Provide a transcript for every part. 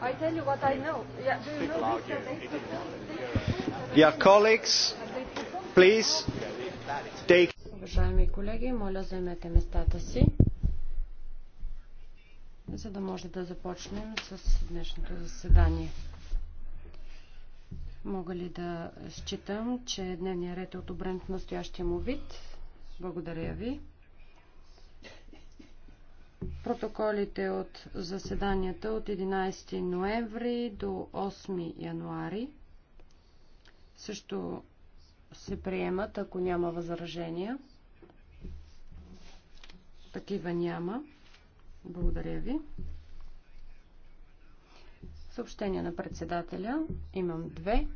I tell you what I know. Yeah, do you know this? colleagues, please take... Уважаеми колеги, моля заемете местата си, за да може да започнем с днешното заседание. Мога ли да считам, че дневният ред е одобрен в настоящия му вид? Благодаря ви. Протоколите от заседанията от 11 ноември до 8 януари също се приемат, ако няма възражения. Такива няма. Благодаря ви. Съобщение на председателя. Имам две.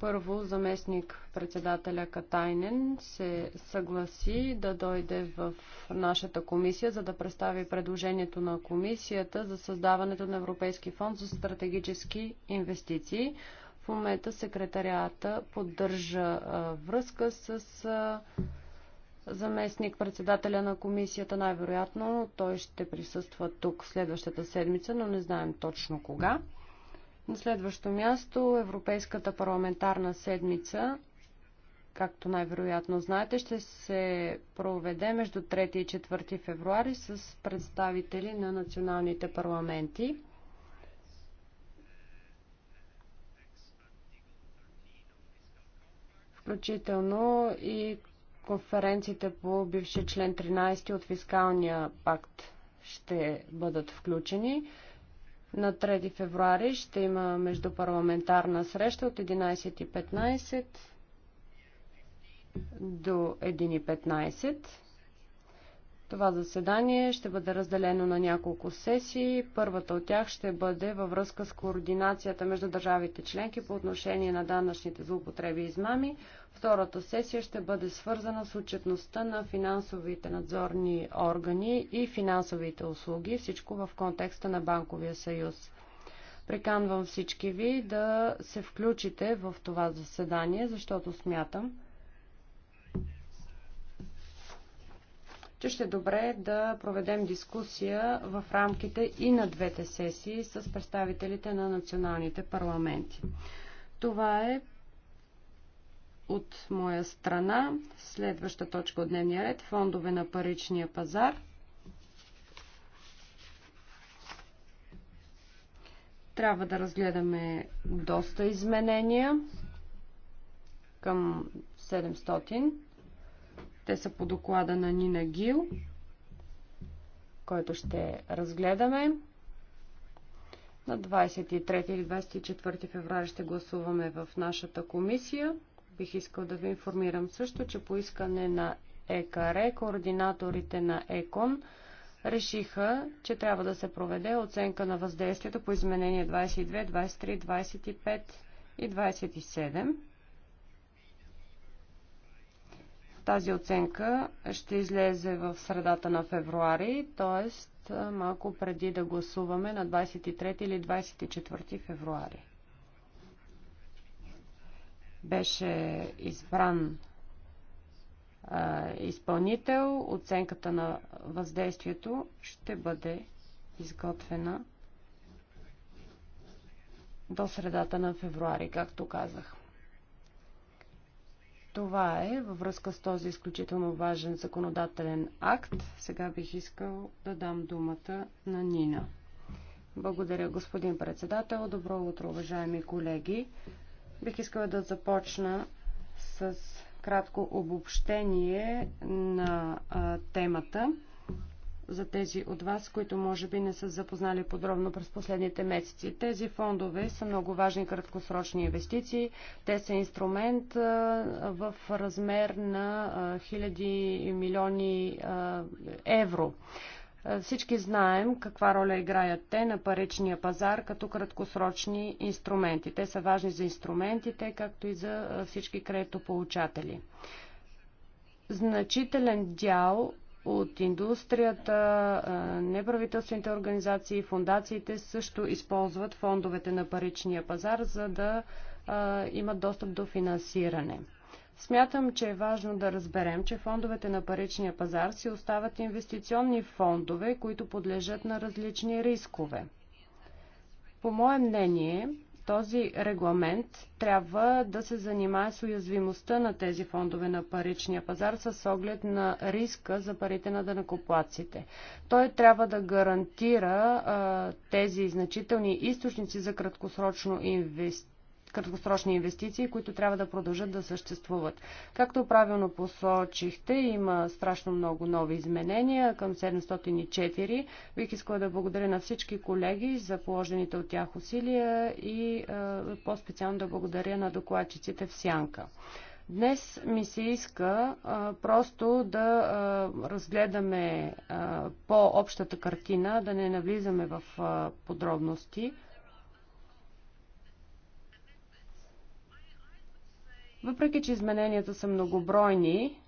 Първо, заместник председателя Катайнен се съгласи да дойде в нашата комисия, за да представи предложението на комисията за създаването на Европейски фонд за стратегически инвестиции. В момента секретарията поддържа връзка с заместник председателя на комисията. Най-вероятно той ще присъства тук следващата седмица, но не знаем точно кога. На следващо място Европейската парламентарна седмица, както най-вероятно знаете, ще се проведе между 3 и 4 февруари с представители на националните парламенти. Включително и конференциите по бивши член 13 от фискалния пакт ще бъдат включени. На 3 февруари ще има междупарламентарна среща от 11.15 до 1.15. Това заседание ще бъде разделено на няколко сесии. Първата от тях ще бъде във връзка с координацията между държавите членки по отношение на данъчните злоупотреби и измами. Втората сесия ще бъде свързана с отчетността на финансовите надзорни органи и финансовите услуги, всичко в контекста на Банковия съюз. Приканвам всички ви да се включите в това заседание, защото смятам, че ще е добре да проведем дискусия в рамките и на двете сесии с представителите на националните парламенти. Това е от моя страна. Следваща точка от дневния ред фондове на паричния пазар. Трябва да разгледаме доста изменения към 700. Те са по доклада на Нина Гил, който ще разгледаме. На 23 или 24 февраля ще гласуваме в нашата комисия. Бих искал да ви информирам също, че по искане на ЕКР, координаторите на ЕКОН, решиха, че трябва да се проведе оценка на въздействието по изменение 22, 23, 25 и 27. Тази оценка ще излезе в средата на февруари, т.е. малко преди да гласуваме на 23 или 24 февруари. Беше избран а, изпълнител. Оценката на въздействието ще бъде изготвена до средата на февруари, както казах. Това е във връзка с този изключително важен законодателен акт. Сега бих искал да дам думата на Нина. Благодаря, господин председател. Добро утро, уважаеми колеги. Бих искала да започна с кратко обобщение на а, темата за тези от вас, които може би не са запознали подробно през последните месеци. Тези фондове са много важни краткосрочни инвестиции. Те са инструмент в размер на хиляди милиони евро. Всички знаем каква роля играят те на паричния пазар като краткосрочни инструменти. Те са важни за инструментите, както и за всички кредитополучатели. Значителен дял от индустрията, неправителствените организации, фундациите също използват фондовете на паричния пазар, за да имат достъп до финансиране. Смятам, че е важно да разберем, че фондовете на паричния пазар си остават инвестиционни фондове, които подлежат на различни рискове. По мое мнение, този регламент трябва да се занимае с уязвимостта на тези фондове на паричния пазар с оглед на риска за парите на дънакоплаците. Той трябва да гарантира а, тези значителни източници за краткосрочно инвестиране краткосрочни инвестиции, които трябва да продължат да съществуват. Както правилно посочихте, има страшно много нови изменения към 704. Бих искала да благодаря на всички колеги за положените от тях усилия и е, по-специално да благодаря на докладчиците в Сянка. Днес ми се иска а, е, просто да а, е, разгледаме по-общата картина, да не навлизаме в а, подробности. Въпреки, че измененията са многобройни,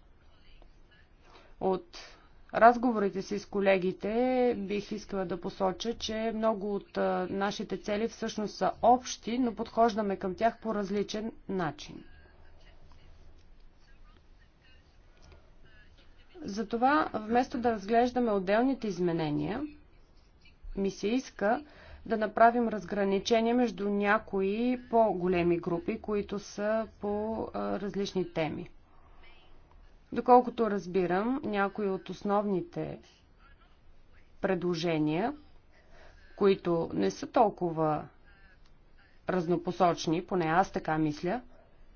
от разговорите си с колегите бих искала да посоча, че много от нашите цели всъщност са общи, но подхождаме към тях по различен начин. Затова, вместо да разглеждаме отделните изменения, ми се иска да направим разграничение между някои по-големи групи, които са по различни теми. Доколкото разбирам, някои от основните предложения, които не са толкова разнопосочни, поне аз така мисля,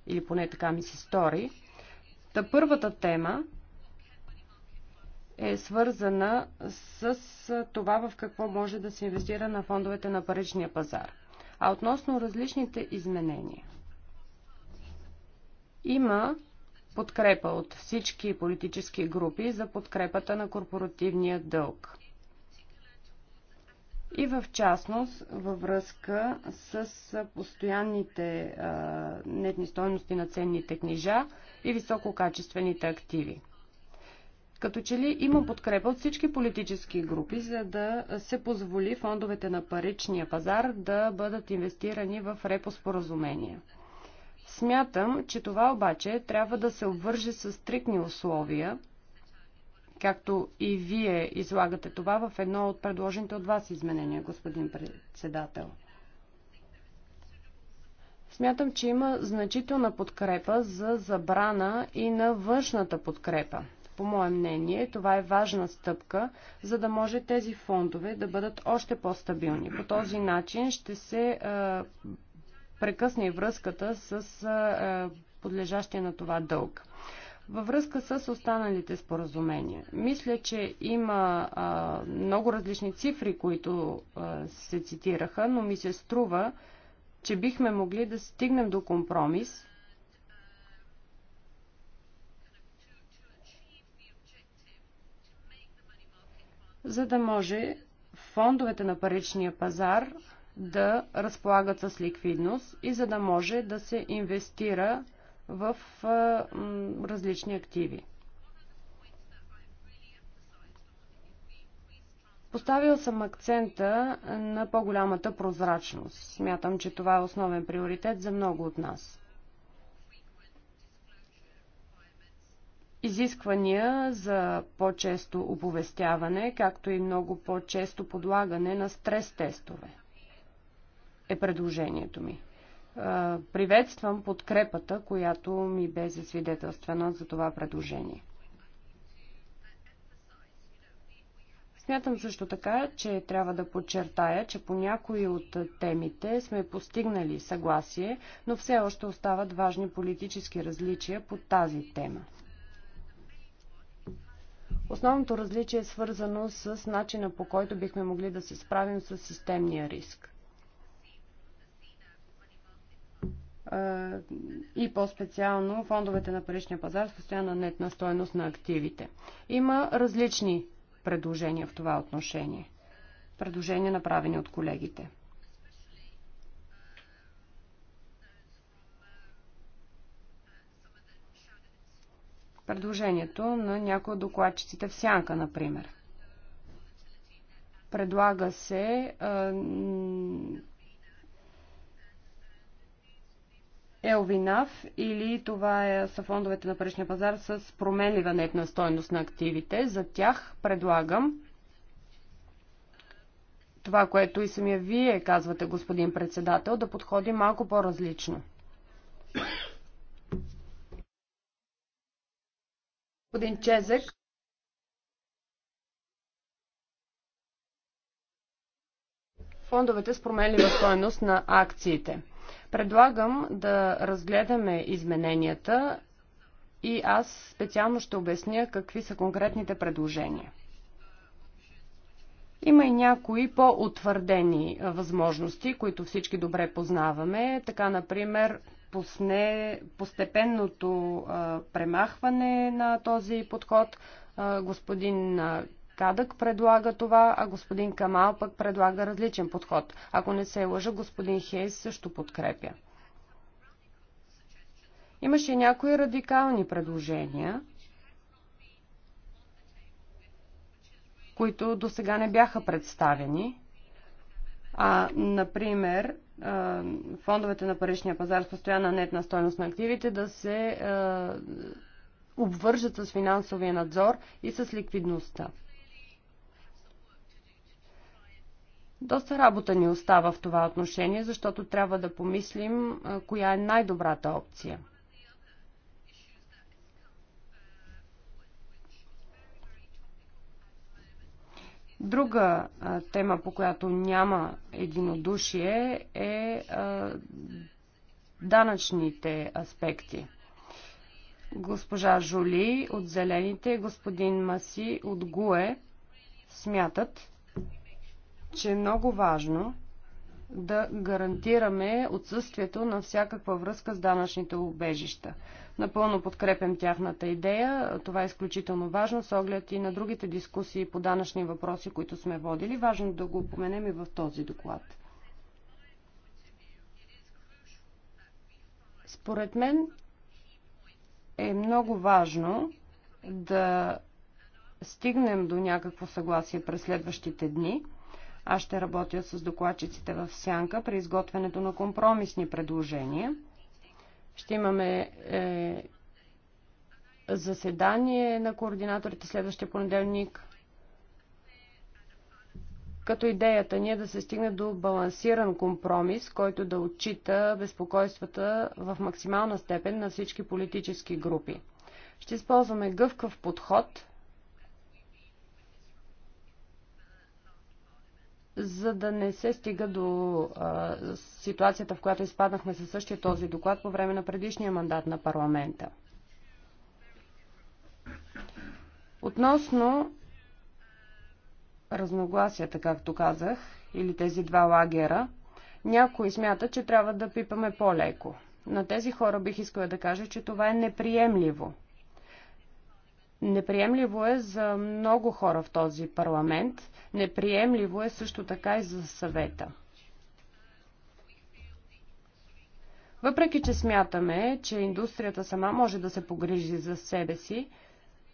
или поне така ми се стори, та първата тема е свързана с това в какво може да се инвестира на фондовете на паричния пазар. А относно различните изменения. Има подкрепа от всички политически групи за подкрепата на корпоративния дълг. И в частност във връзка с постоянните а, нетни стойности на ценните книжа и висококачествените активи. Като че ли има подкрепа от всички политически групи, за да се позволи фондовете на паричния пазар да бъдат инвестирани в репоспоразумения. Смятам, че това обаче трябва да се обвърже с стрикни условия, както и вие излагате това в едно от предложените от вас изменения, господин председател. Смятам, че има значителна подкрепа за забрана и на външната подкрепа. По мое мнение, това е важна стъпка, за да може тези фондове да бъдат още по-стабилни. По този начин ще се е, прекъсне връзката с е, подлежащия на това дълг. Във връзка с останалите споразумения, мисля, че има а, е, много различни цифри, които а, се цитираха, но ми се струва, че бихме могли да стигнем до компромис, за да може фондовете на паричния пазар да разполагат с ликвидност и за да може да се инвестира в различни активи. Поставил съм акцента на по-голямата прозрачност. Смятам, че това е основен приоритет за много от нас. изисквания за по-често оповестяване, както и много по-често подлагане на стрес-тестове е предложението ми. Приветствам подкрепата, която ми бе засвидетелствена за това предложение. Смятам също така, че трябва да подчертая, че по някои от темите сме постигнали съгласие, но все още остават важни политически различия по тази тема. Основното различие е свързано с начина по който бихме могли да се справим с системния риск. и по-специално фондовете на паричния пазар с постоянна нетна стоеност на активите. Има различни предложения в това отношение. Предложения направени от колегите. предложението на някои от докладчиците в сянка, например. Предлага се Елвинав или това е, са фондовете на паричния пазар с променлива нетна стойност на активите. За тях предлагам това, което и самия вие казвате, господин председател, да подходи малко по-различно. Господин Чезек. Фондовете с променлива стоеност на акциите. Предлагам да разгледаме измененията и аз специално ще обясня какви са конкретните предложения. Има и някои по-утвърдени възможности, които всички добре познаваме. Така, например, пусне постепенното премахване на този подход. Господин Кадък предлага това, а господин Камал пък предлага различен подход. Ако не се лъжа, господин Хейс също подкрепя. Имаше някои радикални предложения, които до сега не бяха представени. А, например, фондовете на паричния пазар с постоянна нетна стойност на активите да се обвържат с финансовия надзор и с ликвидността. Доста работа ни остава в това отношение, защото трябва да помислим коя е най-добрата опция – Друга а, тема, по която няма единодушие, е а, данъчните аспекти. Госпожа Жули от Зелените и господин Маси от ГУЕ смятат, че е много важно да гарантираме отсъствието на всякаква връзка с данъчните убежища. Напълно подкрепям тяхната идея. Това е изключително важно с оглед и на другите дискусии по данъчни въпроси, които сме водили. Важно е да го упоменем и в този доклад. Според мен е много важно да стигнем до някакво съгласие през следващите дни. Аз ще работя с докладчиците в сянка при изготвянето на компромисни предложения – ще имаме е, заседание на координаторите следващия понеделник. Като идеята ни е да се стигне до балансиран компромис, който да отчита безпокойствата в максимална степен на всички политически групи. Ще използваме гъвкав подход – за да не се стига до а, ситуацията, в която изпаднахме със същия този доклад по време на предишния мандат на парламента. Относно разногласията, както казах, или тези два лагера, някои смятат, че трябва да пипаме по-леко. На тези хора бих искала да кажа, че това е неприемливо – Неприемливо е за много хора в този парламент. Неприемливо е също така и за съвета. Въпреки, че смятаме, че индустрията сама може да се погрижи за себе си,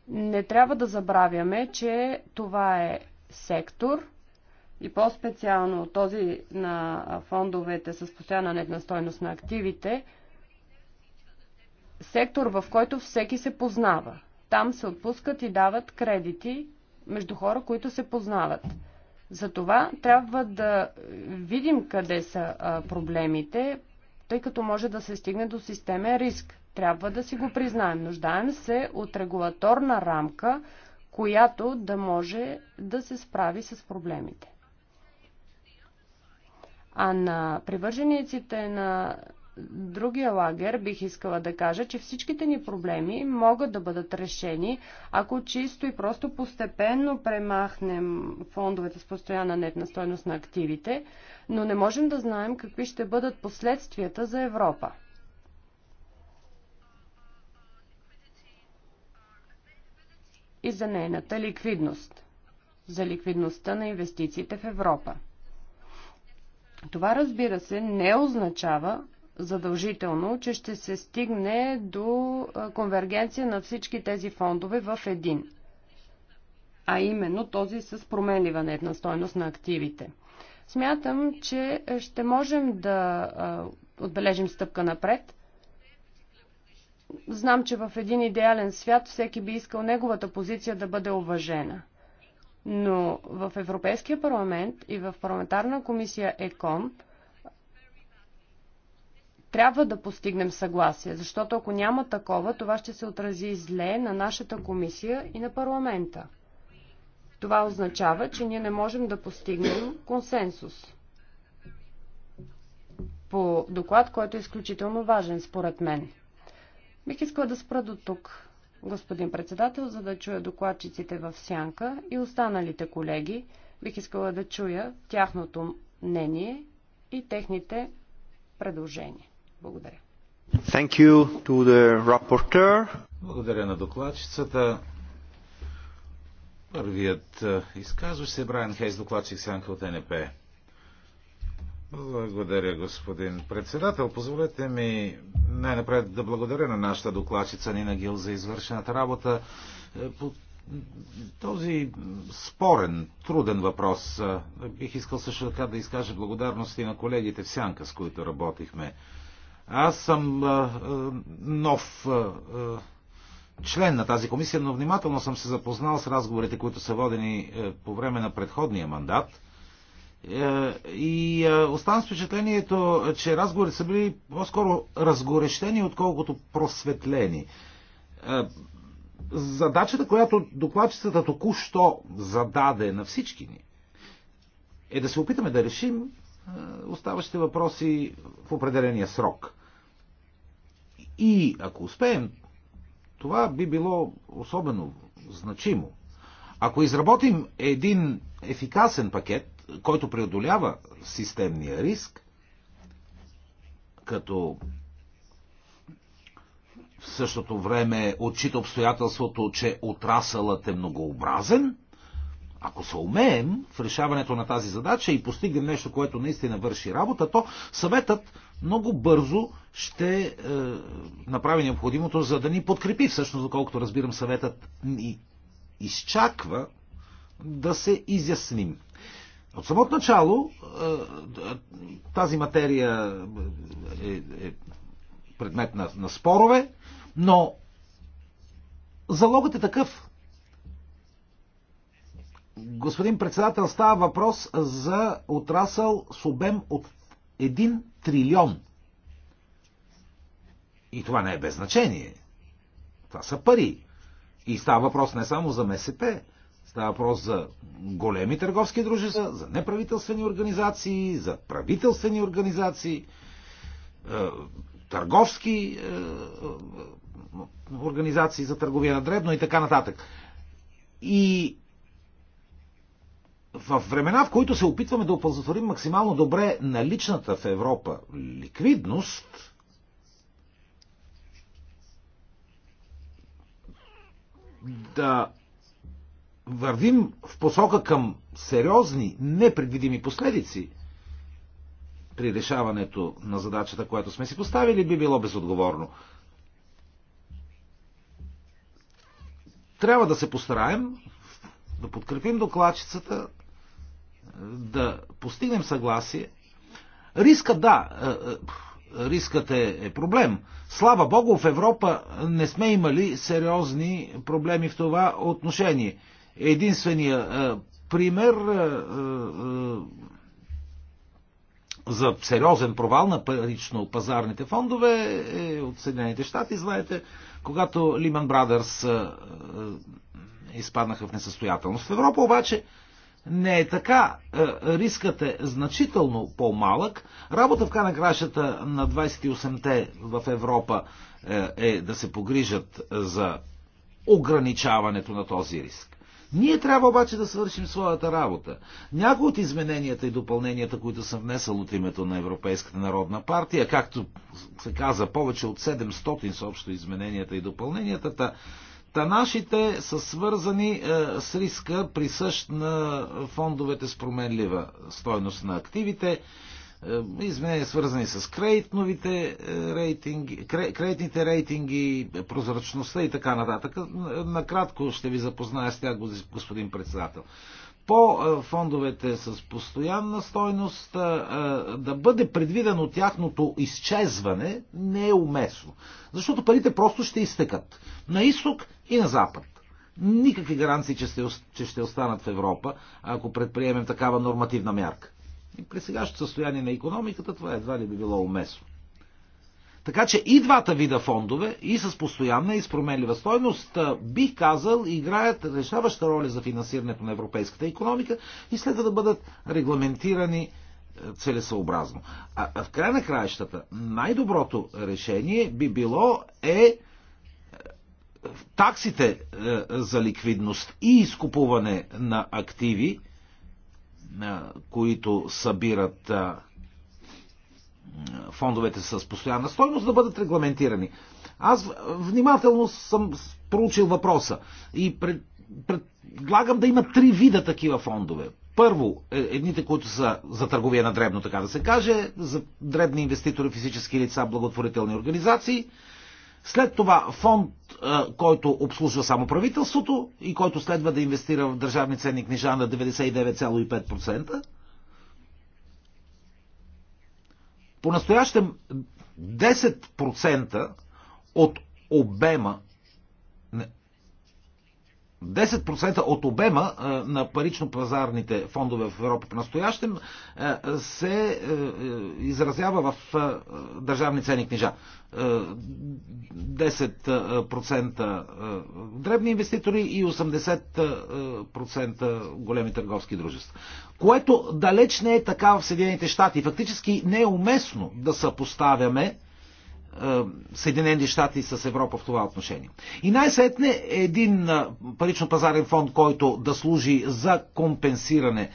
не трябва да забравяме, че това е сектор и по-специално този на фондовете с постоянна нетна стойност на активите, сектор, в който всеки се познава. Там се отпускат и дават кредити между хора, които се познават. Затова трябва да видим къде са а, проблемите, тъй като може да се стигне до системен риск. Трябва да си го признаем. Нуждаем се от регулаторна рамка, която да може да се справи с проблемите. А на привържениците на другия лагер бих искала да кажа, че всичките ни проблеми могат да бъдат решени, ако чисто и просто постепенно премахнем фондовете с постоянна нетна стойност на активите, но не можем да знаем какви ще бъдат последствията за Европа. и за нейната ликвидност, за ликвидността на инвестициите в Европа. Това, разбира се, не означава, задължително, че ще се стигне до конвергенция на всички тези фондове в един, а именно този с променлива нетна стойност на активите. Смятам, че ще можем да отбележим стъпка напред. Знам, че в един идеален свят всеки би искал неговата позиция да бъде уважена. Но в Европейския парламент и в парламентарна комисия ЕКОМП трябва да постигнем съгласие, защото ако няма такова, това ще се отрази зле на нашата комисия и на парламента. Това означава, че ние не можем да постигнем консенсус по доклад, който е изключително важен според мен. Бих искала да спра до тук, господин председател, за да чуя докладчиците в сянка и останалите колеги. Бих искала да чуя тяхното мнение и техните предложения. Благодаря. Thank you to the rapporteur. Благодаря на докладчицата. Първият е, изказващ се е Брайан Хейс, докладчик Сянка от НП. Благодаря, господин председател. Позволете ми най-напред да благодаря на нашата докладчица Нина Гил за извършената работа е, по този спорен, труден въпрос. Бих искал също така да изкажа благодарности на колегите в Сянка, с които работихме. Аз съм а, нов а, член на тази комисия, но внимателно съм се запознал с разговорите, които са водени а, по време на предходния мандат. Е, и оставам с впечатлението, че разговорите са били по-скоро разгорещени, отколкото просветлени. Е, задачата, която докладчицата току-що зададе на всички ни, е да се опитаме да решим е, оставащите въпроси в определения срок. И ако успеем, това би било особено значимо. Ако изработим един ефикасен пакет, който преодолява системния риск, като в същото време отчита обстоятелството, че отрасълът е многообразен, ако се умеем в решаването на тази задача и постигнем нещо, което наистина върши работа, то съветът много бързо ще е, направи необходимото, за да ни подкрепи. Всъщност, доколкото разбирам, съветът ни изчаква да се изясним. От самото начало е, тази материя е, е, предмет на, на спорове, но залогът е такъв. Господин председател, става въпрос за отрасъл с обем от един трилион. И това не е без значение. Това са пари. И става въпрос не само за МСП, става въпрос за големи търговски дружества, за неправителствени организации, за правителствени организации, е, търговски е, е, организации за търговия на дребно и така нататък. И в времена, в които се опитваме да оползотворим максимално добре наличната в Европа ликвидност, да вървим в посока към сериозни, непредвидими последици при решаването на задачата, която сме си поставили, би било безотговорно. Трябва да се постараем да подкрепим докладчицата, да постигнем съгласие. Риска, да, е, е, рискът е, е проблем. Слава Богу, в Европа не сме имали сериозни проблеми в това отношение. Единствения пример за сериозен провал на парично-пазарните фондове е от Съединените щати. Знаете, когато Lehman Brothers изпаднаха в несъстоятелност. В Европа обаче не е така. Е, рискът е значително по-малък. Работа в на кращата на 28-те в Европа е, е да се погрижат за ограничаването на този риск. Ние трябва обаче да свършим своята работа. Някои от измененията и допълненията, които съм внесъл от името на Европейската народна партия, както се каза, повече от 700 са общо измененията и допълненията, Танашите са свързани е, с риска присъщ на фондовете с променлива стойност на активите, е, изменения свързани с кредитновите е, рейтинги, кредитните рейтинги, прозрачността и така нататък. Накратко ще ви запозная с тях, господин председател. По фондовете с постоянна стойност да бъде предвидено тяхното изчезване не е уместно. Защото парите просто ще изтекат на изток и на Запад. Никакви гаранции, че, че ще останат в Европа, ако предприемем такава нормативна мярка. И при сегашното състояние на економиката това едва ли би било уместно. Така че и двата вида фондове, и с постоянна и с променлива стойност, бих казал, играят решаваща роля за финансирането на европейската економика и следва да бъдат регламентирани целесообразно. А в край на краищата най-доброто решение би било е таксите е, за ликвидност и изкупуване на активи, е, които събират е, фондовете с постоянна стойност, да бъдат регламентирани. Аз внимателно съм проучил въпроса и пред, предлагам да има три вида такива фондове. Първо, едните, които са за търговия на дребно, така да се каже, за дребни инвеститори, физически лица, благотворителни организации – след това фонд, който обслужва само правителството и който следва да инвестира в държавни ценни книжа на 99,5%. По-настоящем 10% от обема 10% от обема е, на парично-пазарните фондове в Европа по-настоящем е, се е, изразява в държавни ценни книжа. 10% дребни инвеститори и 80% големи търговски дружества. Което далеч не е така в Съединените щати. Фактически не е уместно да съпоставяме е, Съединените щати с Европа в това отношение. И най-сетне е един е, парично-пазарен фонд, който да служи за компенсиране е,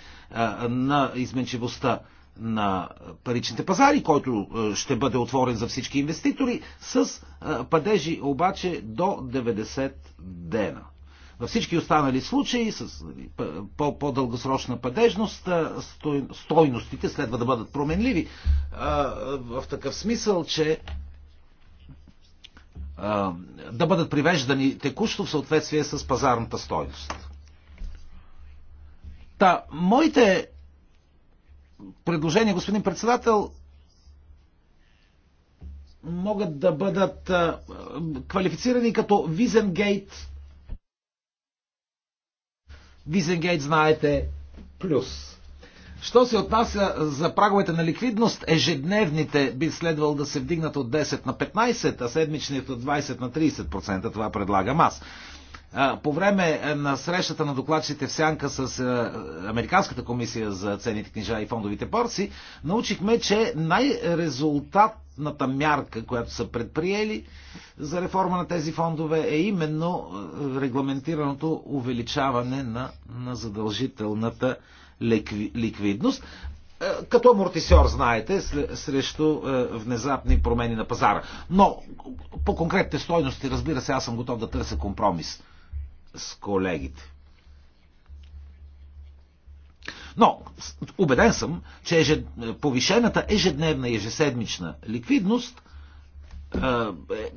на изменчивостта на паричните пазари, който ще бъде отворен за всички инвеститори, с падежи обаче до 90 дена. Във всички останали случаи с нали, по-дългосрочна -по падежност стойностите следва да бъдат променливи в такъв смисъл, че да бъдат привеждани текущо в съответствие с пазарната стойност. Та, моите предложения, господин председател, могат да бъдат квалифицирани като Визенгейт. Визенгейт, знаете, плюс. Що се отнася за праговете на ликвидност, ежедневните би следвало да се вдигнат от 10 на 15, а седмичният от 20 на 30%. Това предлагам аз. По време е, на срещата на докладчите в Сянка с е, Американската комисия за цените книжа и фондовите борси, научихме, че най-резултатната мярка, която са предприели за реформа на тези фондове е именно е, регламентираното увеличаване на, на задължителната ликвидност, е, като амортисьор, знаете, срещу е, внезапни промени на пазара. Но по конкретните стойности, разбира се, аз съм готов да търся компромис с колегите. Но убеден съм, че повишената ежедневна и ежеседмична ликвидност –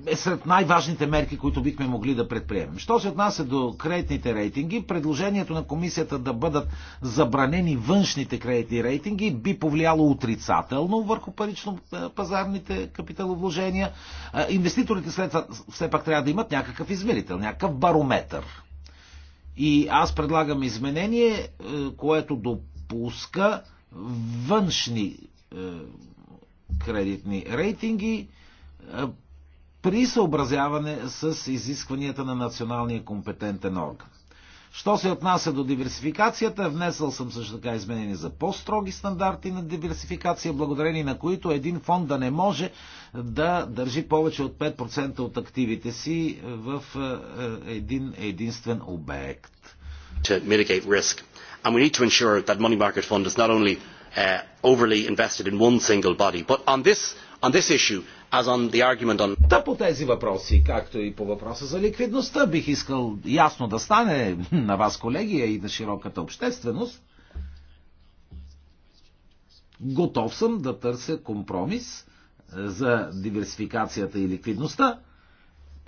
е, е сред най-важните мерки, които бихме могли да предприемем. Що се отнася до кредитните рейтинги, предложението на комисията да бъдат забранени външните кредитни рейтинги би повлияло отрицателно върху парично-пазарните капиталовложения. Инвеститорите след това все пак трябва да имат някакъв измерител, някакъв барометър. И аз предлагам изменение, е, което допуска външни е, кредитни рейтинги, е, при съобразяване с изискванията на националния компетентен орган. Що се отнася до диверсификацията, внесъл съм също така изменени за по-строги стандарти на диверсификация, благодарение на които един фонд да не може да държи повече от 5% от активите си в е, е, един единствен обект. To mitigate risk. And we need to ensure that money market fund is not only uh, overly invested in one single body, but on this, on this issue, On... Та по тези въпроси, както и по въпроса за ликвидността, бих искал ясно да стане на вас, колегия, и на широката общественост. Готов съм да търся компромис е, за диверсификацията и ликвидността,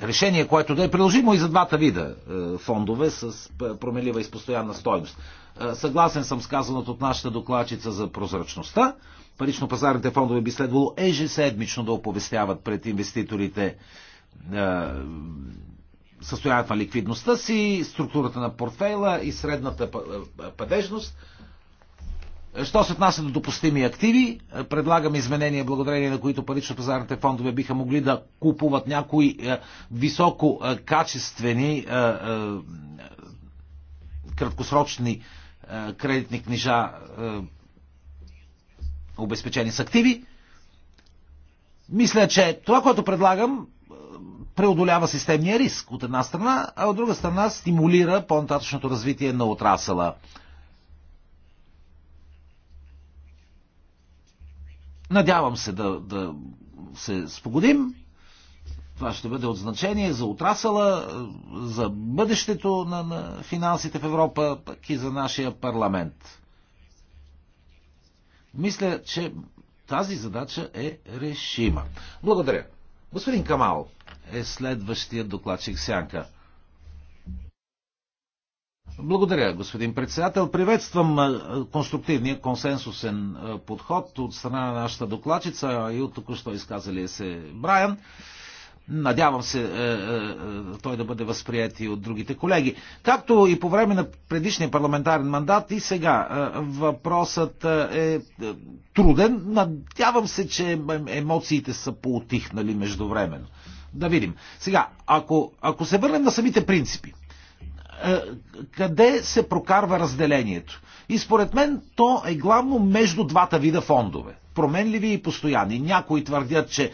решение, което да е приложимо и за двата вида е, фондове с е, промелива и постоянна стойност. Е, съгласен съм с казаното от нашата докладчица за прозрачността. Парично-пазарните фондове би следвало ежеседмично да оповестяват пред инвеститорите състоянието на ликвидността си, структурата на портфейла и средната падежност Що се отнася до допустими активи, е, предлагам изменения, благодарение на които парично-пазарните фондове биха могли да купуват някои е, висококачествени е, краткосрочни кредитни книжа, обезпечени с активи. Мисля, че това, което предлагам, преодолява системния риск от една страна, а от друга страна стимулира по-нататъчното развитие на отрасъла. Надявам се да, да се спогодим. Това ще бъде от значение за отрасъла, за бъдещето на, на финансите в Европа, пък и за нашия парламент. Мисля, че тази задача е решима. Благодаря. Господин Камал е следващия докладчик Сянка. Благодаря, господин председател. Приветствам конструктивния консенсусен подход от страна на нашата докладчица и от току-що изказали се Брайан. Надявам се той да бъде възприят и от другите колеги. Както и по време на предишния парламентарен мандат и сега въпросът е, е труден. Надявам се, че емоциите са поотихнали междувременно. Да видим. Сега, ако, ако се върнем на самите принципи, е, къде се прокарва разделението. И според мен то е главно между двата вида фондове променливи и постоянни. Някои твърдят, че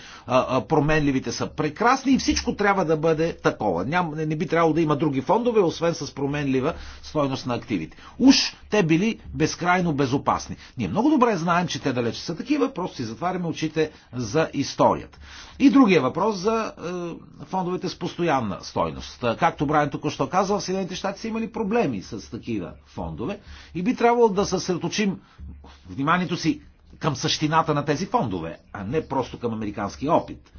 променливите са прекрасни и всичко трябва да бъде такова. Ням, не би трябвало да има други фондове, освен с променлива стойност на активите. Уж те били безкрайно безопасни. Ние много добре знаем, че те далеч са такива, просто си затваряме очите за историята. И другия въпрос за е, фондовете с постоянна стойност. Е, както Брайан току-що казал, в Съединените щати са имали проблеми с такива фондове и би трябвало да съсредоточим вниманието си към същината на тези фондове, а не просто към американския опит.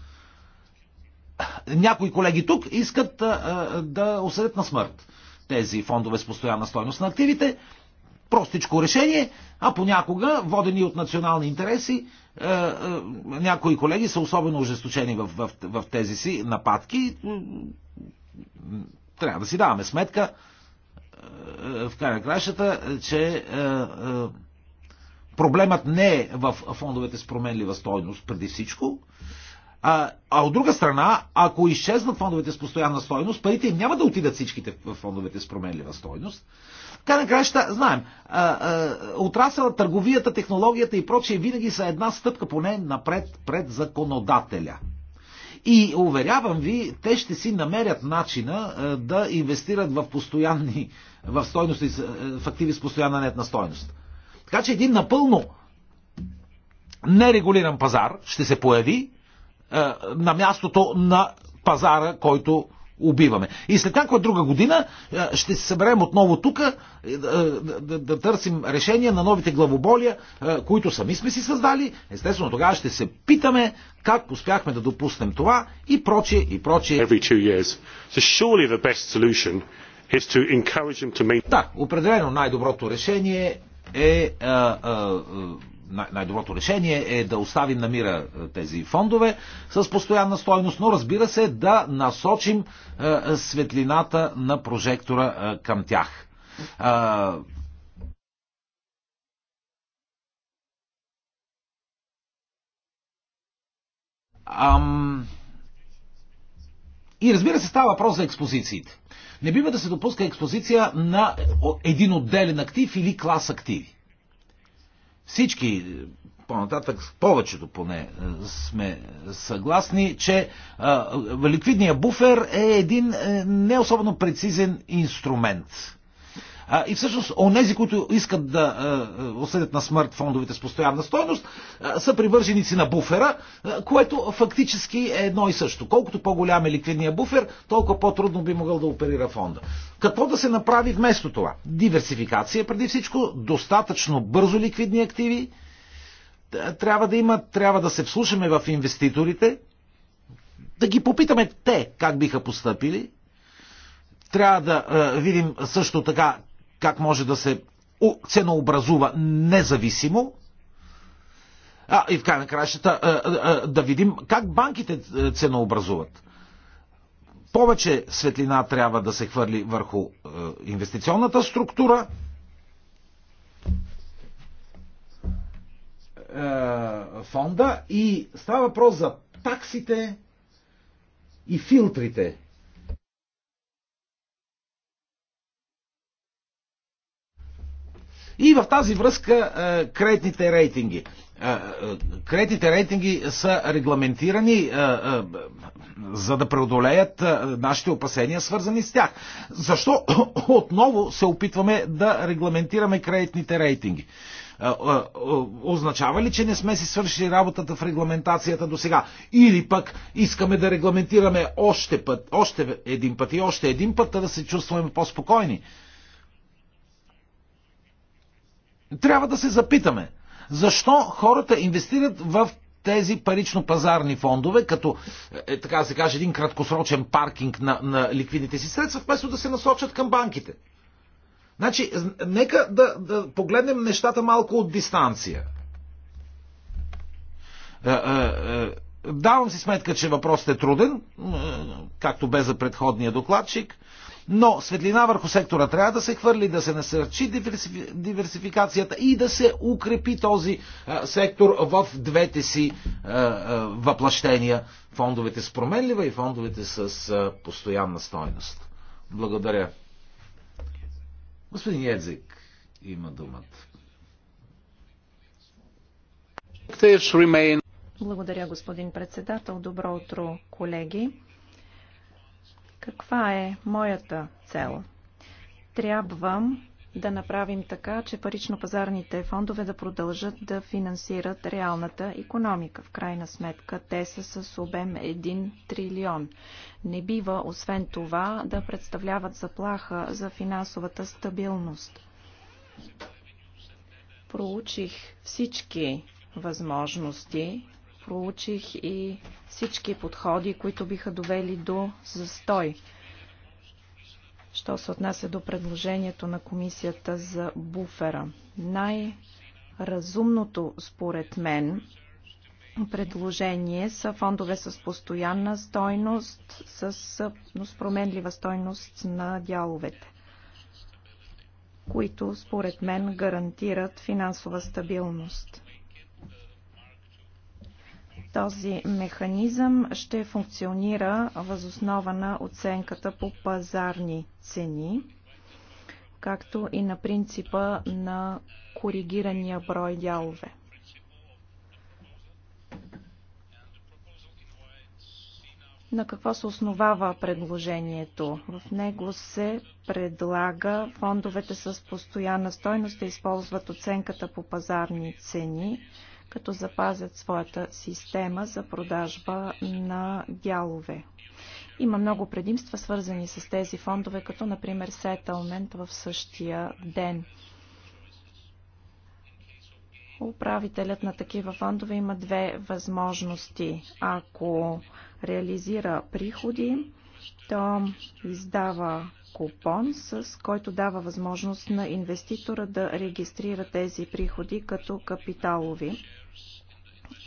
Някои колеги тук искат а, да осъдят на смърт тези фондове с постоянна стойност на активите. Простичко решение, а понякога, водени от национални интереси, а, а, някои колеги са особено ожесточени в, в, в тези си нападки. Трябва да си даваме сметка в края на кращата, че Проблемът не е в фондовете с променлива стойност преди всичко, а, а от друга страна, ако изчезнат фондовете с постоянна стойност, парите им няма да отидат всичките в фондовете с променлива стойност. Така на краща, знаем, а, а, отрасъла, търговията, технологията и прочие винаги са една стъпка поне напред пред законодателя. И уверявам ви, те ще си намерят начина да инвестират в постоянни, в, стойности, в активи с постоянна нетна стойност. Така че един напълно нерегулиран пазар ще се появи е, на мястото на пазара, който убиваме. И след някаква друга година е, ще се съберем отново тук да, е, е, да, да търсим решение на новите главоболия, които сами сме си създали. Естествено, тогава ще се питаме как успяхме да допуснем това и прочие, и прочие. да, определено най-доброто решение е, е, е най-доброто решение е да оставим на мира е, тези фондове с постоянна стойност, но разбира се да насочим светлината на прожектора към тях. Ам... И разбира се, става въпрос за експозициите. Не бива да се допуска експозиция на един отделен актив или клас активи. Всички, е, по-нататък, повечето поне е, сме съгласни, че а, е, буфер е един не особено прецизен инструмент а, и всъщност, онези, които искат да а, осъдят на смърт фондовете с постоянна стойност, а, са привърженици на буфера, а, което фактически е едно и също. Колкото по-голям е ликвидния буфер, толкова по-трудно би могъл да оперира фонда. Какво да се направи вместо това? Диверсификация преди всичко, достатъчно бързо ликвидни активи, трябва да има, трябва да се вслушаме в инвеститорите, да ги попитаме те как биха постъпили. Трябва да е, видим също така как може да се ценообразува независимо. А, и в край на краищата да видим как банките е, ценообразуват. Повече светлина трябва да се хвърли върху е, инвестиционната структура, е, фонда и става въпрос за таксите и филтрите И в тази връзка е, кредитните рейтинги. Е, е, кредитните рейтинги са регламентирани за да преодолеят нашите опасения, свързани с тях. Защо отново се опитваме да регламентираме кредитните рейтинги? означава ли, че не сме си свършили работата в регламентацията до сега? Или пък искаме да регламентираме още, път, още един път и още един път, да се чувстваме по-спокойни? трябва да се запитаме, защо хората инвестират в тези парично-пазарни фондове, като, е, е, така да се каже, един краткосрочен паркинг на, на ликвидните си средства, вместо да се насочат към банките. Значи, е, нека да, да погледнем нещата малко от дистанция. Е, е, е давам си сметка, че въпросът е труден, както бе за предходния докладчик, но светлина върху сектора трябва да се хвърли, да се насърчи диверсификацията и да се укрепи този е, сектор в двете си е, е, въплащения. Фондовете с променлива и фондовете с постоянна стойност. Благодаря. Господин Едзик има думата. Благодаря, господин председател. Добро утро, колеги. Каква е моята цел? Трябва да направим така, че парично-пазарните фондове да продължат да финансират реалната економика. В крайна сметка те са с обем 1 трилион. Не бива, освен това, да представляват заплаха за финансовата стабилност. Проучих всички възможности, проучих и всички подходи, които биха довели до застой. Що се отнася до предложението на комисията за буфера. Най-разумното, според мен, предложение са фондове с постоянна стойност, с, но променлива стойност на дяловете, които според мен гарантират финансова стабилност. Този механизъм ще функционира възоснова на оценката по пазарни цени, както и на принципа на коригирания брой дялове. На какво се основава предложението? В него се предлага фондовете с постоянна стойност да използват оценката по пазарни цени като запазят своята система за продажба на дялове. Има много предимства, свързани с тези фондове, като например сетълмент в същия ден. Управителят на такива фондове има две възможности. Ако реализира приходи, то издава купон, с който дава възможност на инвеститора да регистрира тези приходи като капиталови.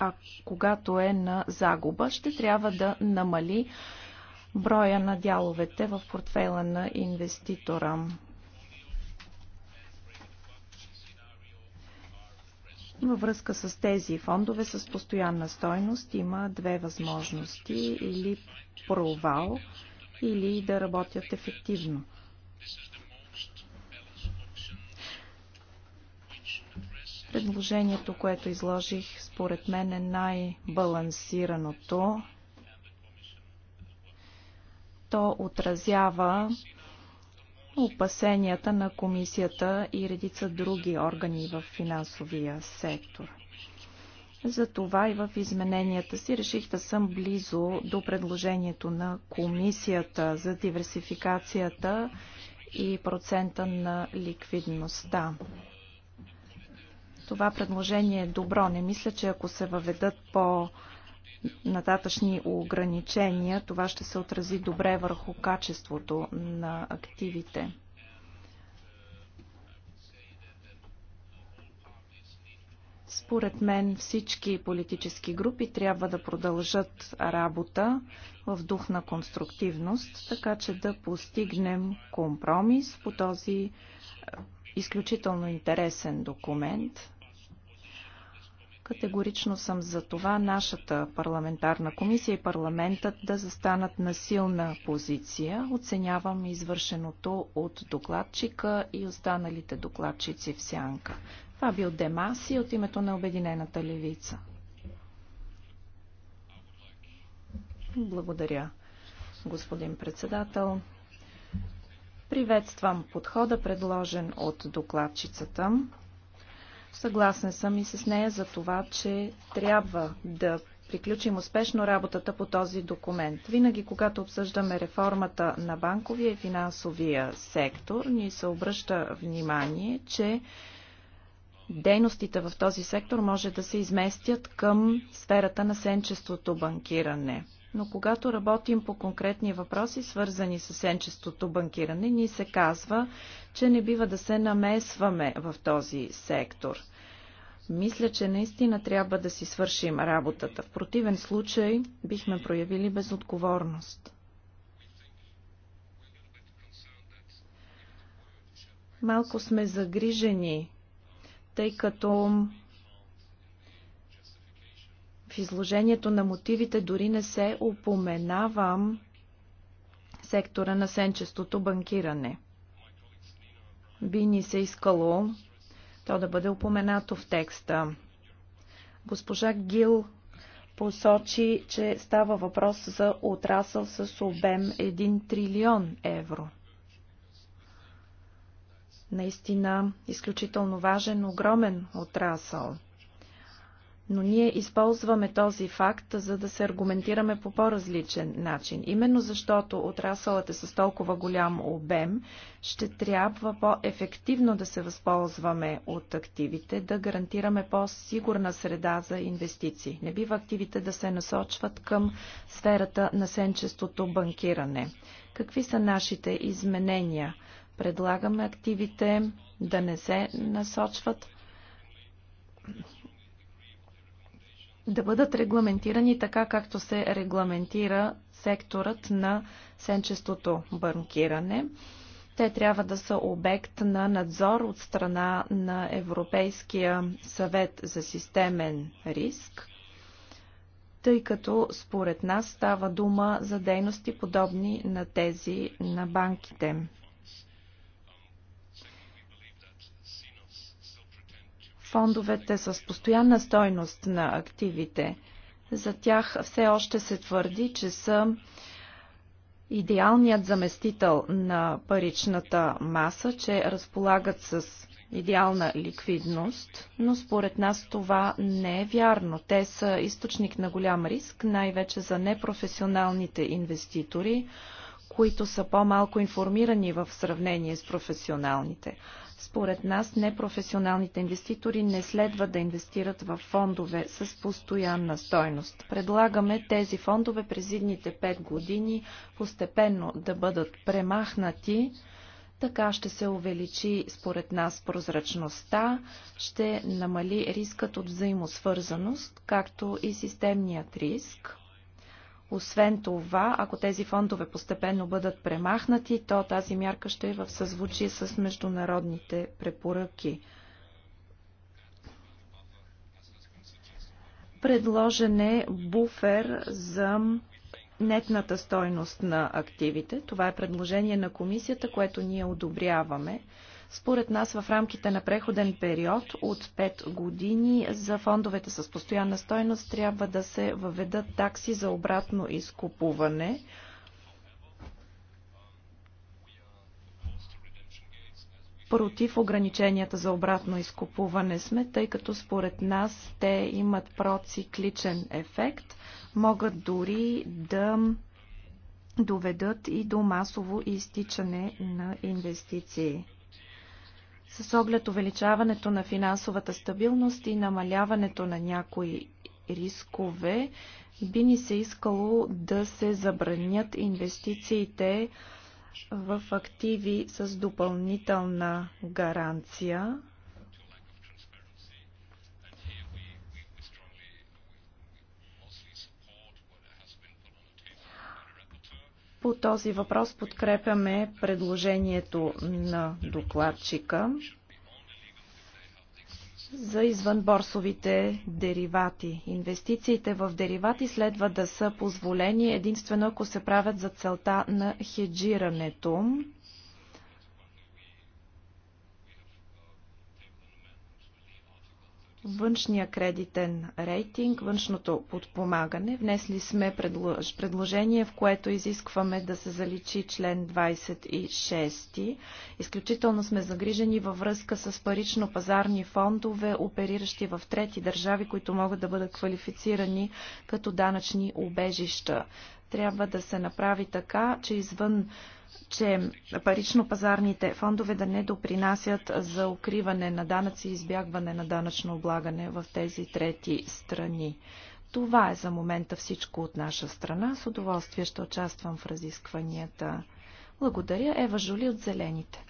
А когато е на загуба, ще трябва да намали броя на дяловете в портфела на инвеститора. Във връзка с тези фондове с постоянна стойност има две възможности или провал – или да работят ефективно. Предложението, което изложих, според мен е най-балансираното. То отразява опасенията на комисията и редица други органи в финансовия сектор. Затова и в измененията си реших да съм близо до предложението на комисията за диверсификацията и процента на ликвидността. Това предложение е добро. Не мисля, че ако се въведат по нататъчни ограничения, това ще се отрази добре върху качеството на активите. Според мен всички политически групи трябва да продължат работа в дух на конструктивност, така че да постигнем компромис по този е, изключително интересен документ. Категорично съм за това нашата парламентарна комисия и парламентът да застанат на силна позиция. Оценявам извършеното от докладчика и останалите докладчици в сянка. Това бил Демаси от името на Обединената левица. Благодаря, господин председател. Приветствам подхода, предложен от докладчицата. Съгласен съм и с нея за това, че трябва да приключим успешно работата по този документ. Винаги, когато обсъждаме реформата на банковия и финансовия сектор, ни се обръща внимание, че дейностите в този сектор може да се изместят към сферата на сенчестото банкиране. Но когато работим по конкретни въпроси, свързани с сенчестото банкиране, ни се казва, че не бива да се намесваме в този сектор. Мисля, че наистина трябва да си свършим работата. В противен случай бихме проявили безотговорност. Малко сме загрижени тъй като в изложението на мотивите дори не се упоменава сектора на сенчестото банкиране. Би ни се искало то да бъде упоменато в текста. Госпожа Гил посочи, че става въпрос за отрасъл с обем 1 трилион евро наистина изключително важен, огромен отрасъл. Но ние използваме този факт, за да се аргументираме по по-различен начин. Именно защото отрасълът е с толкова голям обем, ще трябва по-ефективно да се възползваме от активите, да гарантираме по-сигурна среда за инвестиции. Не бива активите да се насочват към сферата на сенчестото банкиране. Какви са нашите изменения? Предлагаме активите да не се насочват, да бъдат регламентирани така, както се регламентира секторът на сенчестото банкиране. Те трябва да са обект на надзор от страна на Европейския съвет за системен риск, тъй като според нас става дума за дейности подобни на тези на банките. Фондовете с постоянна стойност на активите, за тях все още се твърди, че са идеалният заместител на паричната маса, че разполагат с идеална ликвидност, но според нас това не е вярно. Те са източник на голям риск, най-вече за непрофесионалните инвеститори, които са по-малко информирани в сравнение с професионалните. Според нас непрофесионалните инвеститори не следва да инвестират в фондове с постоянна стойност. Предлагаме тези фондове през идните 5 години постепенно да бъдат премахнати. Така ще се увеличи според нас прозрачността, ще намали рискът от взаимосвързаност, както и системният риск. Освен това, ако тези фондове постепенно бъдат премахнати, то тази мярка ще е в съзвучие с международните препоръки. Предложен е буфер за нетната стойност на активите. Това е предложение на комисията, което ние одобряваме. Според нас в рамките на преходен период от 5 години за фондовете с постоянна стойност трябва да се въведат такси за обратно изкупуване. против ограниченията за обратно изкупуване сме, тъй като според нас те имат процикличен ефект, могат дори да доведат и до масово изтичане на инвестиции. С оглед увеличаването на финансовата стабилност и намаляването на някои рискове, би ни се искало да се забранят инвестициите в активи с допълнителна гаранция. По този въпрос подкрепяме предложението на докладчика за извънборсовите деривати. Инвестициите в деривати следва да са позволени единствено ако се правят за целта на хеджирането. външния кредитен рейтинг, външното подпомагане. Внесли сме предложение, в което изискваме да се заличи член 26. Изключително сме загрижени във връзка с парично-пазарни фондове, опериращи в трети държави, които могат да бъдат квалифицирани като данъчни убежища. Трябва да се направи така, че извън че парично-пазарните фондове да не допринасят за укриване на данъци и избягване на данъчно облагане в тези трети страни. Това е за момента всичко от наша страна. С удоволствие ще участвам в разискванията. Благодаря, Ева Жули от Зелените.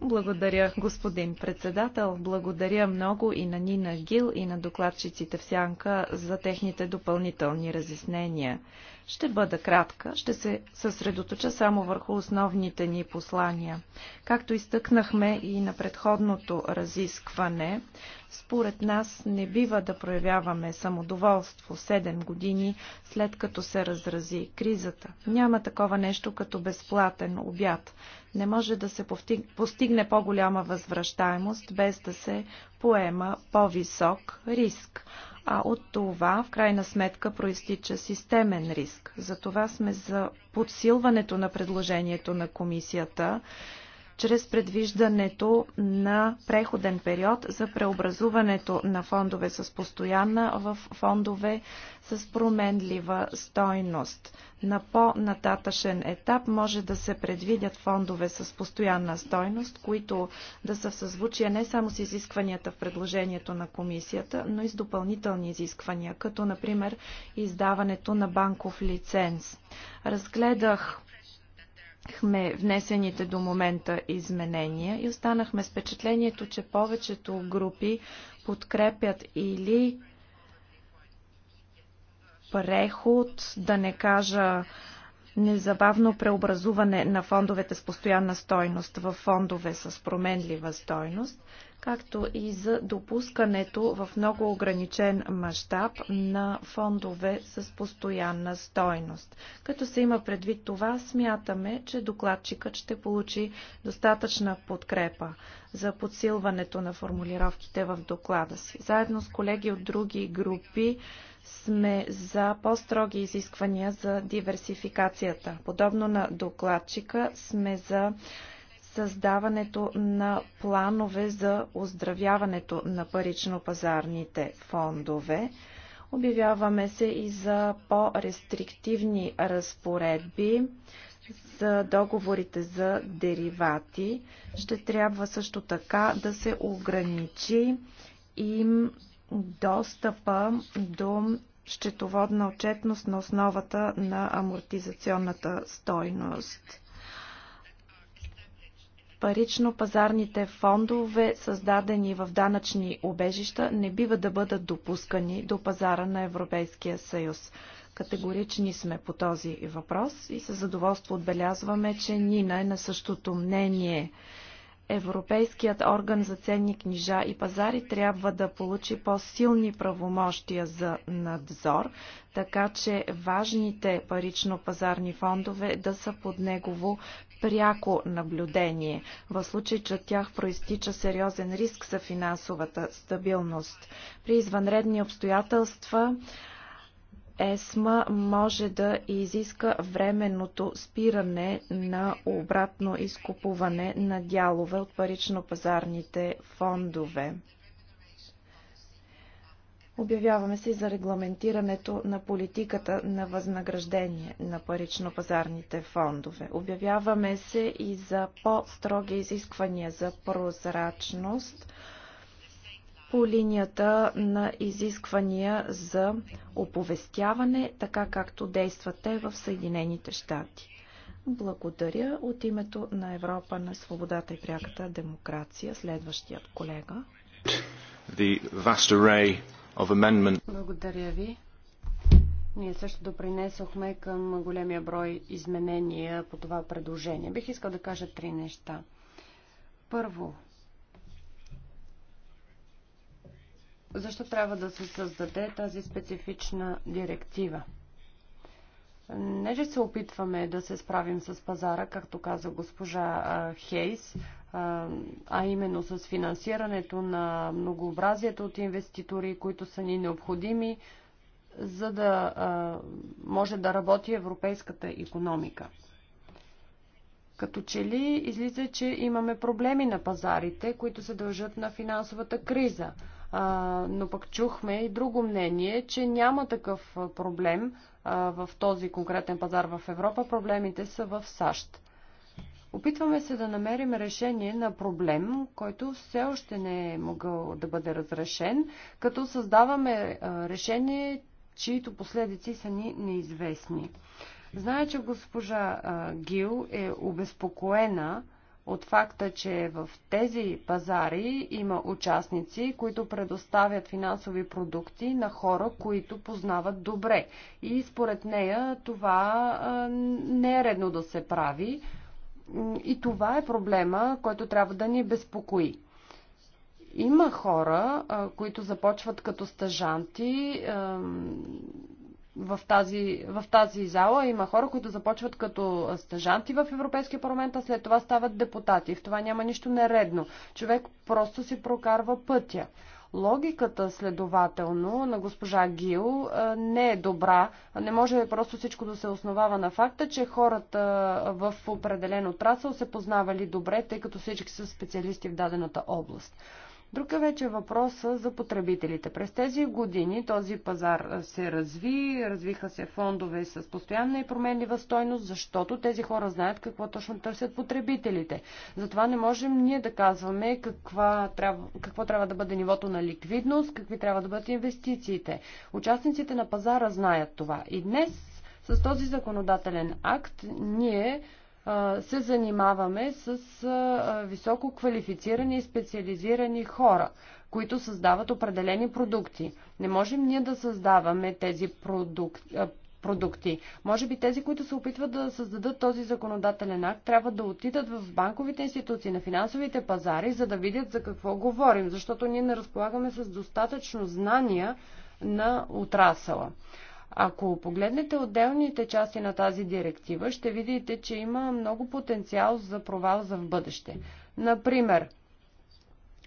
Благодаря, господин председател. Благодаря много и на Нина Гил и на докладчиците в Сянка за техните допълнителни разяснения. Ще бъда кратка, ще се съсредоточа само върху основните ни послания. Както изтъкнахме и на предходното разискване, според нас не бива да проявяваме самодоволство 7 години след като се разрази кризата. Няма такова нещо като безплатен обяд. Не може да се постигне по-голяма възвръщаемост без да се поема по-висок риск а от това в крайна сметка проистича системен риск. Затова сме за подсилването на предложението на комисията чрез предвиждането на преходен период за преобразуването на фондове с постоянна в фондове с променлива стойност. На по-нататъшен етап може да се предвидят фондове с постоянна стойност, които да са в съзвучие не само с изискванията в предложението на комисията, но и с допълнителни изисквания, като например издаването на банков лиценз. Разгледах разгледахме внесените до момента изменения и останахме с впечатлението, че повечето групи подкрепят или преход, да не кажа незабавно преобразуване на фондовете с постоянна стойност в фондове с променлива стойност, както и за допускането в много ограничен мащаб на фондове с постоянна стойност. Като се има предвид това, смятаме, че докладчикът ще получи достатъчна подкрепа за подсилването на формулировките в доклада си. Заедно с колеги от други групи сме за по-строги изисквания за диверсификацията. Подобно на докладчика сме за създаването на планове за оздравяването на парично-пазарните фондове. Обявяваме се и за по-рестриктивни разпоредби за договорите за деривати. Ще трябва също така да се ограничи им достъпа до счетоводна отчетност на основата на амортизационната стойност. Парично-пазарните фондове, създадени в данъчни обежища, не бива да бъдат допускани до пазара на Европейския съюз. Категорични сме по този въпрос и със задоволство отбелязваме, че Нина е на същото мнение. Европейският орган за ценни книжа и пазари трябва да получи по-силни правомощия за надзор, така че важните парично-пазарни фондове да са под негово пряко наблюдение, в случай, че от тях проистича сериозен риск за финансовата стабилност. При извънредни обстоятелства ЕСМА може да изиска временното спиране на обратно изкупуване на дялове от парично-пазарните фондове. Обявяваме се за регламентирането на политиката на възнаграждение на парично-пазарните фондове. Обявяваме се и за по-строги изисквания за прозрачност – по линията на изисквания за оповестяване, така както действате в Съединените щати. Благодаря от името на Европа на свободата и пряката демокрация. Следващият колега. Благодаря ви. Ние също допринесохме към големия брой изменения по това предложение. Бих искал да кажа три неща. Първо, Защо трябва да се създаде тази специфична директива? Не че се опитваме да се справим с пазара, както каза госпожа Хейс, а именно с финансирането на многообразието от инвеститори, които са ни необходими, за да може да работи европейската економика. Като че ли излиза, че имаме проблеми на пазарите, които се дължат на финансовата криза – но пък чухме и друго мнение, че няма такъв проблем в този конкретен пазар в Европа. Проблемите са в САЩ. Опитваме се да намерим решение на проблем, който все още не е могъл да бъде разрешен, като създаваме решение, чието последици са ни неизвестни. Зная, че госпожа Гил е обезпокоена от факта, че в тези пазари има участници, които предоставят финансови продукти на хора, които познават добре. И според нея това не е редно да се прави. И това е проблема, който трябва да ни безпокои. Има хора, които започват като стажанти, в тази, в тази зала има хора, които започват като стажанти в Европейския парламент, а след това стават депутати. В това няма нищо нередно. Човек просто си прокарва пътя. Логиката, следователно, на госпожа Гил не е добра. Не може просто всичко да се основава на факта, че хората в определен отрасъл се познавали добре, тъй като всички са специалисти в дадената област. Друг е вече въпроса за потребителите. През тези години този пазар се разви, развиха се фондове с постоянна и променлива стойност, защото тези хора знаят какво точно търсят потребителите. Затова не можем ние да казваме каква трябва, какво трябва да бъде нивото на ликвидност, какви трябва да бъдат инвестициите. Участниците на пазара знаят това. И днес с този законодателен акт ние се занимаваме с високо квалифицирани и специализирани хора, които създават определени продукти. Не можем ние да създаваме тези продук... продукти. Може би тези, които се опитват да създадат този законодателен акт, трябва да отидат в банковите институции, на финансовите пазари, за да видят за какво говорим, защото ние не разполагаме с достатъчно знания на отрасъла. Ако погледнете отделните части на тази директива, ще видите, че има много потенциал за провал за в бъдеще. Например,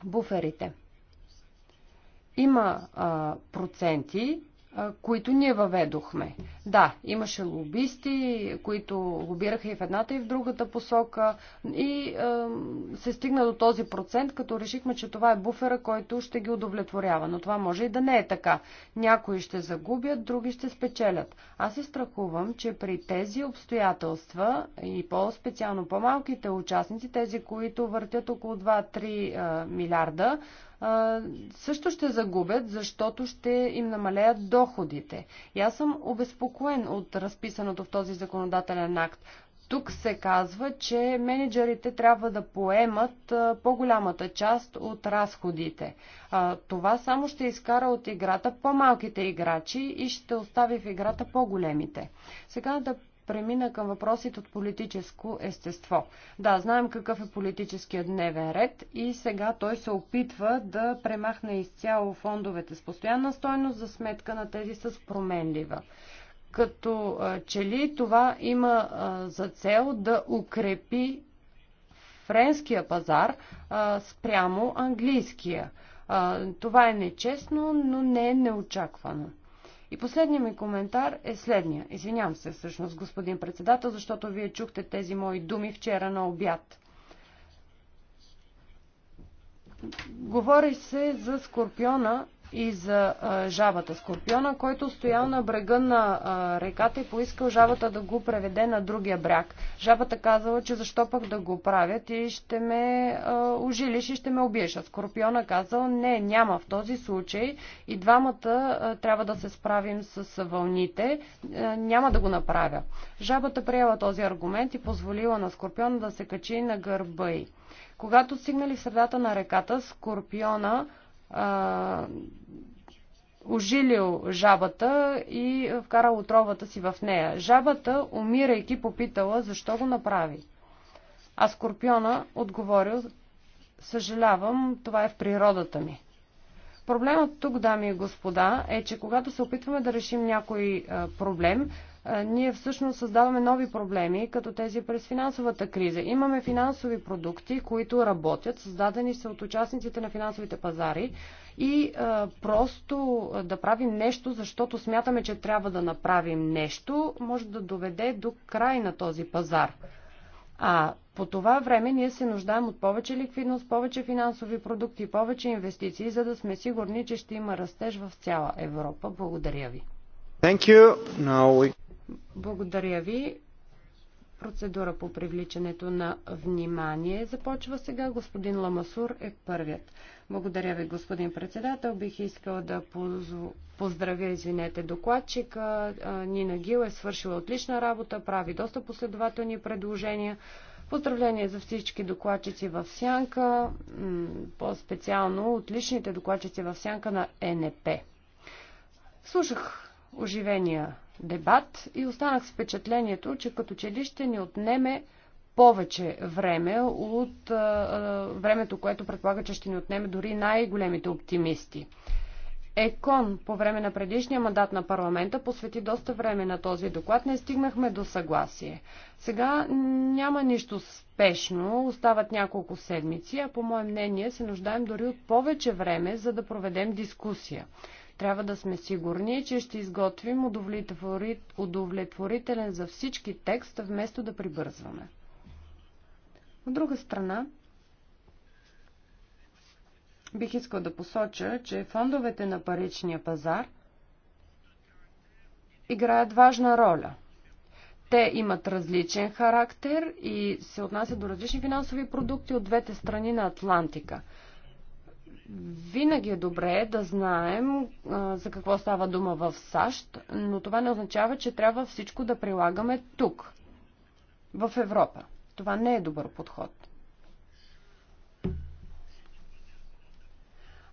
буферите. Има а, проценти, които ние въведохме. Да, имаше лобисти, които лобираха и в едната и в другата посока и е, се стигна до този процент, като решихме, че това е буфера, който ще ги удовлетворява. Но това може и да не е така. Някои ще загубят, други ще спечелят. Аз се страхувам, че при тези обстоятелства и по-специално по-малките участници, тези, които въртят около 2-3 е, милиарда, също ще загубят, защото ще им намалеят доходите. И аз съм обезпокоен от разписаното в този законодателен акт. Тук се казва, че менеджерите трябва да поемат по-голямата част от разходите. Това само ще изкара от играта по-малките играчи и ще остави в играта по-големите. Сега да премина към въпросите от политическо естество. Да, знаем какъв е политическият дневен ред и сега той се опитва да премахне изцяло фондовете с постоянна стойност за сметка на тези с променлива като че ли това има а, за цел да укрепи френския пазар а, спрямо английския. А, това е нечестно, но не е неочаквано. И последният ми коментар е следния. Извинявам се всъщност, господин председател, защото вие чухте тези мои думи вчера на обяд. Говори се за Скорпиона и за а, жабата Скорпиона, който стоял на брега на а, реката и поискал жабата да го преведе на другия бряг. Жабата казала, че защо пък да го правят и ще ме а, и ще ме убиеш. А Скорпиона казал, не, няма в този случай и двамата а, трябва да се справим с вълните, а, няма да го направя. Жабата приела този аргумент и позволила на Скорпиона да се качи на гърба й. Когато стигнали в средата на реката, Скорпиона а, ожилил жабата и вкарал отровата си в нея. Жабата, умирайки, попитала защо го направи. А Скорпиона отговорил, съжалявам, това е в природата ми. Проблемът тук, дами и господа, е, че когато се опитваме да решим някой проблем, ние всъщност създаваме нови проблеми, като тези през финансовата криза. Имаме финансови продукти, които работят, създадени са от участниците на финансовите пазари и а, просто да правим нещо, защото смятаме, че трябва да направим нещо, може да доведе до край на този пазар. А по това време ние се нуждаем от повече ликвидност, повече финансови продукти, повече инвестиции, за да сме сигурни, че ще има растеж в цяла Европа. Благодаря ви. Thank you. Now we... Благодаря ви. Процедура по привличането на внимание започва сега. Господин Ламасур е първият. Благодаря ви, господин председател. Бих искал да поздравя, извинете, докладчика. Нина Гил е свършила отлична работа, прави доста последователни предложения. Поздравление за всички докладчици в Сянка, по-специално отличните докладчици в Сянка на НП. Слушах оживения дебат и останах с впечатлението, че като че ли ще ни отнеме повече време от а, времето, което предполага, че ще ни отнеме дори най-големите оптимисти. ЕКОН по време на предишния мандат на парламента посвети доста време на този доклад. Не стигнахме до съгласие. Сега няма нищо спешно, остават няколко седмици, а по мое мнение се нуждаем дори от повече време, за да проведем дискусия. Трябва да сме сигурни, че ще изготвим удовлетворителен за всички текст, вместо да прибързваме. От друга страна, бих искал да посоча, че фондовете на паричния пазар играят важна роля. Те имат различен характер и се отнасят до различни финансови продукти от двете страни на Атлантика – винаги е добре да знаем а, за какво става дума в САЩ, но това не означава, че трябва всичко да прилагаме тук, в Европа. Това не е добър подход.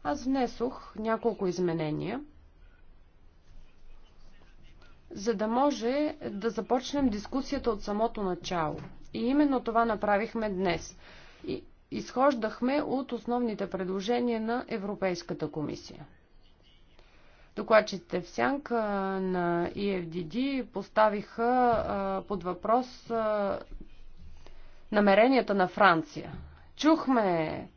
Аз внесох няколко изменения, за да може да започнем дискусията от самото начало. И именно това направихме днес. И изхождахме от основните предложения на Европейската комисия. Докладчите в сянка на EFDD е поставиха под въпрос намеренията на Франция. Чухме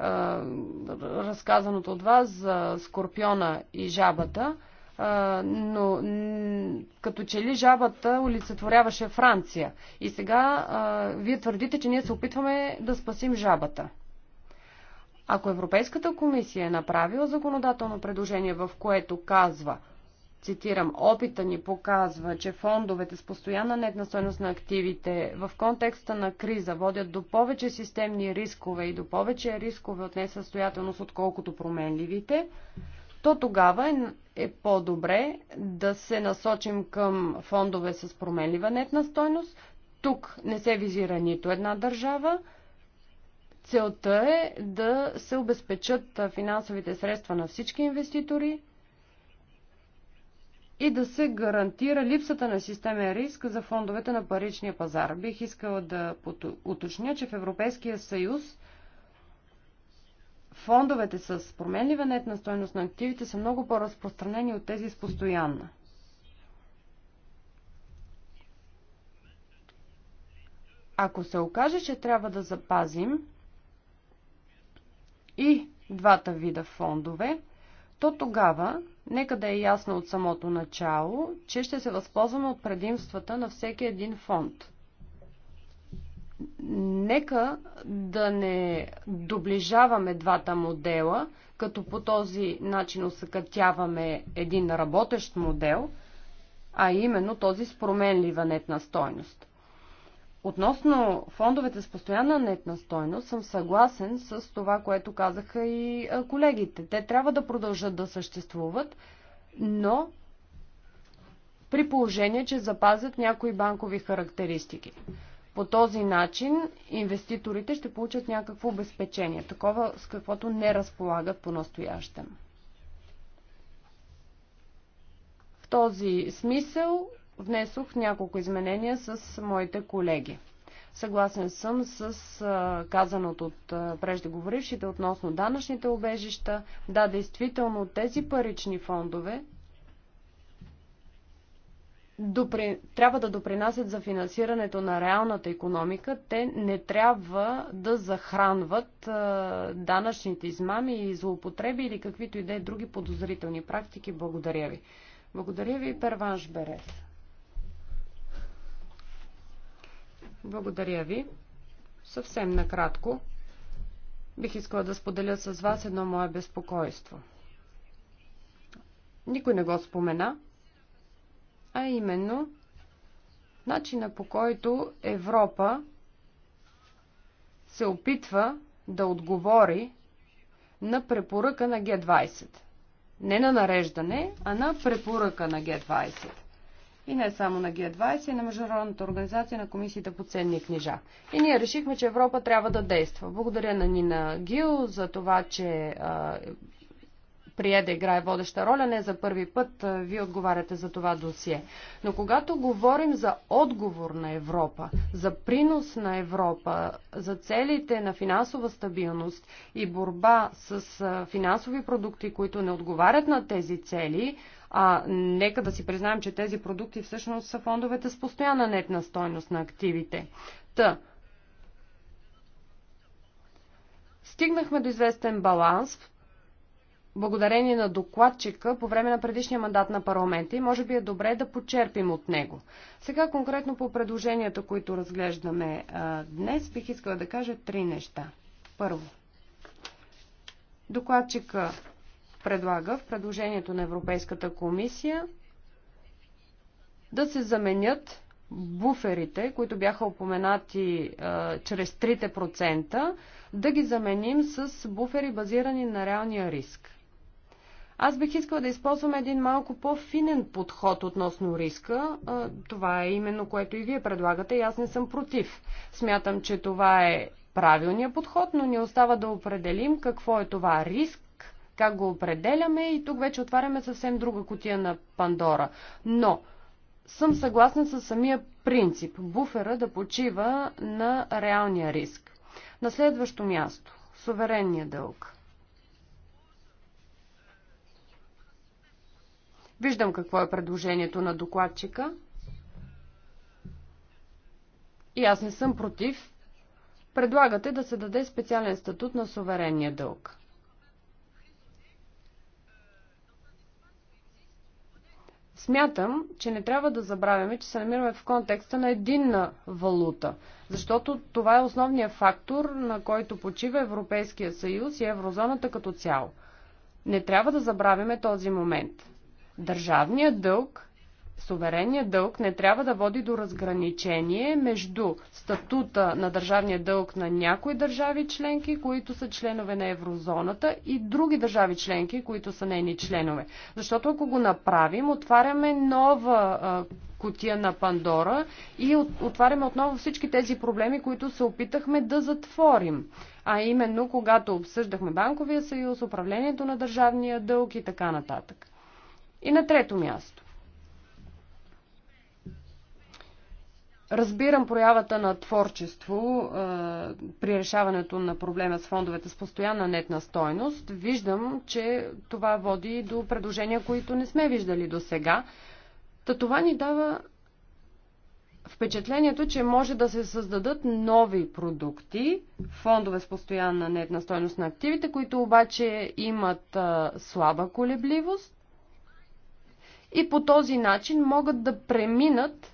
разказаното от вас за Скорпиона и жабата – но като че ли жабата олицетворяваше Франция. И сега вие твърдите, че ние се опитваме да спасим жабата. Ако Европейската комисия е направила законодателно предложение, в което казва, цитирам, опита ни показва, че фондовете с постоянна нетна стойност на активите в контекста на криза водят до повече системни рискове и до повече рискове от несъстоятелност, отколкото променливите, то тогава е, е по-добре да се насочим към фондове с променлива нетна стойност. Тук не се визира нито една държава. Целта е да се обезпечат финансовите средства на всички инвеститори и да се гарантира липсата на системен риск за фондовете на паричния пазар. Бих искала да уточня, че в Европейския съюз фондовете с променлива нетна стойност на активите са много по-разпространени от тези с постоянна. Ако се окаже, че трябва да запазим и двата вида фондове, то тогава нека да е ясно от самото начало, че ще се възползваме от предимствата на всеки един фонд – Нека да не доближаваме двата модела, като по този начин усъкътяваме един работещ модел, а именно този с променлива нетна стойност. Относно фондовете с постоянна нетна стойност, съм съгласен с това, което казаха и колегите. Те трябва да продължат да съществуват, но при положение, че запазят някои банкови характеристики. По този начин инвеститорите ще получат някакво обезпечение, такова с каквото не разполагат по-настоящем. В този смисъл внесох няколко изменения с моите колеги. Съгласен съм с казаното от преждеговорившите относно данъчните обежища. Да, действително тези парични фондове допри... трябва да допринасят за финансирането на реалната економика, те не трябва да захранват а, данъчните измами и злоупотреби или каквито и да е други подозрителни практики. Благодаря ви. Благодаря ви, Перванш Берес. Благодаря ви. Съвсем накратко бих искала да споделя с вас едно мое безпокойство. Никой не го спомена, а именно начина по който Европа се опитва да отговори на препоръка на Г-20. Не на нареждане, а на препоръка на Г-20. И не само на Г-20, а на Международната организация на комисията по ценни книжа. И ние решихме, че Европа трябва да действа. Благодаря на Нина Гил за това, че а, прие да играе водеща роля. Не за първи път вие отговаряте за това досие. Но когато говорим за отговор на Европа, за принос на Европа, за целите на финансова стабилност и борба с финансови продукти, които не отговарят на тези цели, а нека да си признаем, че тези продукти всъщност са фондовете с постоянна нетна стойност на активите. Та, стигнахме до известен баланс благодарение на докладчика по време на предишния мандат на парламента и може би е добре да почерпим от него. Сега конкретно по предложенията, които разглеждаме а, днес, бих искала да кажа три неща. Първо, докладчика предлага в предложението на Европейската комисия да се заменят буферите, които бяха упоменати а, чрез 3%, да ги заменим с буфери базирани на реалния риск. Аз бих искала да използвам един малко по-финен подход относно риска. Това е именно което и вие предлагате и аз не съм против. Смятам, че това е правилният подход, но ни остава да определим какво е това риск, как го определяме и тук вече отваряме съвсем друга котия на Пандора. Но съм съгласна с самия принцип буфера да почива на реалния риск. На следващо място суверенния дълг. Виждам какво е предложението на докладчика. И аз не съм против. Предлагате да се даде специален статут на суверенния дълг. Смятам, че не трябва да забравяме, че се намираме в контекста на единна валута, защото това е основният фактор, на който почива Европейския съюз и еврозоната като цяло. Не трябва да забравяме този момент. Държавният дълг, суверенният дълг не трябва да води до разграничение между статута на държавния дълг на някои държави членки, които са членове на еврозоната и други държави членки, които са нейни членове. Защото ако го направим, отваряме нова котия на Пандора и отваряме отново всички тези проблеми, които се опитахме да затворим. А именно, когато обсъждахме банковия съюз, управлението на държавния дълг и така нататък. И на трето място. Разбирам проявата на творчество е, при решаването на проблема с фондовете с постоянна нетна стойност. Виждам, че това води до предложения, които не сме виждали до сега. Та това ни дава впечатлението, че може да се създадат нови продукти, фондове с постоянна нетна стойност на активите, които обаче имат е, слаба колебливост и по този начин могат да преминат,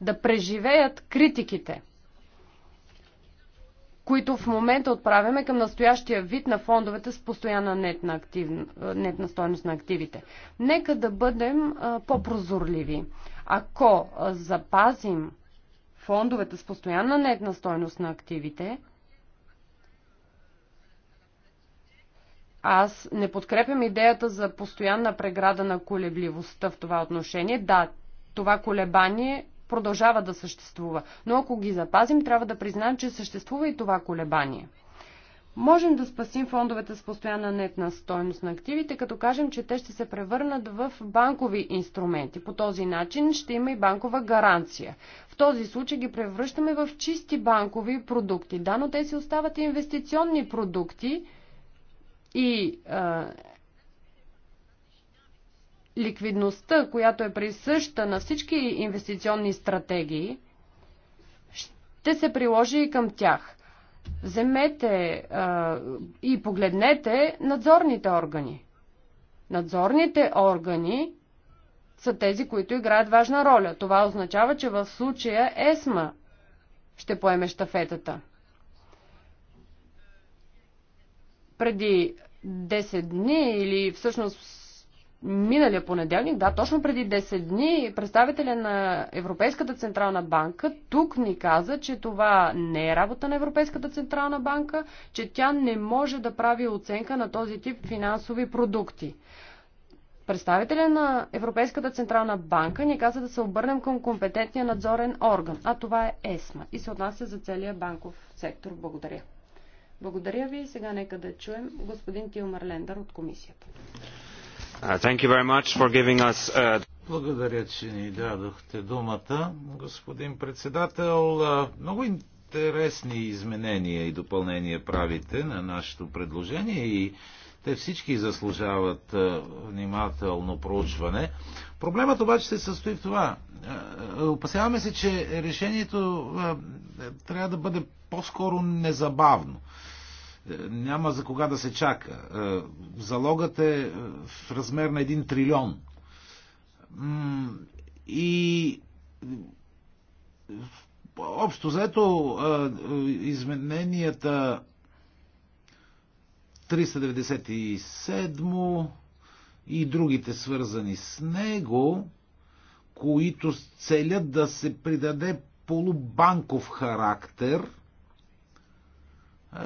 да преживеят критиките, които в момента отправяме към настоящия вид на фондовете с постоянна нетна, актив, нетна стоеност на активите. Нека да бъдем по-прозорливи. Ако запазим фондовете с постоянна нетна стоеност на активите, Аз не подкрепям идеята за постоянна преграда на колебливостта в това отношение. Да, това колебание продължава да съществува. Но ако ги запазим, трябва да признаем, че съществува и това колебание. Можем да спасим фондовете с постоянна нетна стойност на активите, като кажем, че те ще се превърнат в банкови инструменти. По този начин ще има и банкова гаранция. В този случай ги превръщаме в чисти банкови продукти. Да, но те си остават инвестиционни продукти, и а, ликвидността, която е присъща на всички инвестиционни стратегии, ще се приложи и към тях. Вземете а, и погледнете надзорните органи. Надзорните органи са тези, които играят важна роля. Това означава, че в случая ЕСМА ще поеме щафетата. Преди 10 дни или всъщност миналия понеделник, да, точно преди 10 дни, представителя на Европейската Централна банка тук ни каза, че това не е работа на Европейската Централна банка, че тя не може да прави оценка на този тип финансови продукти. Представителя на Европейската Централна банка ни каза да се обърнем към компетентния надзорен орган, а това е ЕСМА и се отнася за целия банков сектор. Благодаря. Благодаря ви. Сега нека да чуем господин Тилмар Лендър от комисията. Uh, us, uh... Благодаря, че ни дадохте думата, господин председател. Uh, много интересни изменения и допълнения правите на нашето предложение и те всички заслужават uh, внимателно проучване. Проблемът обаче се състои в това. Опасяваме се, че решението трябва да бъде по-скоро незабавно. Е, няма за кога да се чака. Е, залогът е, е в размер на 1 трилион. И общо взето измененията 397 и другите свързани с него, които целят да се придаде полубанков характер – е,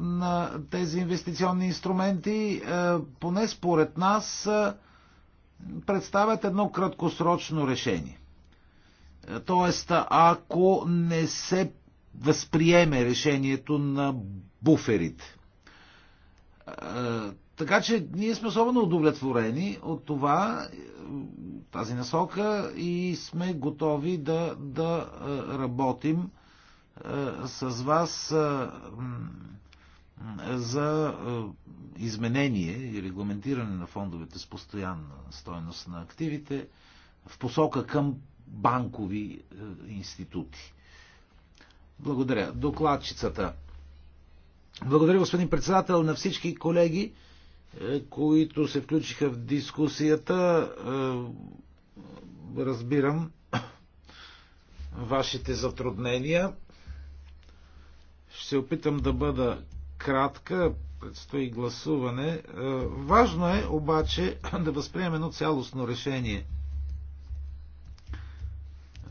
на тези инвестиционни инструменти, е, поне според нас, е, представят едно краткосрочно решение. Тоест, ако не се възприеме решението на буферите. Така че ние сме особено удовлетворени от това, тази насока и сме готови да, да работим е, с вас е, за е, изменение и регламентиране на фондовете с постоянна стойност на активите в посока към банкови институти. Благодаря. Докладчицата. Благодаря, господин председател, на всички колеги, които се включиха в дискусията. Разбирам вашите затруднения. Ще се опитам да бъда кратка, предстои гласуване. Е, важно е обаче да възприемем едно цялостно решение.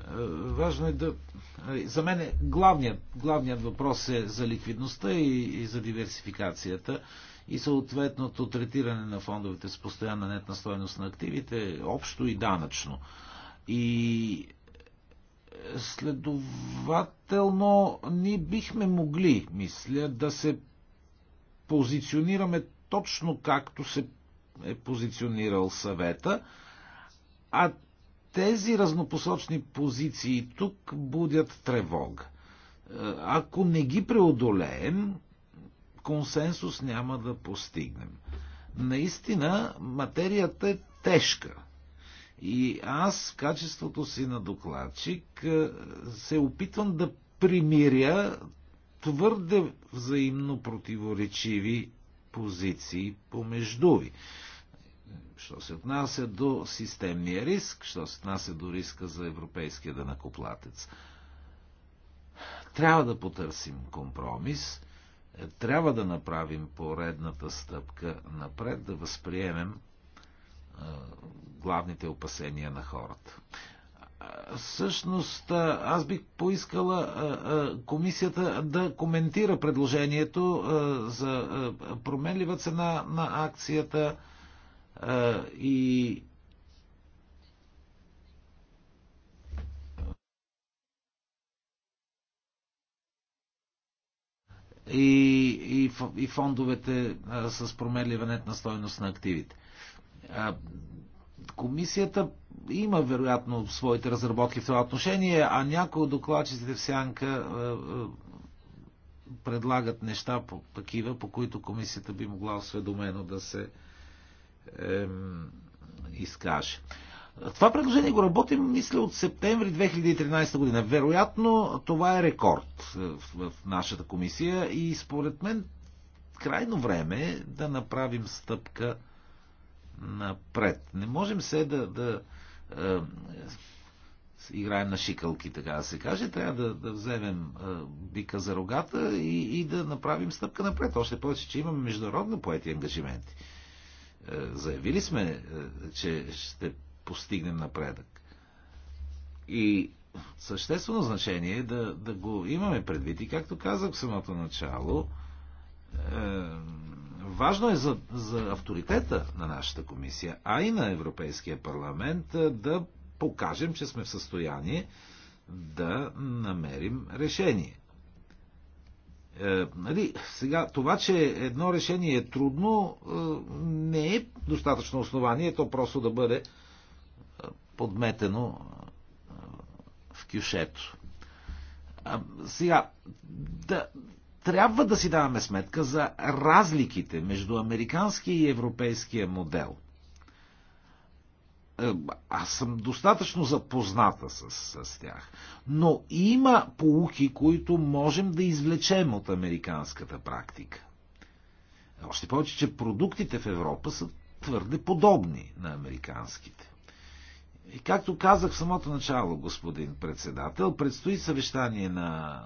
Е, важно е да... Е, за мен е главният, главният въпрос е за ликвидността и, и за диверсификацията и съответното третиране на фондовете с постоянна нетна стоеност на активите, общо и данъчно. И Следователно, ние бихме могли, мисля, да се позиционираме точно както се е позиционирал съвета, а тези разнопосочни позиции тук будят тревога. Ако не ги преодолеем, консенсус няма да постигнем. Наистина, материята е тежка и аз в качеството си на докладчик е, се опитвам да примиря твърде взаимно противоречиви позиции помежду ви. Що се отнася до системния риск, що се отнася до риска за европейския данакоплатец. Трябва да потърсим компромис, е, трябва да направим поредната стъпка напред, да възприемем главните опасения на хората. Всъщност, аз бих поискала комисията да коментира предложението за променлива цена на акцията и и, и, фондовете с променлива нетна стойност на активите. Комисията има вероятно своите разработки в това отношение, а някои от докладчиците в сянка предлагат неща по, такива, по които комисията би могла осведомено да се е, изкаже. Това предложение го работим, мисля, от септември 2013 година. Вероятно, това е рекорд е, в, в нашата комисия и според мен крайно време е да направим стъпка напред. Не можем се да, да е, играем на шикалки, така да се каже. Трябва да, да вземем е, бика за рогата и, и да направим стъпка напред. Още повече, че имаме международно поети ангажименти. Е, заявили сме, е, че ще постигнем напредък. И съществено значение е да, да го имаме предвид. И както казах в самото начало, е, Важно е за, за авторитета на нашата комисия, а и на Европейския парламент да покажем, че сме в състояние да намерим решение. Е, нали, сега, това, че едно решение е трудно, е, не е достатъчно основание, то просто да бъде е, подметено е, в кюшето. Е, сега, да, трябва да си даваме сметка за разликите между американския и европейския модел. Е, аз съм достатъчно запозната с, с тях. Но има полуки, които можем да извлечем от американската практика. Още повече, че продуктите в Европа са твърде подобни на американските. И както казах в самото начало, господин председател, предстои съвещание на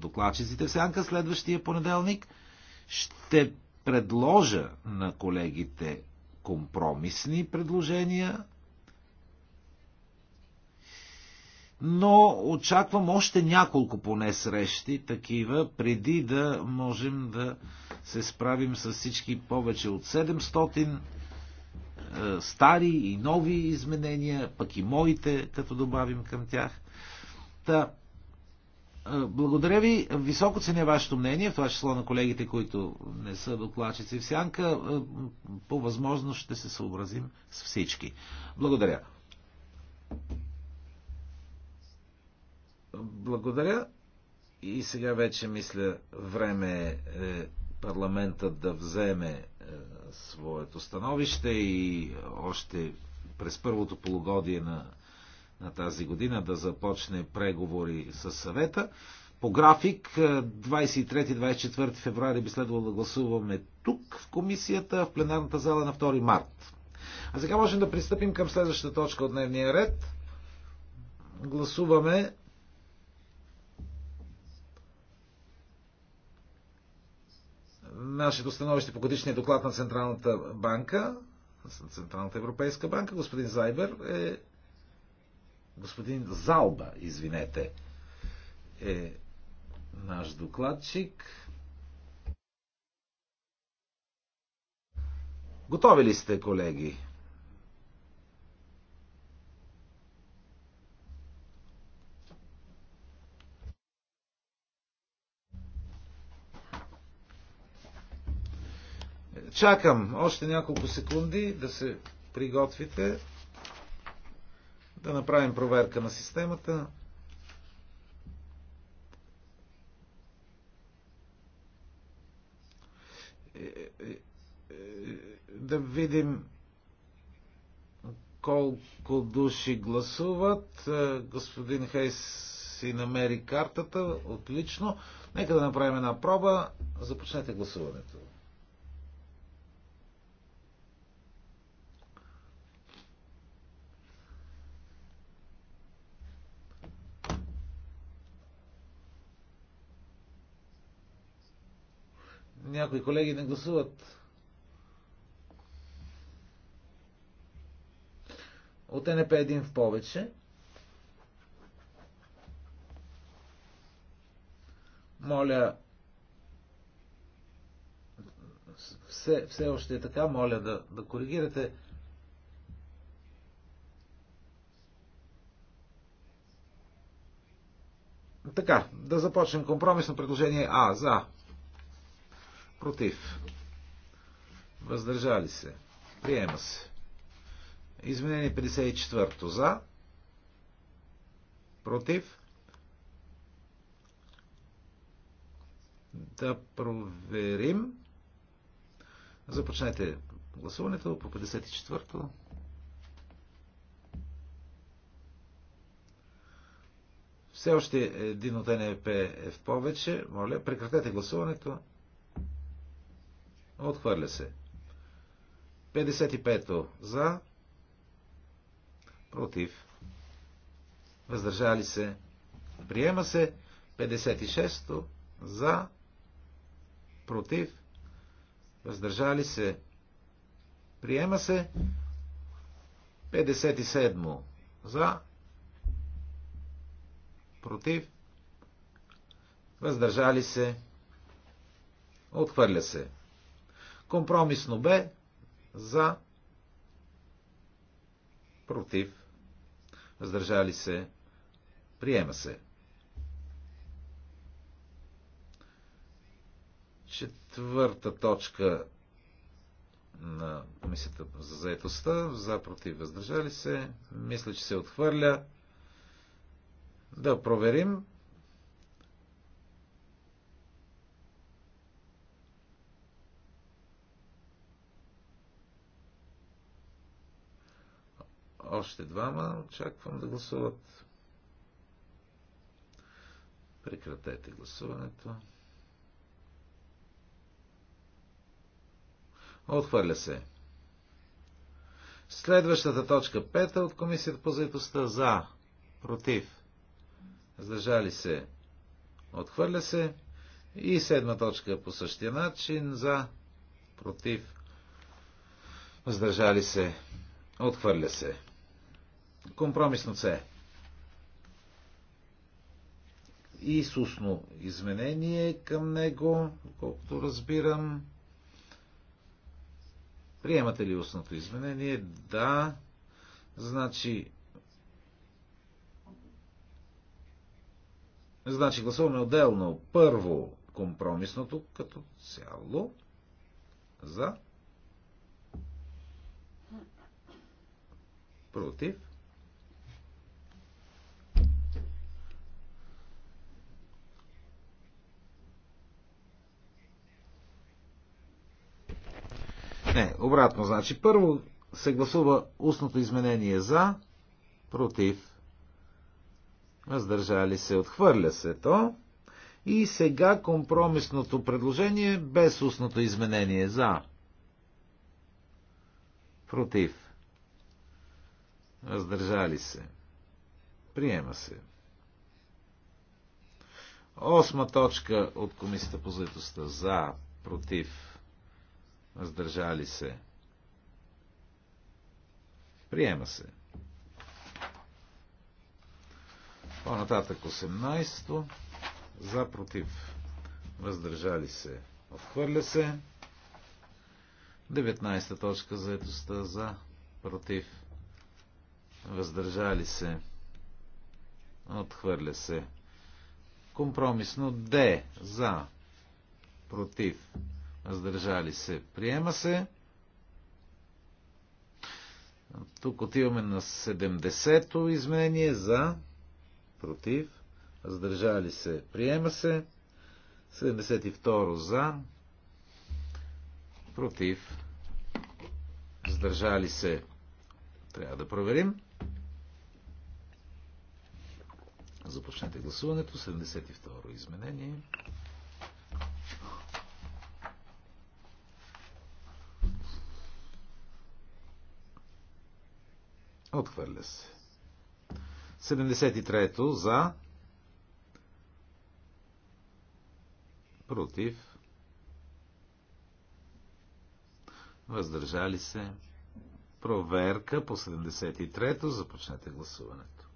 докладчиците в сянка следващия понеделник. Ще предложа на колегите компромисни предложения, но очаквам още няколко поне срещи такива, преди да можем да се справим с всички повече от 700 е, стари и нови изменения, пък и моите, като добавим към тях. Та, благодаря ви. Високо ценя вашето мнение, в това число на колегите, които не са докладчици в сянка. По възможност ще се съобразим с всички. Благодаря. Благодаря. И сега вече мисля, време е, е парламента да вземе е, своето становище и още през първото полугодие на на тази година да започне преговори с съвета. По график 23-24 е, феврари би следвало да гласуваме тук в комисията, в пленарната зала на 2 март. А сега можем да пристъпим към следващата точка от дневния ред. Гласуваме нашето становище по годишния доклад на Централната банка, Централната европейска банка. Господин Зайбер е господин Залба, извинете, е наш докладчик. Готови ли сте, колеги? Чакам още няколко секунди да се приготвите. Да направим проверка на системата. Е, е, е, да видим колко души гласуват. Господин Хейс си намери картата. Отлично. Нека да направим една проба. Започнете гласуването. някои колеги не гласуват. От НП един в повече. Моля, все, все още е така, моля да, да коригирате. Така, да започнем компромисно предложение А за Против. Въздържали се. Приема се. Изменение 54 за. Против. Да проверим. Започнете гласуването по 54-то. Все още един от НЕП е в повече. Моля, прекратете гласуването. Отхвърля се. 55-то. За. Против. Въздържали се. Приема се. 56-то. За. Против. Въздържали се. Приема се. 57-мо. За. Против. Въздържали се. Отхвърля се. Компромисно бе, за против въздържали се приема се. Четвърта точка на комисията за заетостта, за против въздържали се, мисля, че се отхвърля. Да проверим. Още двама очаквам да гласуват. Прекратете гласуването. Отхвърля се. Следващата точка 5 от Комисията по заедостта за, против, задържали се, отхвърля се. И седма точка по същия начин за, против, въздържали се, отхвърля се. Компромисно це. Исусно изменение към него, колкото разбирам. Приемате ли устното изменение? Да. Значи. Значи гласуваме отделно. Първо компромисното като цяло. За. Против. Не, обратно. Значи първо се гласува устното изменение за, против, въздържали се, отхвърля се то. И сега компромисното предложение без устното изменение за, против, въздържали се, приема се. Осма точка от Комисията по заедостта за, против, Въздържали се. Приема се. По-нататък 18-то. За, против. Въздържали се. Отхвърля се. 19-та точка заедостта за, против. Въздържали се. Отхвърля се. Компромисно Д. За. Против въздържали се, приема се. Тук отиваме на 70-то изменение за, против, въздържали се, приема се. 72 за, против, въздържали се, трябва да проверим. Започнете гласуването. 72 изменение. Отхвърля се. 73-то за. Против. Въздържали се. Проверка по 73-то. Започнете гласуването.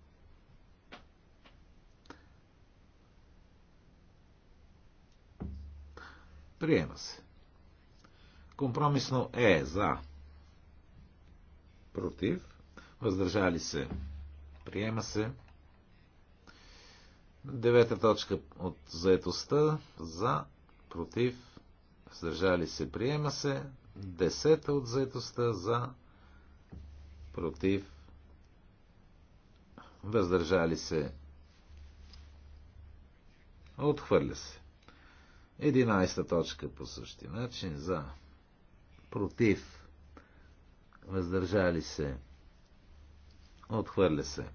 Приема се. Компромисно е за. Против. Въздържали се. Приема се. Девета точка от заетостта. За, против, въздържали се. Приема се. Десета от заетостта. За, против, въздържали се. Отхвърля се. Единайста точка по същия начин. За, против, въздържали се. Отхвърля се.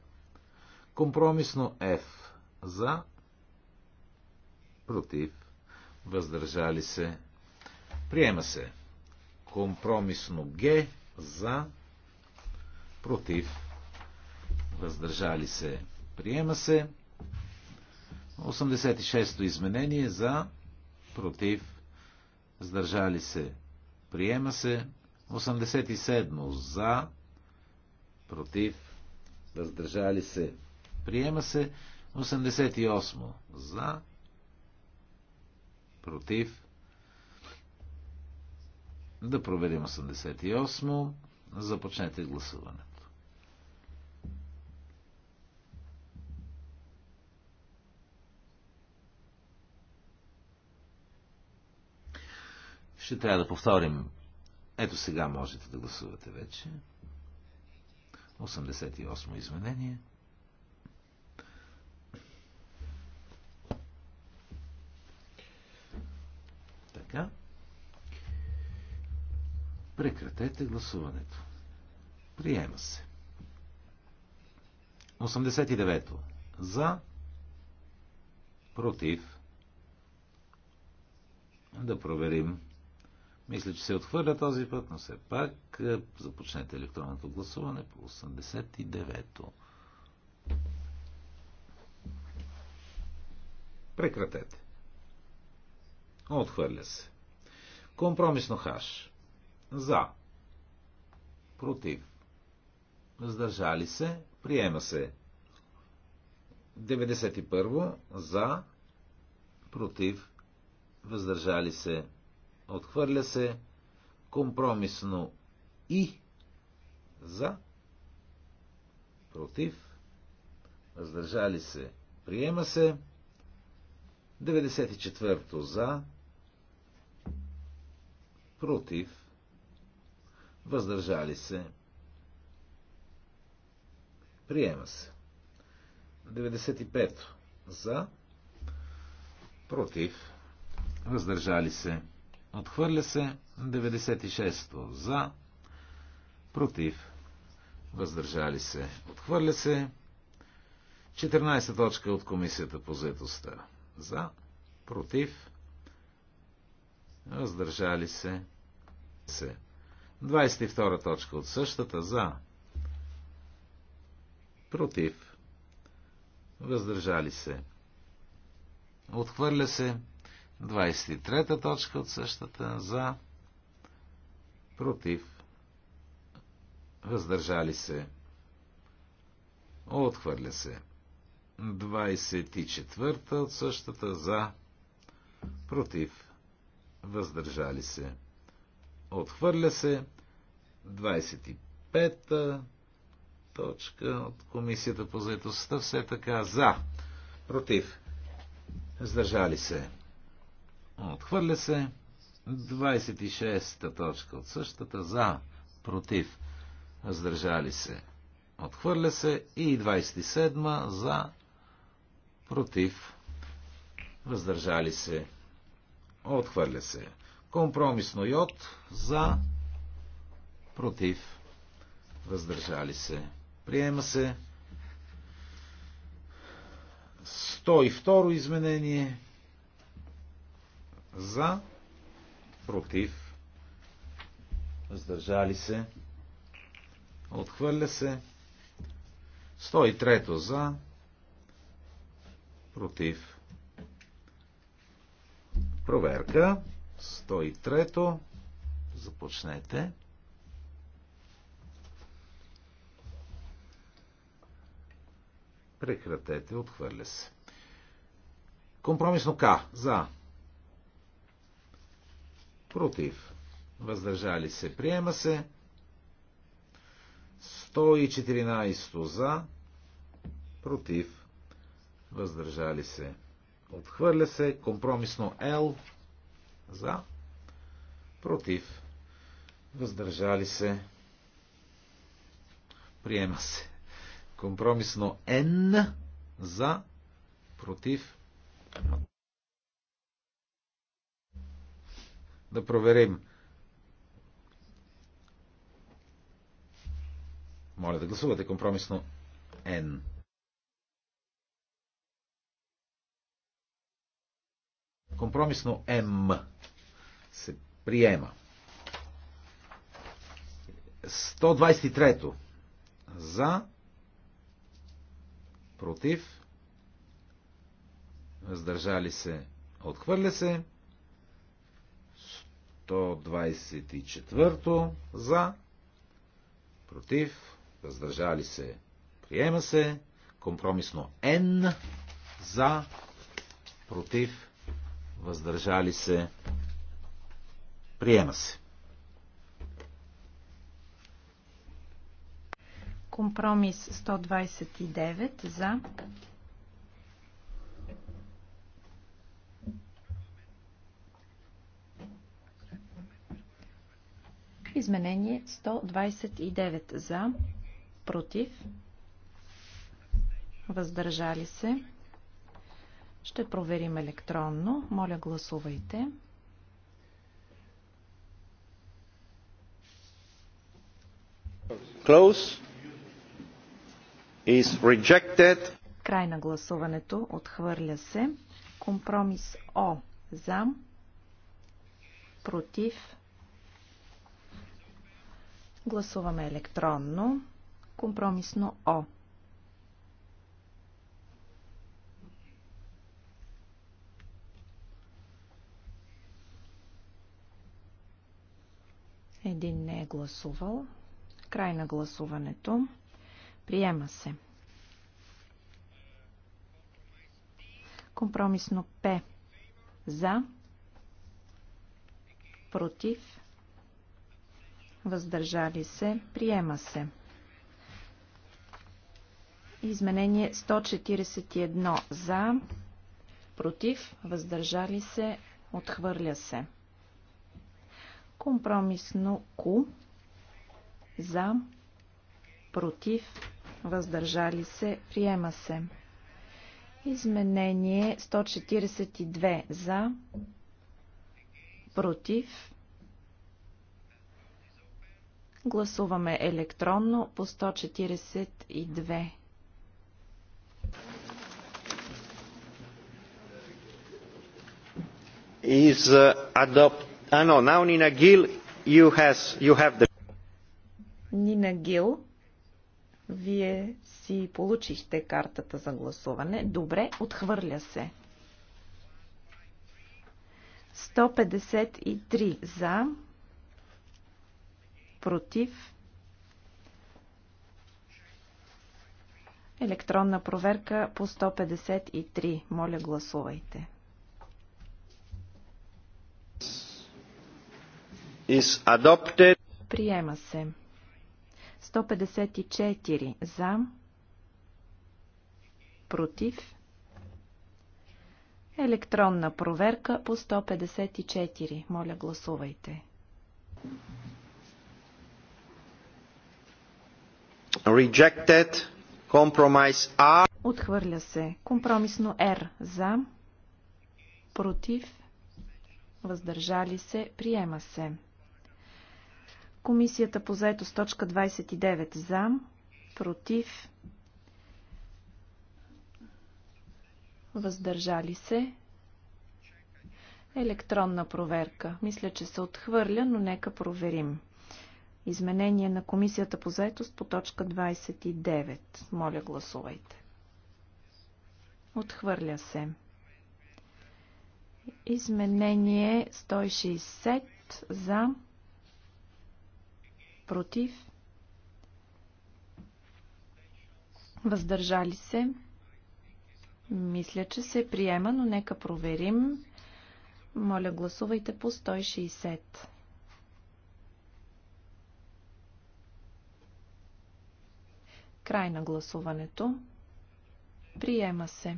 Компромисно F. За. Против. Въздържали се. Приема се. Компромисно Г. За. Против. Въздържали се. Приема се. 86-то изменение за. Против. Въздържали се. Приема се. 87 за. Против въздържали се, приема се. 88 за, против. Да проверим 88. Започнете гласуването. Ще трябва да повторим. Ето сега можете да гласувате вече. 88 изменение. Така. Прекратете гласуването. Приема се. 89-то. За. Против. Да проверим. Мисля, че се отхвърля този път, но все пак е, започнете електронното гласуване по 89-то. Прекратете. Отхвърля се. Компромисно хаш. За. Против. Въздържали се. Приема се. 91. За. Против. Въздържали се. Отхвърля се компромисно и за, против, въздържали се, приема се. 94-то за, против, въздържали се, приема се. 95 за, против, въздържали се, Отхвърля се 96-то. За. Против. Въздържали се. Отхвърля се 14 точка от комисията по заедостта. За. Против. Въздържали се. се. 22 точка от същата. За. Против. Въздържали се. Отхвърля се 23-та точка от същата за против въздържали се отхвърля се 24-та от същата за против въздържали се отхвърля се 25-та точка от комисията по заедостта все така за против въздържали се Отхвърля се. 26-та точка от същата. За. Против. Въздържали се. Отхвърля се. И 27-ма. За. Против. Въздържали се. Отхвърля се. Компромисно йод. За. Против. Въздържали се. Приема се. 102 изменение за. Против. Въздържали се. Отхвърля се. 103 за. Против. Проверка. 103 Започнете. Прекратете. Отхвърля се. Компромисно К. За против, въздържали се, приема се. 114 за, против, въздържали се, отхвърля се. Компромисно L за, против, въздържали се, приема се. Компромисно N за, против, да проверим. Моля да гласувате компромисно N. Компромисно М се приема. 123-то. За. Против. Въздържали се. Отхвърля се. 124 за, против, въздържали се, приема се, компромисно N за, против, въздържали се, приема се. Компромис 129 за, Изменение 129 за, против, въздържали се. Ще проверим електронно. Моля, гласувайте. Close. Is rejected. Край на гласуването. Отхвърля се. Компромис О. За. Против. Гласуваме електронно. Компромисно О. Един не е гласувал. Край на гласуването. Приема се. Компромисно П. За. Против въздържали се, приема се. Изменение 141 за, против, въздържали се, отхвърля се. Компромисно КУ за, против, въздържали се, приема се. Изменение 142 за, против, Гласуваме електронно по 142. Is uh, adopt... Ah, no, now Nina Gill, you, has, you have the... Нина Гил, вие си получихте картата за гласуване. Добре, отхвърля се. 153 за, против. Електронна проверка по 153. Моля, гласувайте. Is adopted. Приема се. 154 за. Против. Електронна проверка по 154. Моля, гласувайте. Thank you. Rejected. Compromise R. Отхвърля се. Компромисно R. За. Против. Въздържали се. Приема се. Комисията по заетост точка 29 за, против, въздържали се. Електронна проверка. Мисля, че се отхвърля, но нека проверим. Изменение на комисията по заетост по точка 29. Моля, гласувайте. Отхвърля се. Изменение 160 за против въздържали се. Мисля, че се приема, но нека проверим. Моля, гласувайте по 160. Край на гласуването. Приема се.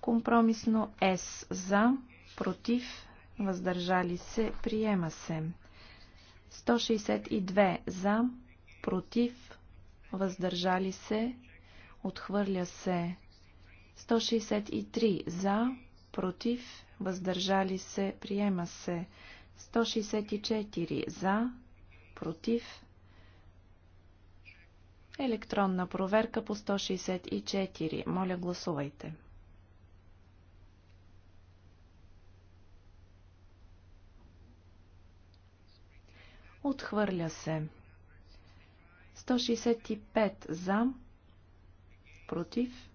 Компромисно С за, против, въздържали се, приема се. 162 за, против, въздържали се, отхвърля се. 163 за, против, въздържали се, приема се. 164 за, против, Електронна проверка по 164. Моля, гласувайте. Отхвърля се. 165 за, против,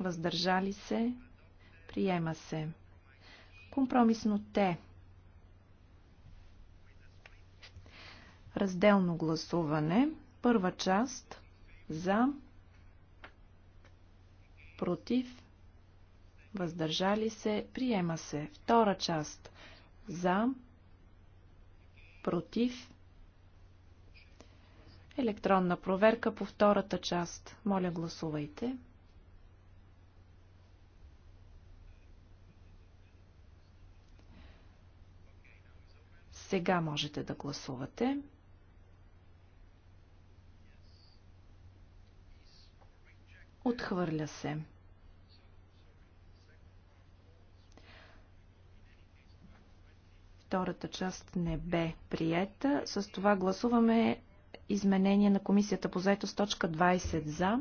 въздържали се, приема се. Компромисно те. Разделно гласуване. Първа част за, против, въздържали се, приема се. Втора част за, против, електронна проверка по втората част. Моля, гласувайте. Сега можете да гласувате. Отхвърля се. Втората част не бе приета. С това гласуваме изменение на комисията по заето с точка 20 за,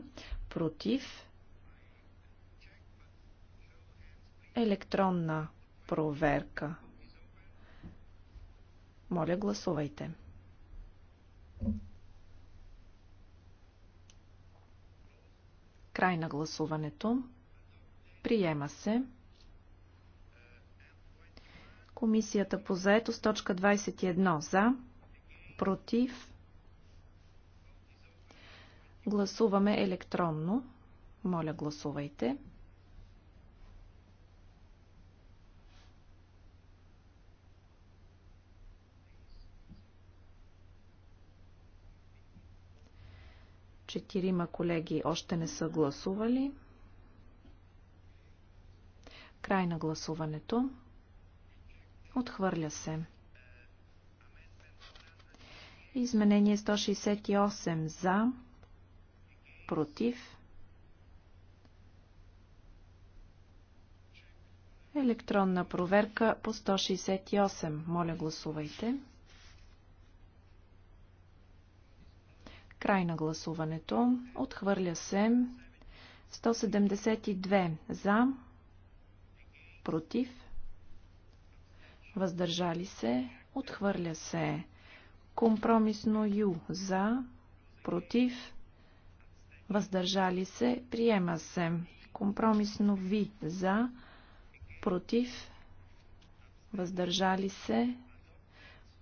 против, електронна проверка. Моля, гласувайте. Thank you. Край на гласуването. Приема се. Комисията по заетост, точка 21 за, против. Гласуваме електронно. Моля, гласувайте. Четирима колеги още не са гласували. Край на гласуването. Отхвърля се. Изменение 168 за, против. Електронна проверка по 168. Моля гласувайте. Край на гласуването. Отхвърля се. 172 за. Против. Въздържали се. Отхвърля се. Компромисно Ю за. Против. Въздържали се. Приема се. Компромисно Ви за. Против. Въздържали се.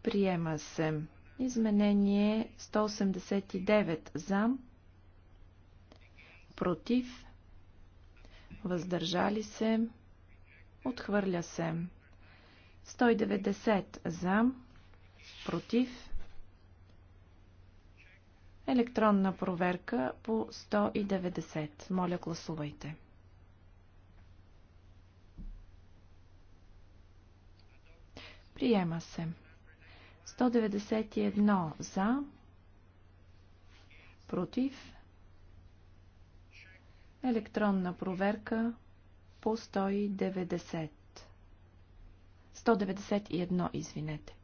Приема се. Изменение 189 за, против, въздържали се, отхвърля се. 190 за, против, електронна проверка по 190. Моля, гласувайте. Приема се. 191 за, против, електронна проверка по 190. 191, извинете.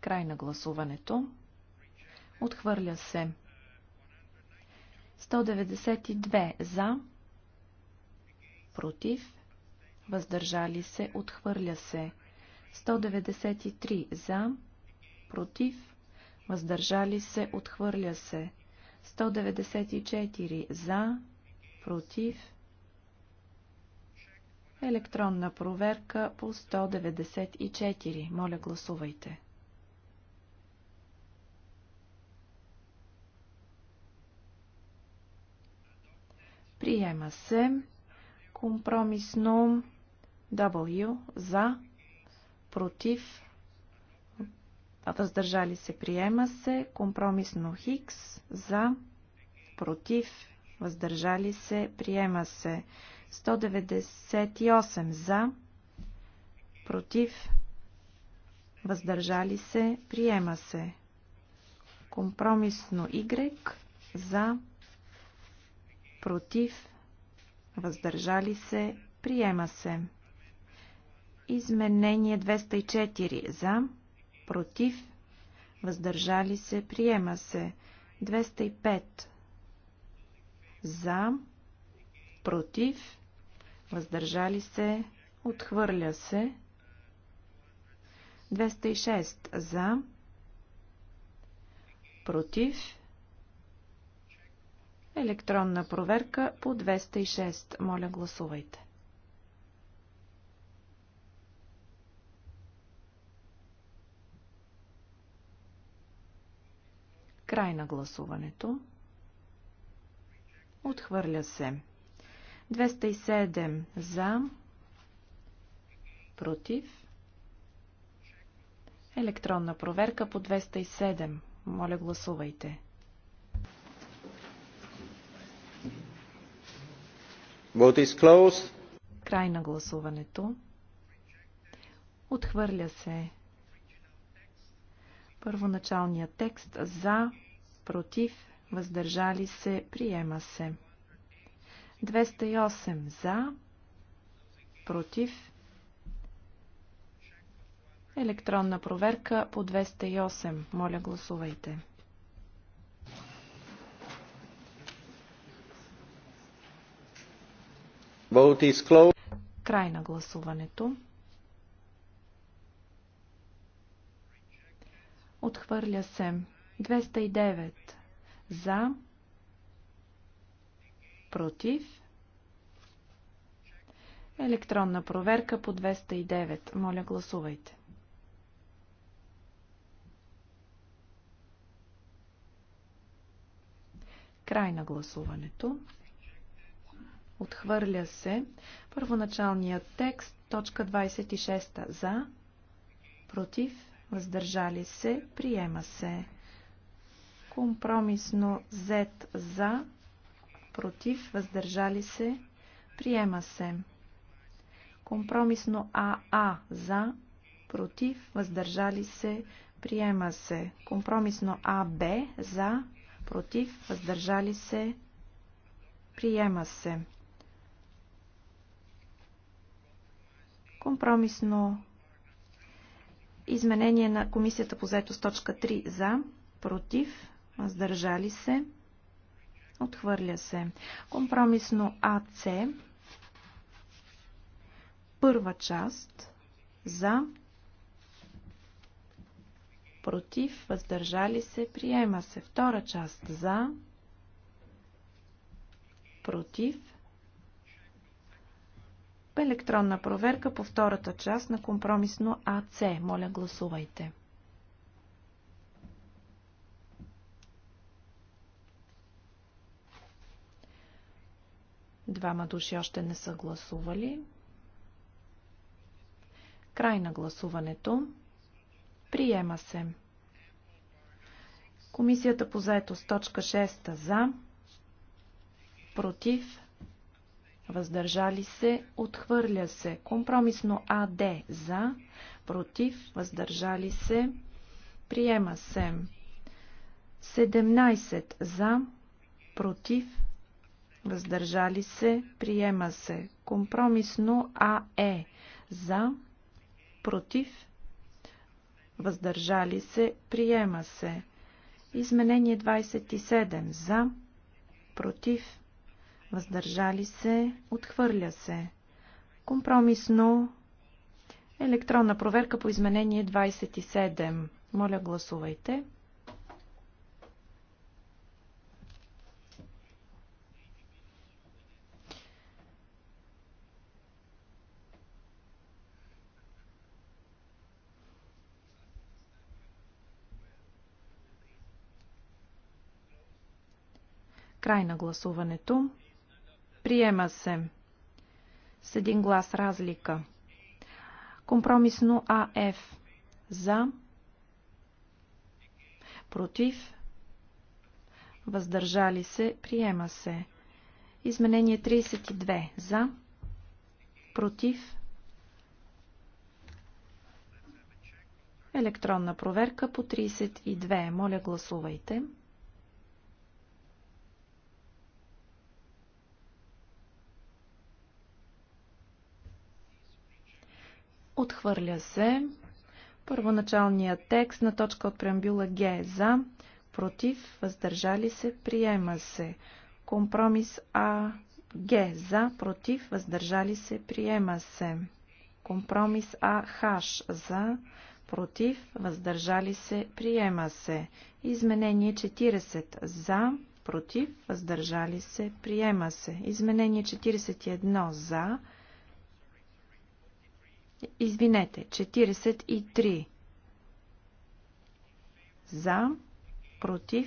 Край на гласуването. Отхвърля се. 192 за, против, въздържали се, отхвърля се. 193 за, против, въздържали се, отхвърля се. 194 за, против. Електронна проверка по 194. Моля, гласувайте. Приема се компромисно W за, против, въздържали се, приема се. Компромисно Хикс за, против, въздържали се, приема се. 198 за, против, въздържали се, приема се. Компромисно Y за, против, въздържали се, приема се. Изменение 204 за, против, въздържали се, приема се. 205 за, против, въздържали се, отхвърля се. 206 за, против, електронна проверка по 206. Моля, гласувайте. Край на гласуването. Отхвърля се. 207 за, против. Електронна проверка по 207. Моля, гласувайте. Vote is closed. Край на гласуването. Отхвърля се. Първоначалния текст за, против, въздържали се, приема се. 208 за, против. Електронна проверка по 208. Моля, гласувайте. Край на гласуването. Отхвърля се. 209. За. Против. Електронна проверка по 209. Моля, гласувайте. Край на гласуването. Отхвърля се първоначалният текст, точка 26 за, против, въздържали се, приема се. Компромисно Z за, против, въздържали се, приема се. Компромисно АА за, против, въздържали се, приема се. Компромисно АБ за, против, въздържали се, приема се. Компромисно Изменение на комисията по заето с точка 3 за, против, въздържали се, отхвърля се. Компромисно АЦ, първа част, за, против, въздържали се, приема се. Втора част за, против, Електронна проверка по втората част на компромисно АЦ. Моля, гласувайте. Двама души още не са гласували. Край на гласуването. Приема се. Комисията по заето с точка 6 за, против, въздържали се, отхвърля се. Компромисно АД за, против, въздържали се, приема се. 17 за, против, въздържали се, приема се. Компромисно АЕ за, против, въздържали се, приема се. Изменение 27 за, против, въздържали се, отхвърля се. Компромисно електронна проверка по изменение 27. Моля, гласувайте. Край на гласуването. Приема се. С един глас разлика. Компромисно АФ. За. Против. Въздържали се. Приема се. Изменение 32. За. Против. Електронна проверка по 32. Моля гласувайте. Отхвърля се. Първоначалният текст на точка от преамбюла Г е за, против, въздържали се, приема се. Компромис А, Г е за, против, въздържали се, приема се. Компромис А, Х за, против, въздържали се, приема се. Изменение 40 за, против, въздържали се, приема се. Изменение 41 за, против, Извинете, 43 за, против,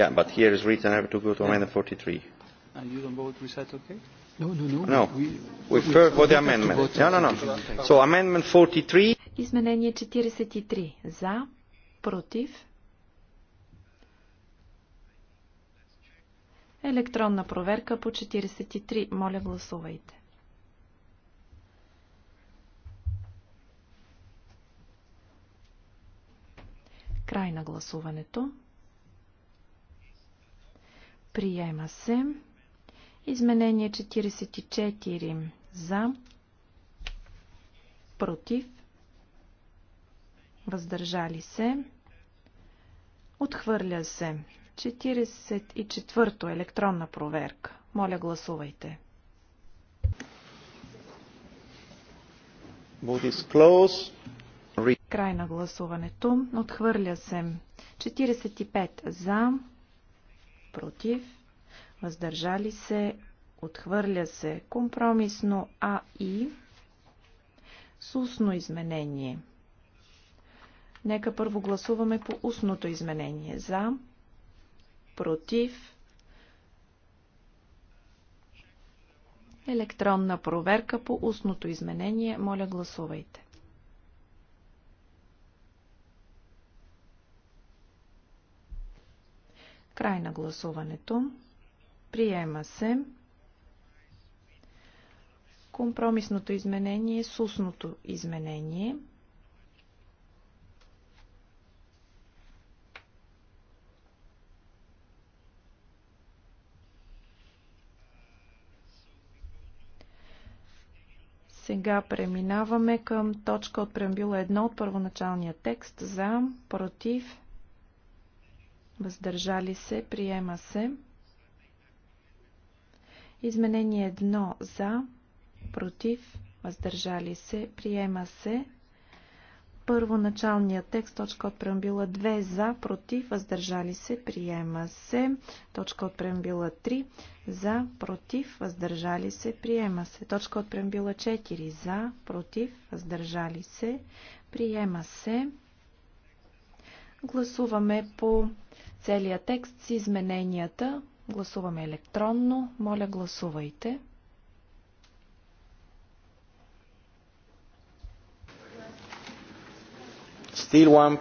Yeah, but here is written I have to go to amendment 43. And you don't vote reset, okay? No, no, no. No, we, we, we first vote the amendment. No, no, no. So amendment 43. Изменение 43. За. Против. Електронна проверка по 43. Моля гласувайте. Край на гласуването. Приема се. Изменение 44 за. Против въздържали се, отхвърля се. 44-то електронна проверка. Моля, гласувайте. Край на гласуването. Отхвърля се. 45 за, против, въздържали се, отхвърля се компромисно А и с устно изменение – Нека първо гласуваме по устното изменение. За, против, електронна проверка по устното изменение. Моля, гласувайте. Край на гласуването. Приема се компромисното изменение с устното изменение – Сега преминаваме към точка от преамбюла 1 от първоначалния текст за, против, въздържали се, приема се. Изменение 1 за, против, въздържали се, приема се. Първоначалният текст, точка от преамбила 2 за, против, въздържали се, приема се. Точка от преамбила 3 за, против, въздържали се, приема се. Точка от преамбила 4 за, против, въздържали се, приема се. Гласуваме по целия текст с измененията. Гласуваме електронно. Моля, гласувайте. Still one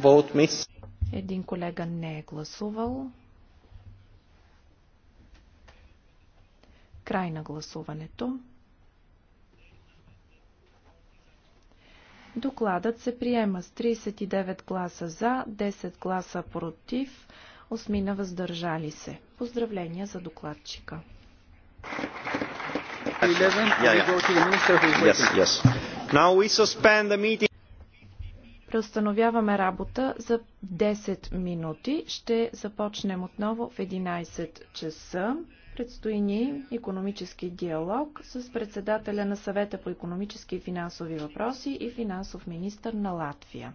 vote miss. Един колега не е гласувал. Край на гласуването. Докладът се приема с 39 гласа за, 10 гласа против, 8 на въздържали се. Поздравления за докладчика. Yeah, yeah. Преустановяваме работа за 10 минути. Ще започнем отново в 11 часа. Предстои ни економически диалог с председателя на съвета по економически и финансови въпроси и финансов министр на Латвия.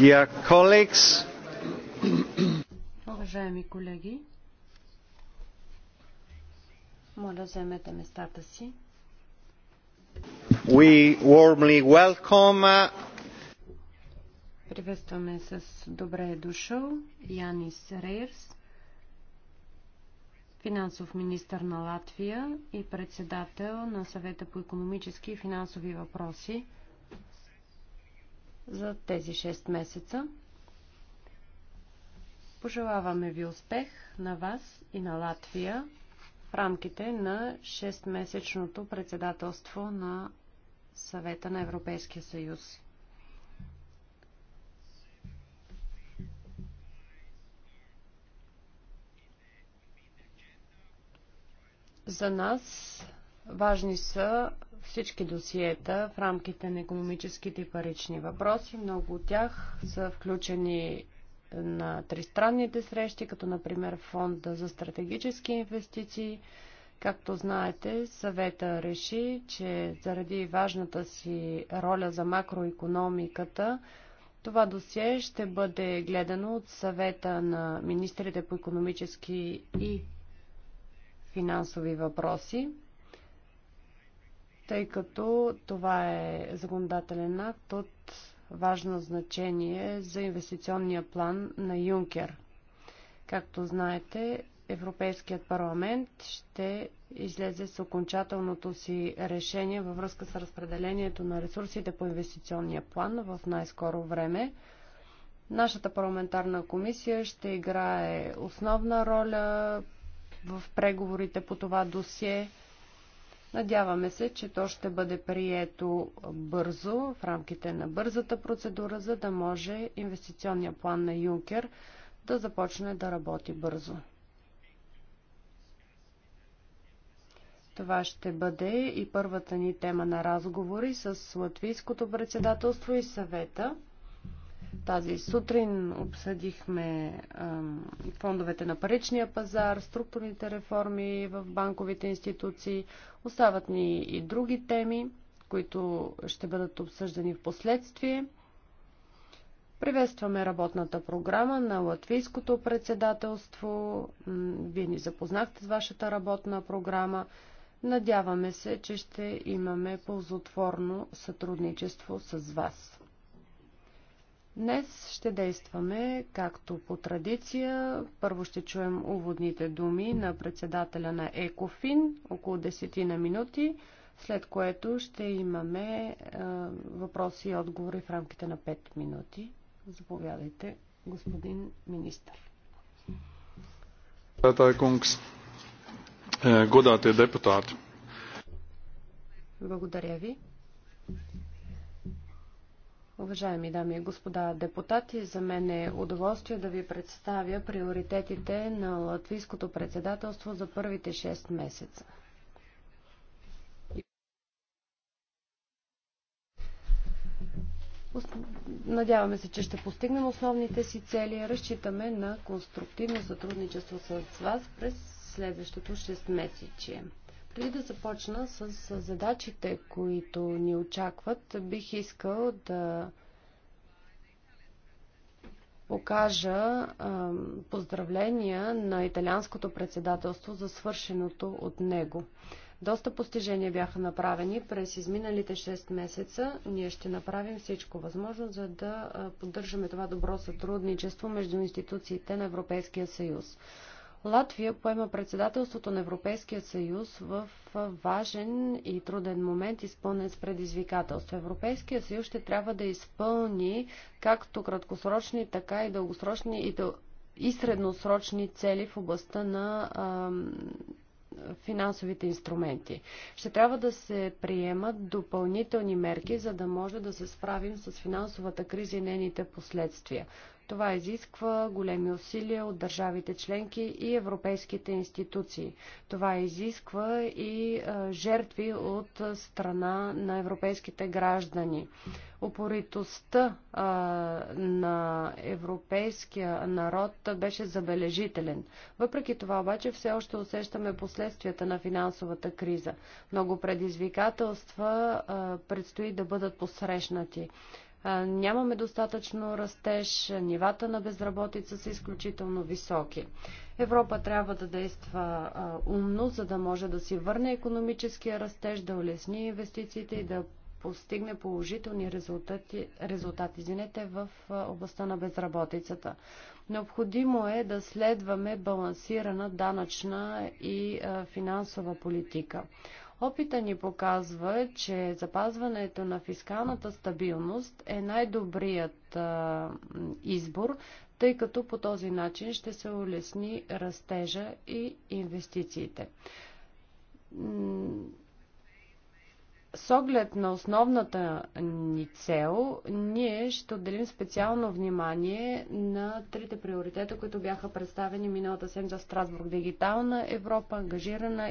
Dear colleagues, Уважаеми колеги, моля вземете местата си. We warmly welcome uh, Приветстваме с добре е дошъл Янис Рейрс. финансов министр на Латвия и председател на съвета по економически и финансови въпроси – за тези 6 месеца. Пожелаваме ви успех на вас и на Латвия в рамките на 6-месечното председателство на съвета на Европейския съюз. За нас важни са всички досиета в рамките на економическите и парични въпроси. Много от тях са включени на тристранните срещи, като например фонда за стратегически инвестиции. Както знаете, съвета реши, че заради важната си роля за макроекономиката, това досие ще бъде гледано от съвета на министрите по економически и финансови въпроси тъй като това е законодателен акт от важно значение за инвестиционния план на Юнкер. Както знаете, Европейският парламент ще излезе с окончателното си решение във връзка с разпределението на ресурсите по инвестиционния план в най-скоро време. Нашата парламентарна комисия ще играе основна роля в преговорите по това досие – Надяваме се, че то ще бъде прието бързо, в рамките на бързата процедура, за да може инвестиционния план на Юнкер да започне да работи бързо. Това ще бъде и първата ни тема на разговори с Латвийското председателство и съвета. Тази сутрин обсъдихме фондовете на паричния пазар, структурните реформи в банковите институции. Остават ни и други теми, които ще бъдат обсъждани в последствие. Приветстваме работната програма на Латвийското председателство. Вие ни запознахте с вашата работна програма. Надяваме се, че ще имаме ползотворно сътрудничество с вас. Днес ще действаме както по традиция. Първо ще чуем уводните думи на председателя на ЕКОФИН, около 10 на минути, след което ще имаме е, въпроси и отговори в рамките на 5 минути. Заповядайте, господин министр. Е, Благодаря ви. Уважаеми дами и господа депутати, за мен е удоволствие да ви представя приоритетите на латвийското председателство за първите 6 месеца. Надяваме се, че ще постигнем основните си цели. Разчитаме на конструктивно сътрудничество с вас през следващото 6 месече. Преди да започна с задачите, които ни очакват, бих искал да покажа поздравления на италианското председателство за свършеното от него. Доста постижения бяха направени през изминалите 6 месеца. Ние ще направим всичко възможно, за да поддържаме това добро сътрудничество между институциите на Европейския съюз. Латвия поема председателството на Европейския съюз в важен и труден момент, изпълнен с предизвикателство. Европейския съюз ще трябва да изпълни както краткосрочни, така и дългосрочни и, дъл... и средносрочни цели в областта на ам, финансовите инструменти. Ще трябва да се приемат допълнителни мерки, за да може да се справим с финансовата криза и нейните последствия. Това изисква големи усилия от държавите членки и европейските институции. Това изисква и жертви от страна на европейските граждани. Опоритостта на европейския народ беше забележителен. Въпреки това обаче все още усещаме последствията на финансовата криза. Много предизвикателства предстои да бъдат посрещнати нямаме достатъчно растеж, нивата на безработица са изключително високи. Европа трябва да действа умно, за да може да си върне економическия растеж, да улесни инвестициите и да постигне положителни резултати, резултати извинете, в областта на безработицата. Необходимо е да следваме балансирана данъчна и финансова политика. Опита ни показва, че запазването на фискалната стабилност е най-добрият избор, тъй като по този начин ще се улесни растежа и инвестициите с оглед на основната ни цел, ние ще отделим специално внимание на трите приоритета, които бяха представени миналата седмица в Страсбург. Дигитална Европа, ангажирана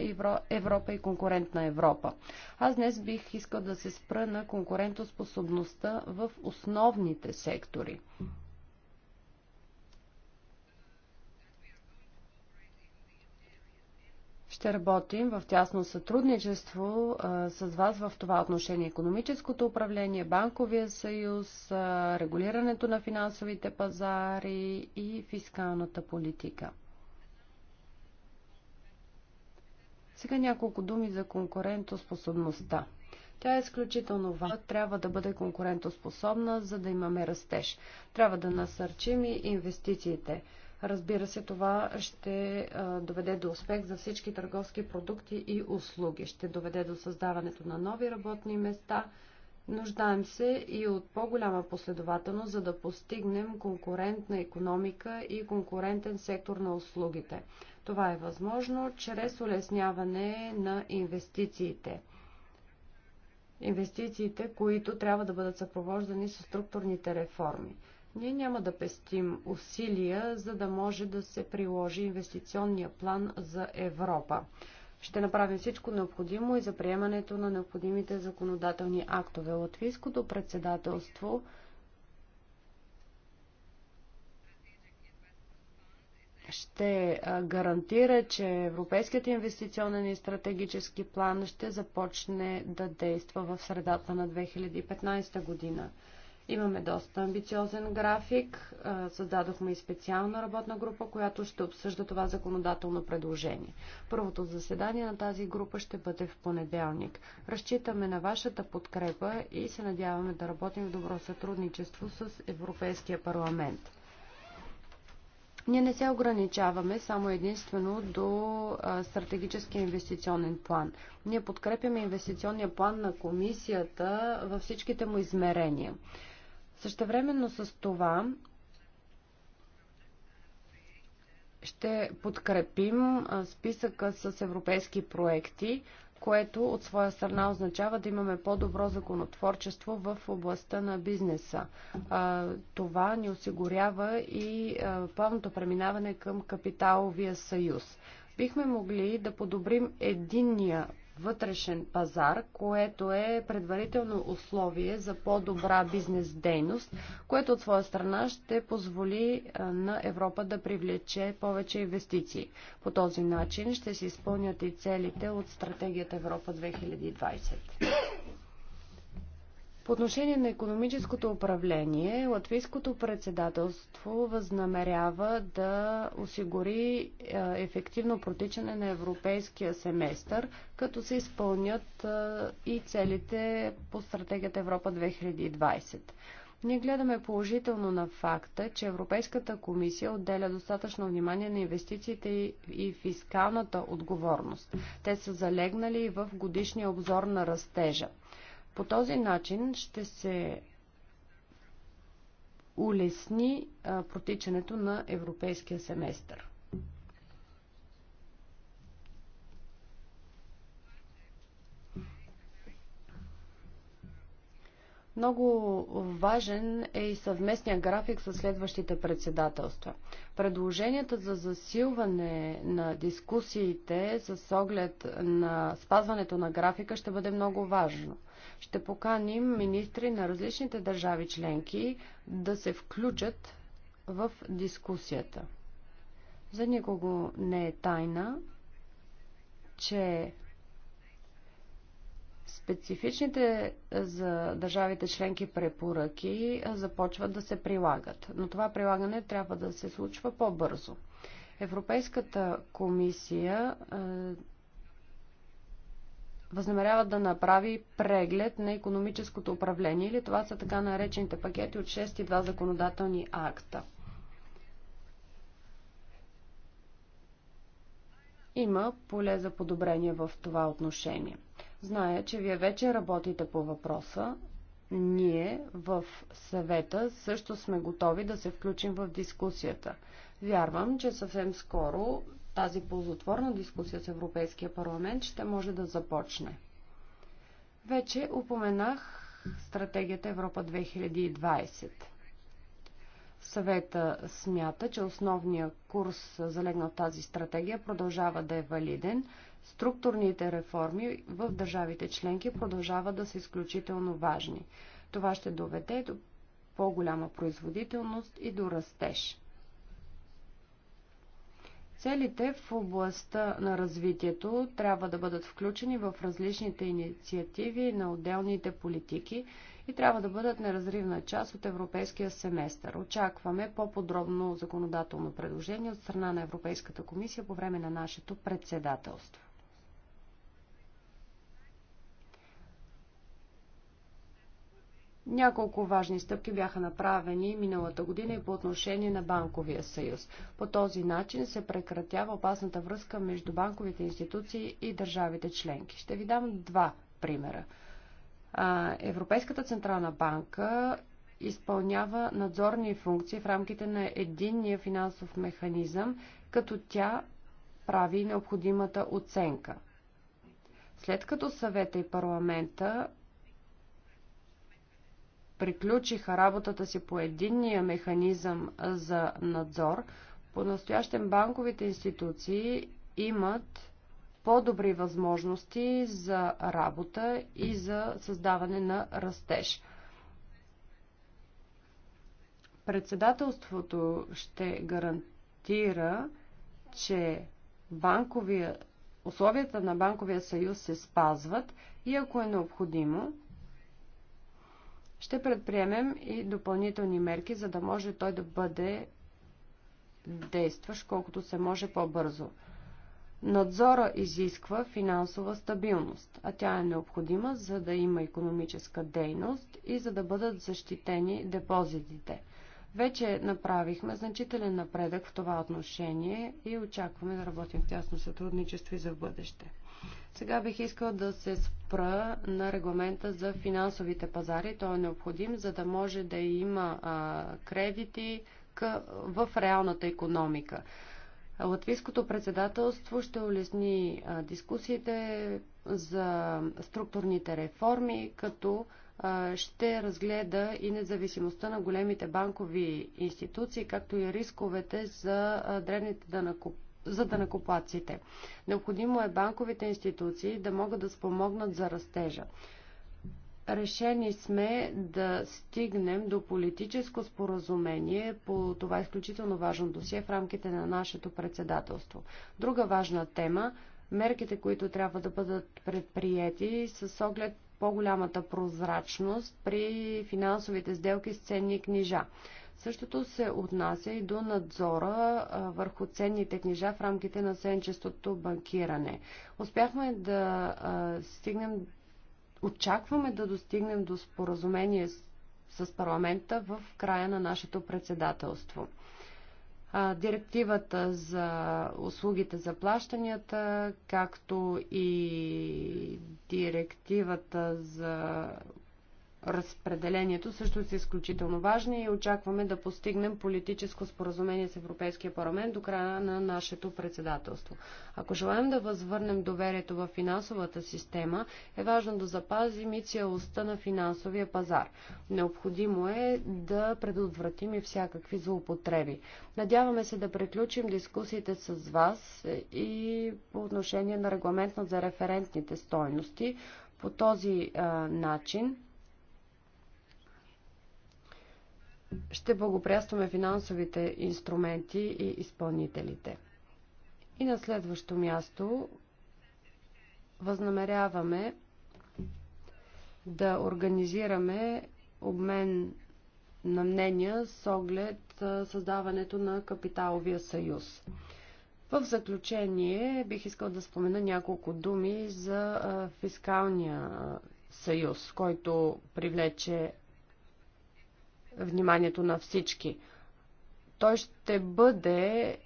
Европа и конкурентна Европа. Аз днес бих искал да се спра на конкурентоспособността в основните сектори. Ще работим в тясно сътрудничество а, с вас в това отношение. Економическото управление, банковия съюз, а, регулирането на финансовите пазари и фискалната политика. Сега няколко думи за конкурентоспособността. Тя е изключително важна. Трябва да бъде конкурентоспособна, за да имаме растеж. Трябва да насърчим и инвестициите. Разбира се, това ще доведе до успех за всички търговски продукти и услуги. Ще доведе до създаването на нови работни места. Нуждаем се и от по-голяма последователност, за да постигнем конкурентна економика и конкурентен сектор на услугите. Това е възможно чрез улесняване на инвестициите. Инвестициите, които трябва да бъдат съпровождани с структурните реформи. Ние няма да пестим усилия, за да може да се приложи инвестиционния план за Европа. Ще направим всичко необходимо и за приемането на необходимите законодателни актове. Латвийското председателство ще гарантира, че Европейският инвестиционен и стратегически план ще започне да действа в средата на 2015 година. Имаме доста амбициозен график. Създадохме и специална работна група, която ще обсъжда това законодателно предложение. Първото заседание на тази група ще бъде в понеделник. Разчитаме на вашата подкрепа и се надяваме да работим в добро сътрудничество с Европейския парламент. Ние не се ограничаваме само единствено до стратегическия инвестиционен план. Ние подкрепяме инвестиционния план на комисията във всичките му измерения. Същевременно с това ще подкрепим списъка с европейски проекти, което от своя страна означава да имаме по-добро законотворчество в областта на бизнеса. Това ни осигурява и плавното преминаване към капиталовия съюз. Бихме могли да подобрим единния вътрешен пазар, което е предварително условие за по-добра бизнес дейност, което от своя страна ще позволи на Европа да привлече повече инвестиции. По този начин ще се изпълнят и целите от стратегията Европа 2020. По отношение на економическото управление, латвийското председателство възнамерява да осигури е, ефективно протичане на европейския семестър, като се изпълнят е, и целите по стратегията Европа 2020. Ние гледаме положително на факта, че Европейската комисия отделя достатъчно внимание на инвестициите и фискалната отговорност. Те са залегнали в годишния обзор на растежа. По този начин ще се улесни протичането на европейския семестър. Много важен е и съвместния график с следващите председателства. Предложенията за засилване на дискусиите с оглед на спазването на графика ще бъде много важно. Ще поканим министри на различните държави членки да се включат в дискусията. За никого не е тайна, че Специфичните е, за държавите членки препоръки е, започват да се прилагат, но това прилагане трябва да се случва по-бързо. Европейската комисия е, възнамерява да направи преглед на економическото управление или това са така наречените пакети от 6 и 2 законодателни акта. Има поле за подобрение в това отношение. Зная, че вие вече работите по въпроса. Ние в съвета също сме готови да се включим в дискусията. Вярвам, че съвсем скоро тази ползотворна дискусия с Европейския парламент ще може да започне. Вече упоменах стратегията Европа 2020. Съвета смята, че основният курс залегнал в тази стратегия продължава да е валиден – Структурните реформи в държавите членки продължават да са изключително важни. Това ще доведе до по-голяма производителност и до растеж. Целите в областта на развитието трябва да бъдат включени в различните инициативи на отделните политики и трябва да бъдат неразривна част от европейския семестър. Очакваме по-подробно законодателно предложение от страна на Европейската комисия по време на нашето председателство. Няколко важни стъпки бяха направени миналата година и по отношение на Банковия съюз. По този начин се прекратява опасната връзка между банковите институции и държавите членки. Ще ви дам два примера. Европейската централна банка изпълнява надзорни функции в рамките на единния финансов механизъм, като тя прави необходимата оценка. След като съвета и парламента приключиха работата си по единния механизъм за надзор, по банковите институции имат по-добри възможности за работа и за създаване на растеж. Председателството ще гарантира, че банковия, условията на банковия съюз се спазват и ако е необходимо, ще предприемем и допълнителни мерки, за да може той да бъде действащ колкото се може по-бързо. Надзора изисква финансова стабилност, а тя е необходима, за да има економическа дейност и за да бъдат защитени депозитите – вече направихме значителен напредък в това отношение и очакваме да работим в тясно сътрудничество и за бъдеще. Сега бих искал да се спра на регламента за финансовите пазари. Той е необходим, за да може да има а, кредити къ... в реалната економика. Латвийското председателство ще улесни а, дискусиите за структурните реформи, като ще разгледа и независимостта на големите банкови институции, както и рисковете за древните данъкоплатци за данакоплаците. Необходимо е банковите институции да могат да спомогнат за растежа. Решени сме да стигнем до политическо споразумение по това изключително важно досие в рамките на нашето председателство. Друга важна тема мерките, които трябва да бъдат предприяти с оглед по-голямата прозрачност при финансовите сделки с ценни книжа. Същото се отнася и до надзора върху ценните книжа в рамките на сенчестото банкиране. Успяхме да стигнем, очакваме да достигнем до споразумение с, парламента в края на нашето председателство директивата за услугите за плащанията, както и директивата за разпределението също са изключително важни и очакваме да постигнем политическо споразумение с Европейския парламент до края на нашето председателство. Ако желаем да възвърнем доверието в финансовата система, е важно да запазим и цялостта на финансовия пазар. Необходимо е да предотвратим и всякакви злоупотреби. Надяваме се да приключим дискусиите с вас и по отношение на регламентът за референтните стойности. По този а, начин ще благоприятстваме финансовите инструменти и изпълнителите. И на следващо място възнамеряваме да организираме обмен на мнения с оглед създаването на капиталовия съюз. В заключение бих искал да спомена няколко думи за фискалния съюз, който привлече вниманието на всички. Той ще бъде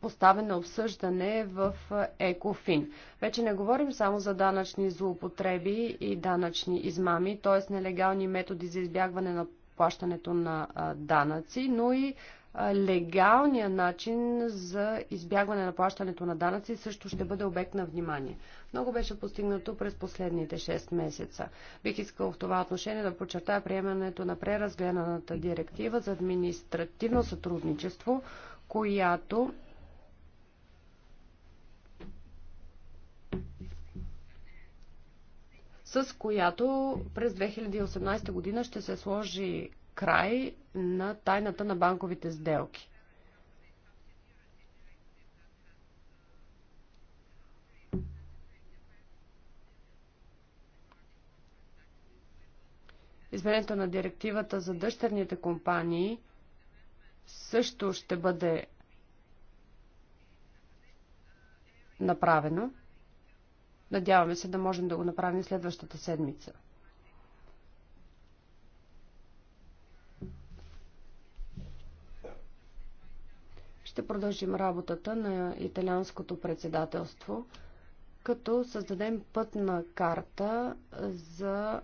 поставен на обсъждане в ЕКОФИН. Вече не говорим само за данъчни злоупотреби и данъчни измами, т.е. нелегални методи за избягване на плащането на данъци, но и легалния начин за избягване на плащането на данъци също ще бъде обект на внимание. Много беше постигнато през последните 6 месеца. Бих искал в това отношение да подчертая приемането на преразгледаната директива за административно сътрудничество, която с която през 2018 година ще се сложи край на тайната на банковите сделки. Изменението на директивата за дъщерните компании също ще бъде направено. Надяваме се да можем да го направим следващата седмица. ще продължим работата на италианското председателство, като създадем пътна карта за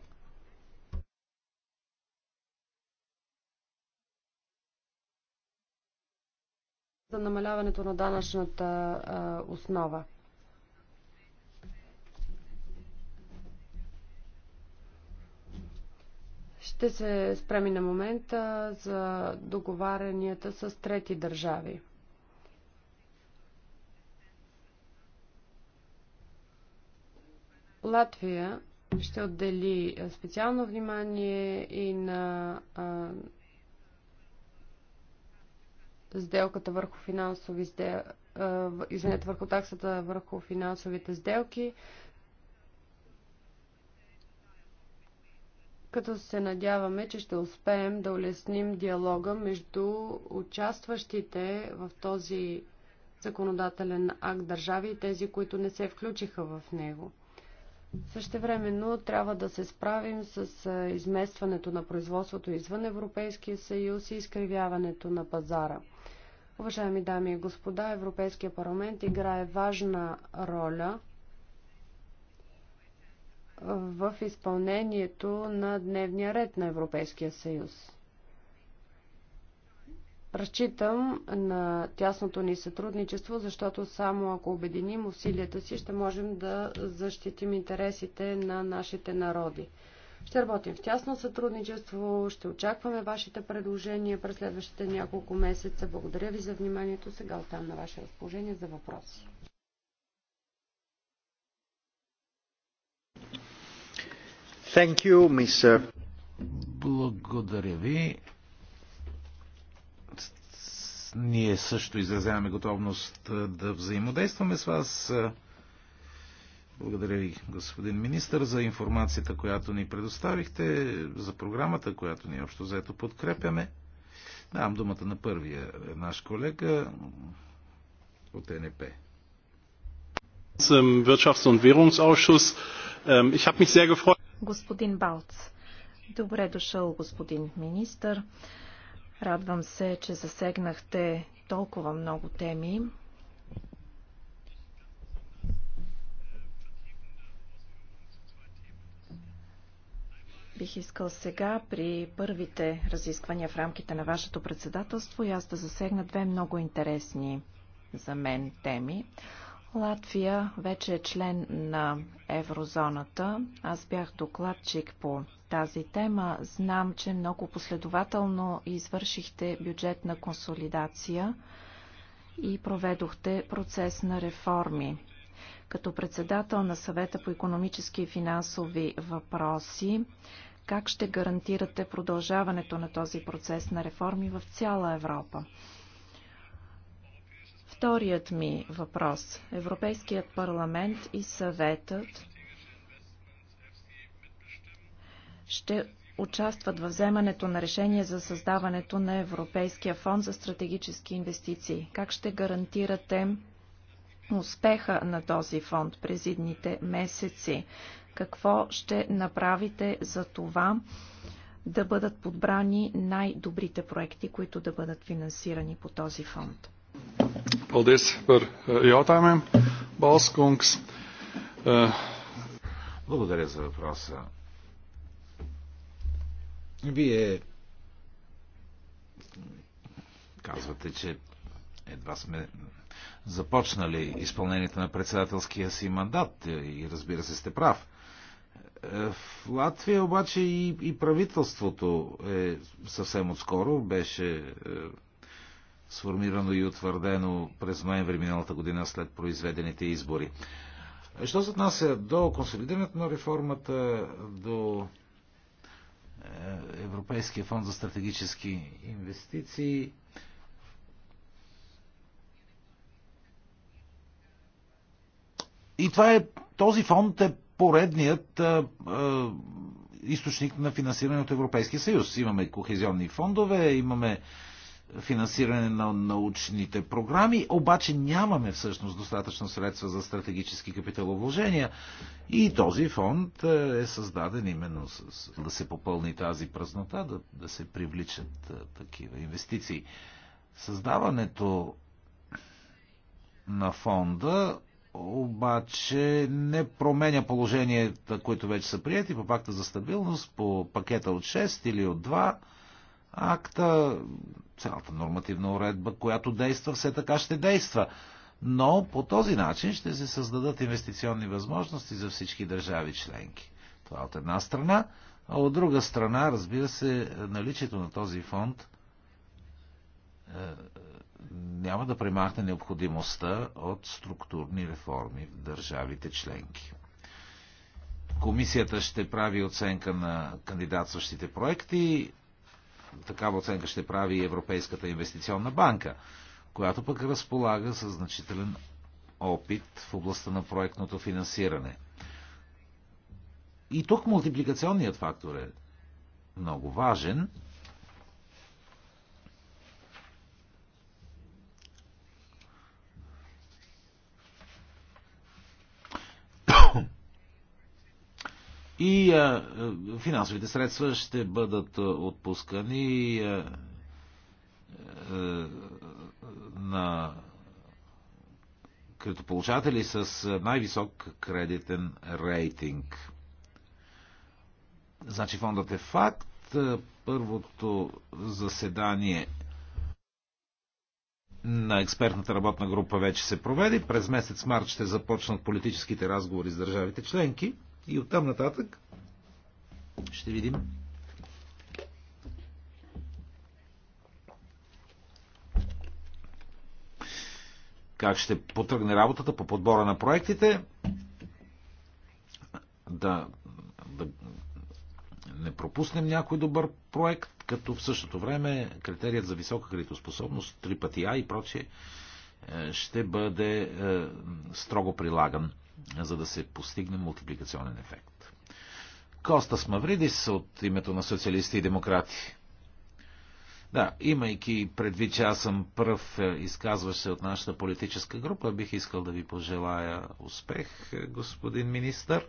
за намаляването на данъчната а, основа. Ще се спреми на момента за договарянията с трети държави. Латвия ще отдели специално внимание и на а, сделката върху финансови сделки, извинете, върху таксата върху финансовите сделки, като се надяваме, че ще успеем да улесним диалога между участващите в този законодателен акт държави и тези, които не се включиха в него. Същевременно трябва да се справим с изместването на производството извън Европейския съюз и изкривяването на пазара. Уважаеми дами и господа, Европейския парламент играе важна роля в изпълнението на дневния ред на Европейския съюз. Разчитам на тясното ни сътрудничество, защото само ако обединим усилията си, ще можем да защитим интересите на нашите народи. Ще работим в тясно сътрудничество, ще очакваме вашите предложения през следващите няколко месеца. Благодаря ви за вниманието. Сега оставам на ваше разположение за въпроси. Thank you, Благодаря ви. Ние също изразяваме готовност да взаимодействаме с вас. Благодаря ви, господин министр, за информацията, която ни предоставихте, за програмата, която ни общо заето подкрепяме. Давам думата на първия наш колега от НП. Ähm, господин Балц, добре дошъл, господин министр. Радвам се, че засегнахте толкова много теми. Бих искал сега при първите разисквания в рамките на вашето председателство и аз да засегна две много интересни за мен теми. Латвия вече е член на еврозоната. Аз бях докладчик по тази тема. Знам, че много последователно извършихте бюджетна консолидация и проведохте процес на реформи. Като председател на съвета по економически и финансови въпроси, как ще гарантирате продължаването на този процес на реформи в цяла Европа? Вторият ми въпрос. Европейският парламент и съветът ще участват в вземането на решение за създаването на Европейския фонд за стратегически инвестиции. Как ще гарантирате успеха на този фонд през идните месеци? Какво ще направите за това да бъдат подбрани най-добрите проекти, които да бъдат финансирани по този фонд? Paldies par eh, jautājumiem, Balskungs. Eh, Благодаря за въпроса. Вие казвате, че едва сме започнали изпълнението на председателския си мандат и разбира се сте прав. Е, в Латвия обаче и, и правителството е съвсем отскоро беше е, сформирано и утвърдено през ноември миналата година след произведените избори. Що се отнася до консолидирането на реформата, до е, Европейския фонд за стратегически инвестиции, И това е, този фонд е поредният а, е, а, е, източник на финансиране от Европейския съюз. Имаме кохезионни фондове, имаме финансиране на научните програми, обаче нямаме всъщност достатъчно средства за стратегически капиталовложения и този фонд е, е създаден именно с, да се попълни тази празнота, да, да се привличат е, такива инвестиции. Създаването на фонда обаче не променя положенията, които вече са прияти по пакта за стабилност, по пакета от 6 или от 2 акта, цялата нормативна уредба, която действа, все така ще действа. Но по този начин ще се създадат инвестиционни възможности за всички държави членки. Това от една страна, а от друга страна, разбира се, наличието на този фонд е, няма да примахне необходимостта от структурни реформи в държавите членки. Комисията ще прави оценка на кандидатстващите проекти, такава оценка ще прави и Европейската инвестиционна банка, която пък разполага с значителен опит в областта на проектното финансиране. И тук мултипликационният фактор е много важен, И а, финансовите средства ще бъдат отпускани а, а, на кредитополучатели с най-висок кредитен рейтинг. Значи фондът е факт. Първото заседание на експертната работна група вече се проведе. През месец март ще започнат политическите разговори с държавите членки. И оттам нататък ще видим как ще потръгне работата по подбора на проектите. Да, да не пропуснем някой добър проект, като в същото време критерият за висока кредитоспособност, три пъти А и прочие, е, ще бъде е, строго прилаган за да се постигне мултипликационен ефект. Костас Мавридис от името на социалисти и демократи. Да, имайки предвид, че аз съм пръв е, изказващ се от нашата политическа група, бих искал да ви пожелая успех, е, господин министър.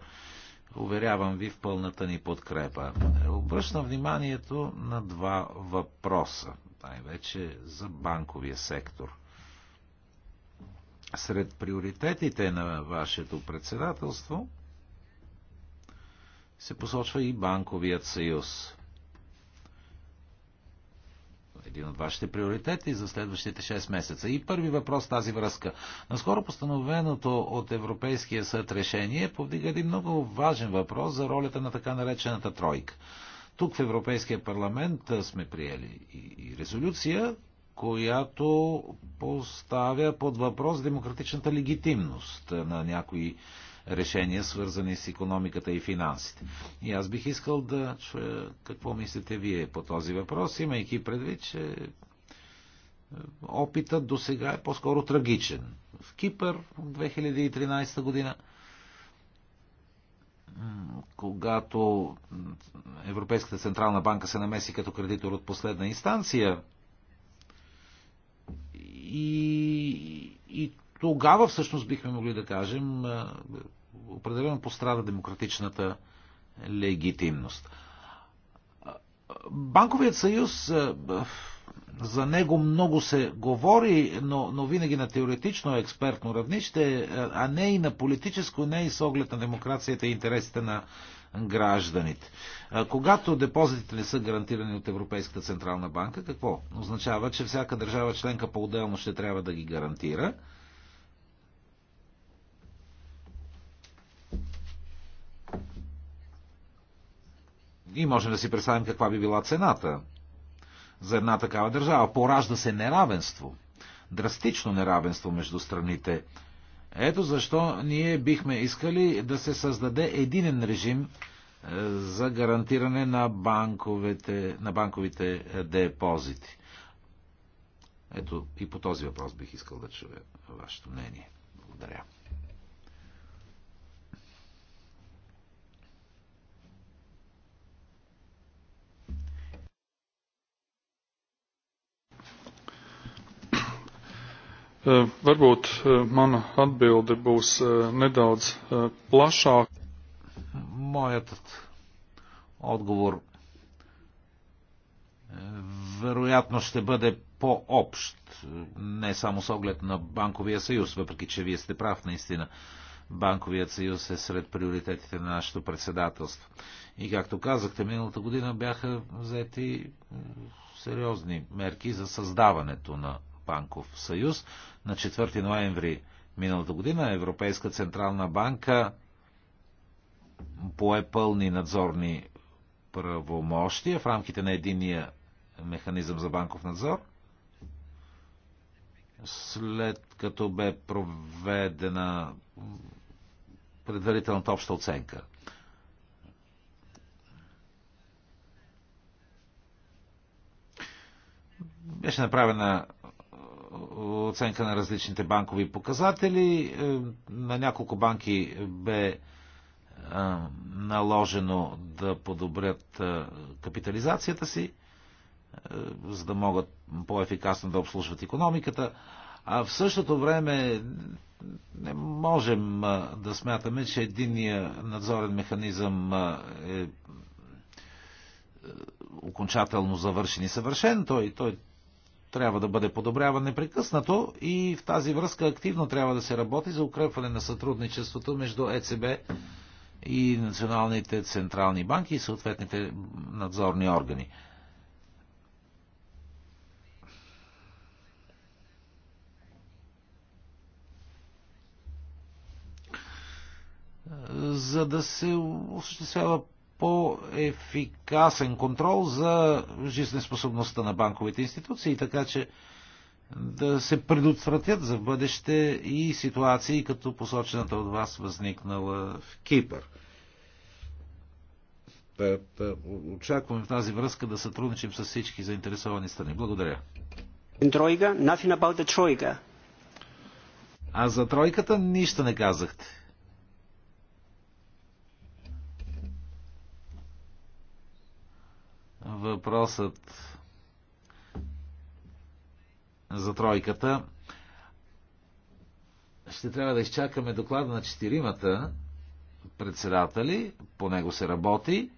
Уверявам ви в пълната ни подкрепа. Обръщам вниманието на два въпроса, най-вече за банковия сектор – сред приоритетите на вашето председателство се посочва и банковият съюз. Един от вашите приоритети за следващите 6 месеца. И първи въпрос в тази връзка. Наскоро постановеното от Европейския съд решение повдига един много важен въпрос за ролята на така наречената тройка. Тук в Европейския парламент сме приели и резолюция, която поставя под въпрос демократичната легитимност на някои решения, свързани с економиката и финансите. И аз бих искал да чуя какво мислите вие по този въпрос, имайки предвид, че е, опитът до сега е по-скоро трагичен. В Кипър в 2013 година когато Европейската централна банка се намеси като кредитор от последна инстанция, и, и тогава всъщност бихме могли да кажем, определено пострада демократичната легитимност. Банковият съюз, за него много се говори, но, но винаги на теоретично експертно равнище, а не и на политическо, не и с оглед на демокрацията и интересите на гражданите. Когато депозитите не са гарантирани от Европейската Централна банка, какво? Означава, че всяка държава членка по-отделно ще трябва да ги гарантира. И можем да си представим каква би била цената за една такава държава. Поражда се неравенство, драстично неравенство между страните ето защо ние бихме искали да се създаде единен режим е, за гарантиране на, банковете, на банковите е, депозити. Ето и по този въпрос бих искал да чуя вашето мнение. Благодаря. Э, Varbūt э, mana atbilde būs э, nedaudz plašāka. Моят отговор вероятно ще бъде по-общ, не само с оглед на Банковия съюз, въпреки че вие сте прав наистина. Банковият съюз е сред приоритетите на нашето председателство. И както казахте, миналата година бяха взети сериозни мерки за създаването на банков съюз. На 4 ноември миналата година Европейска централна банка пое пълни надзорни правомощия в рамките на единия механизъм за банков надзор. След като бе проведена предварителната обща оценка. Беше направена оценка на различните банкови показатели. Е, на няколко банки бе е, наложено да подобрят е, капитализацията си, за да могат по-ефикасно да обслужват економиката. А в същото време не можем да смятаме, че единния надзорен механизъм е окончателно завършен и съвършен. Той, той трябва да бъде подобряван непрекъснато и в тази връзка активно трябва да се работи за укрепване на сътрудничеството между ЕЦБ и националните централни банки и съответните надзорни органи. За да се осъществява по-ефикасен контрол за жизнеспособността на банковите институции, така че да се предотвратят за бъдеще и ситуации, като посочената от вас възникнала в Кипър. Очакваме в тази връзка да сътрудничим с всички заинтересовани страни. Благодаря. Тройка, nothing about the тройка. А за тройката нищо не казахте. въпросът за тройката. Ще трябва да изчакаме доклада на четиримата председатели, по него се работи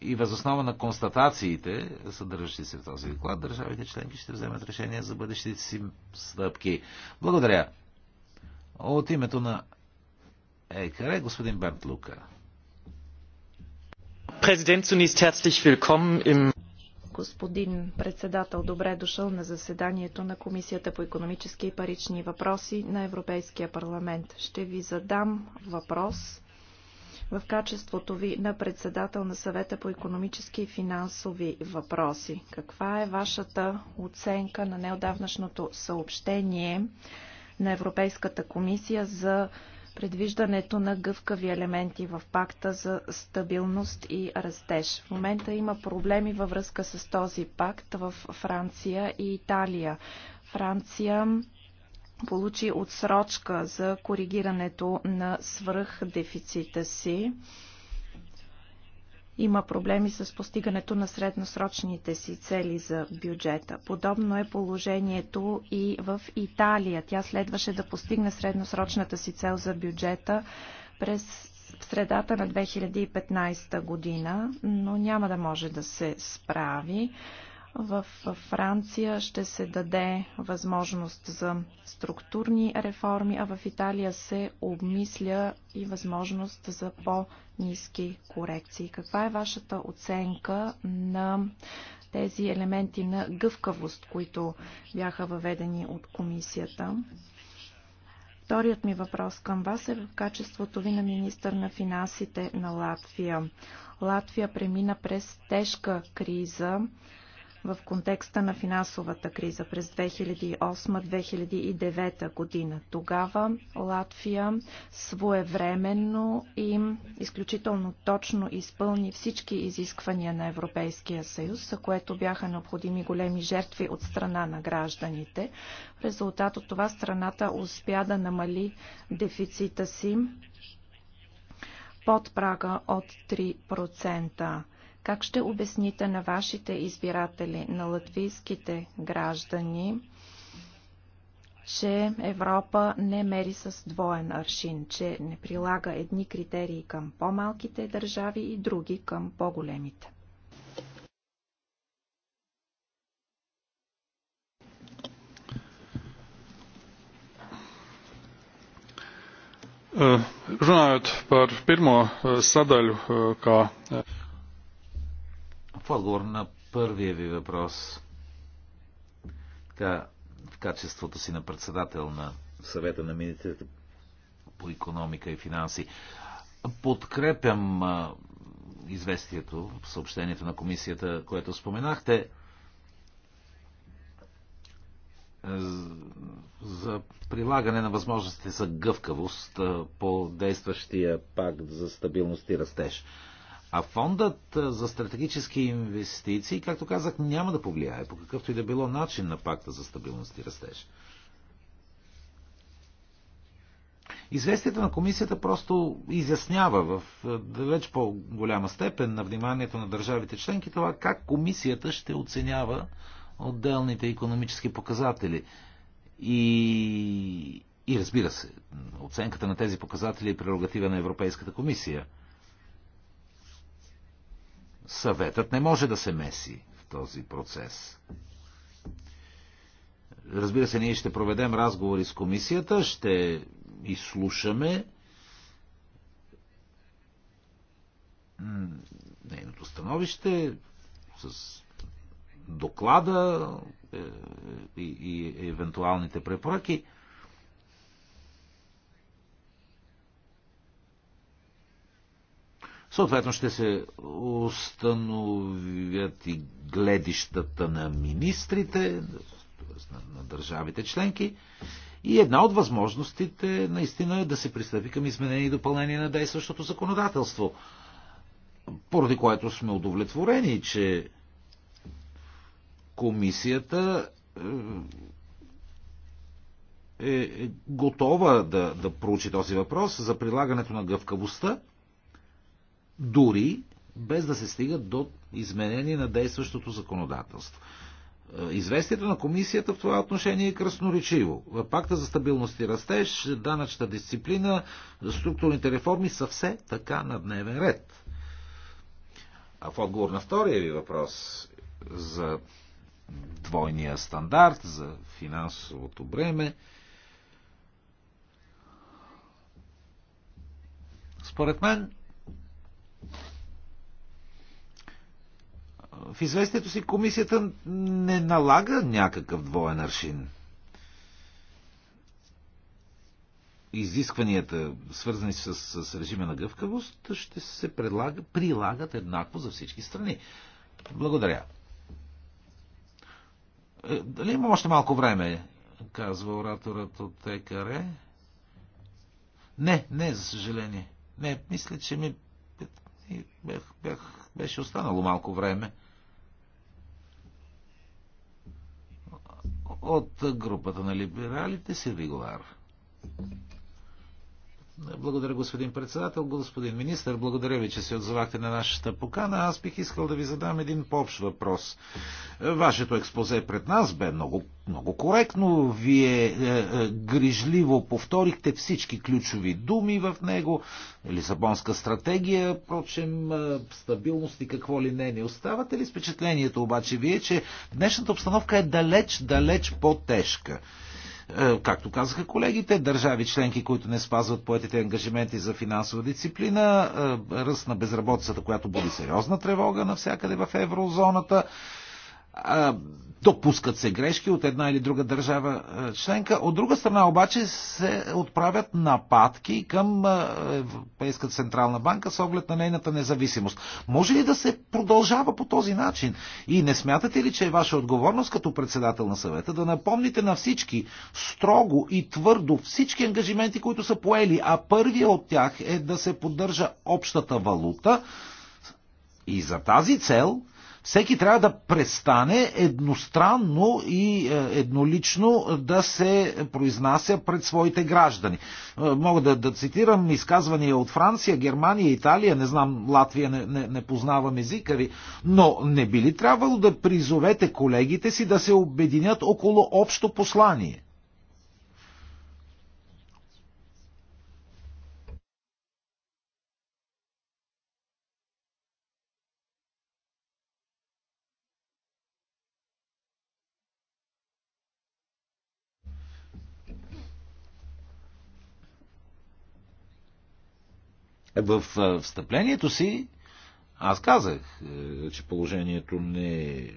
и възоснова на констатациите, съдържащи се в този доклад, държавите членки ще вземат решение за бъдещите си стъпки. Благодаря. От името на ЕКР, господин Берт Лука господин председател. Добре дошъл на заседанието на Комисията по економически и парични въпроси на Европейския парламент. Ще ви задам въпрос в качеството ви на председател на съвета по економически и финансови въпроси. Каква е вашата оценка на неодавнашното съобщение на Европейската комисия за предвиждането на гъвкави елементи в пакта за стабилност и растеж. В момента има проблеми във връзка с този пакт в Франция и Италия. Франция получи отсрочка за коригирането на свръхдефицита си има проблеми с постигането на средносрочните си цели за бюджета. Подобно е положението и в Италия. Тя следваше да постигне средносрочната си цел за бюджета през в средата на 2015 година, но няма да може да се справи. В Франция ще се даде възможност за структурни реформи, а в Италия се обмисля и възможност за по-низки корекции. Каква е вашата оценка на тези елементи на гъвкавост, които бяха въведени от комисията? Вторият ми въпрос към вас е в качеството ви на министър на финансите на Латвия. Латвия премина през тежка криза в контекста на финансовата криза през 2008-2009 година. Тогава Латвия своевременно и изключително точно изпълни всички изисквания на Европейския съюз, за което бяха необходими големи жертви от страна на гражданите. В резултат от това страната успя да намали дефицита си под прага от 3%. Как ще обясните на вашите избиратели, на латвийските граждани, че Европа не мери с двоен аршин, че не прилага едни критерии към по-малките държави и други към по-големите? Э, Runājot par pirmo э, sadaļu, э, kā в е отговор на първия ви въпрос, така, в качеството си на председател на съвета на министрите по економика и финанси, подкрепям известието, съобщението на комисията, което споменахте, за прилагане на възможностите за гъвкавост по действащия пакт за стабилност и растеж. А фондът за стратегически инвестиции, както казах, няма да повлияе по какъвто и да било начин на пакта за стабилност и растеж. Известието на комисията просто изяснява в далеч по-голяма степен на вниманието на държавите членки това как комисията ще оценява отделните економически показатели. И, и разбира се, оценката на тези показатели е прерогатива на Европейската комисия – съветът не може да се меси в този процес. Разбира се, ние ще проведем разговори с комисията, ще изслушаме нейното становище с доклада е, и, евентуалните препоръки. Съответно ще се установят и гледищата на министрите, т.е. На, на държавите членки. И една от възможностите наистина е да се пристъпи към изменение и допълнение на действащото законодателство. Поради което сме удовлетворени, че комисията е, е, е готова да, да проучи този въпрос за прилагането на гъвкавостта дори без да се стига до изменение на действащото законодателство. Е, известието на комисията в това отношение е красноречиво. Пакта за стабилност и растеж, данъчна дисциплина, структурните реформи са все така на дневен ред. А в отговор на втория ви въпрос за двойния стандарт, за финансовото бреме, според мен в известието си комисията не налага някакъв двоен аршин. Изискванията, свързани с, с режима на гъвкавост, ще се предлага, прилагат еднакво за всички страни. Благодаря. Е, дали има още малко време, казва ораторът от ЕКР. Не, не, за съжаление. Не, мисля, че ми бях, бях, беше останало малко време. От групата на либералите Сирвигуар. Благодаря, господин председател. Господин министр, благодаря ви, че се отзовахте на нашата покана. Аз бих искал да ви задам един по-общ въпрос. Вашето експозе пред нас бе много, много коректно. Вие е, е, грижливо повторихте всички ключови думи в него. Лисабонска стратегия, прочем, е, стабилност и какво ли не. Не оставате ли с впечатлението обаче вие, че днешната обстановка е далеч, далеч по-тежка? Е, както казаха колегите, държави членки, които не спазват поетите ангажименти за финансова дисциплина, е, ръст на безработицата, която буди сериозна тревога навсякъде в еврозоната, допускат се грешки от една или друга държава членка. От друга страна обаче се отправят нападки към Европейската централна банка с оглед на нейната независимост. Може ли да се продължава по този начин? И не смятате ли, че е ваша отговорност като председател на съвета да напомните на всички строго и твърдо всички ангажименти, които са поели, а първия от тях е да се поддържа общата валута и за тази цел всеки трябва да престане едностранно и е, еднолично да се произнася пред своите граждани. Е, мога да, да цитирам изказвания от Франция, Германия, Италия, не знам, Латвия не, не, не познавам езика ви, но не би ли трябвало да призовете колегите си да се обединят около общо послание? Е, в встъплението си аз казах, е, че положението не е,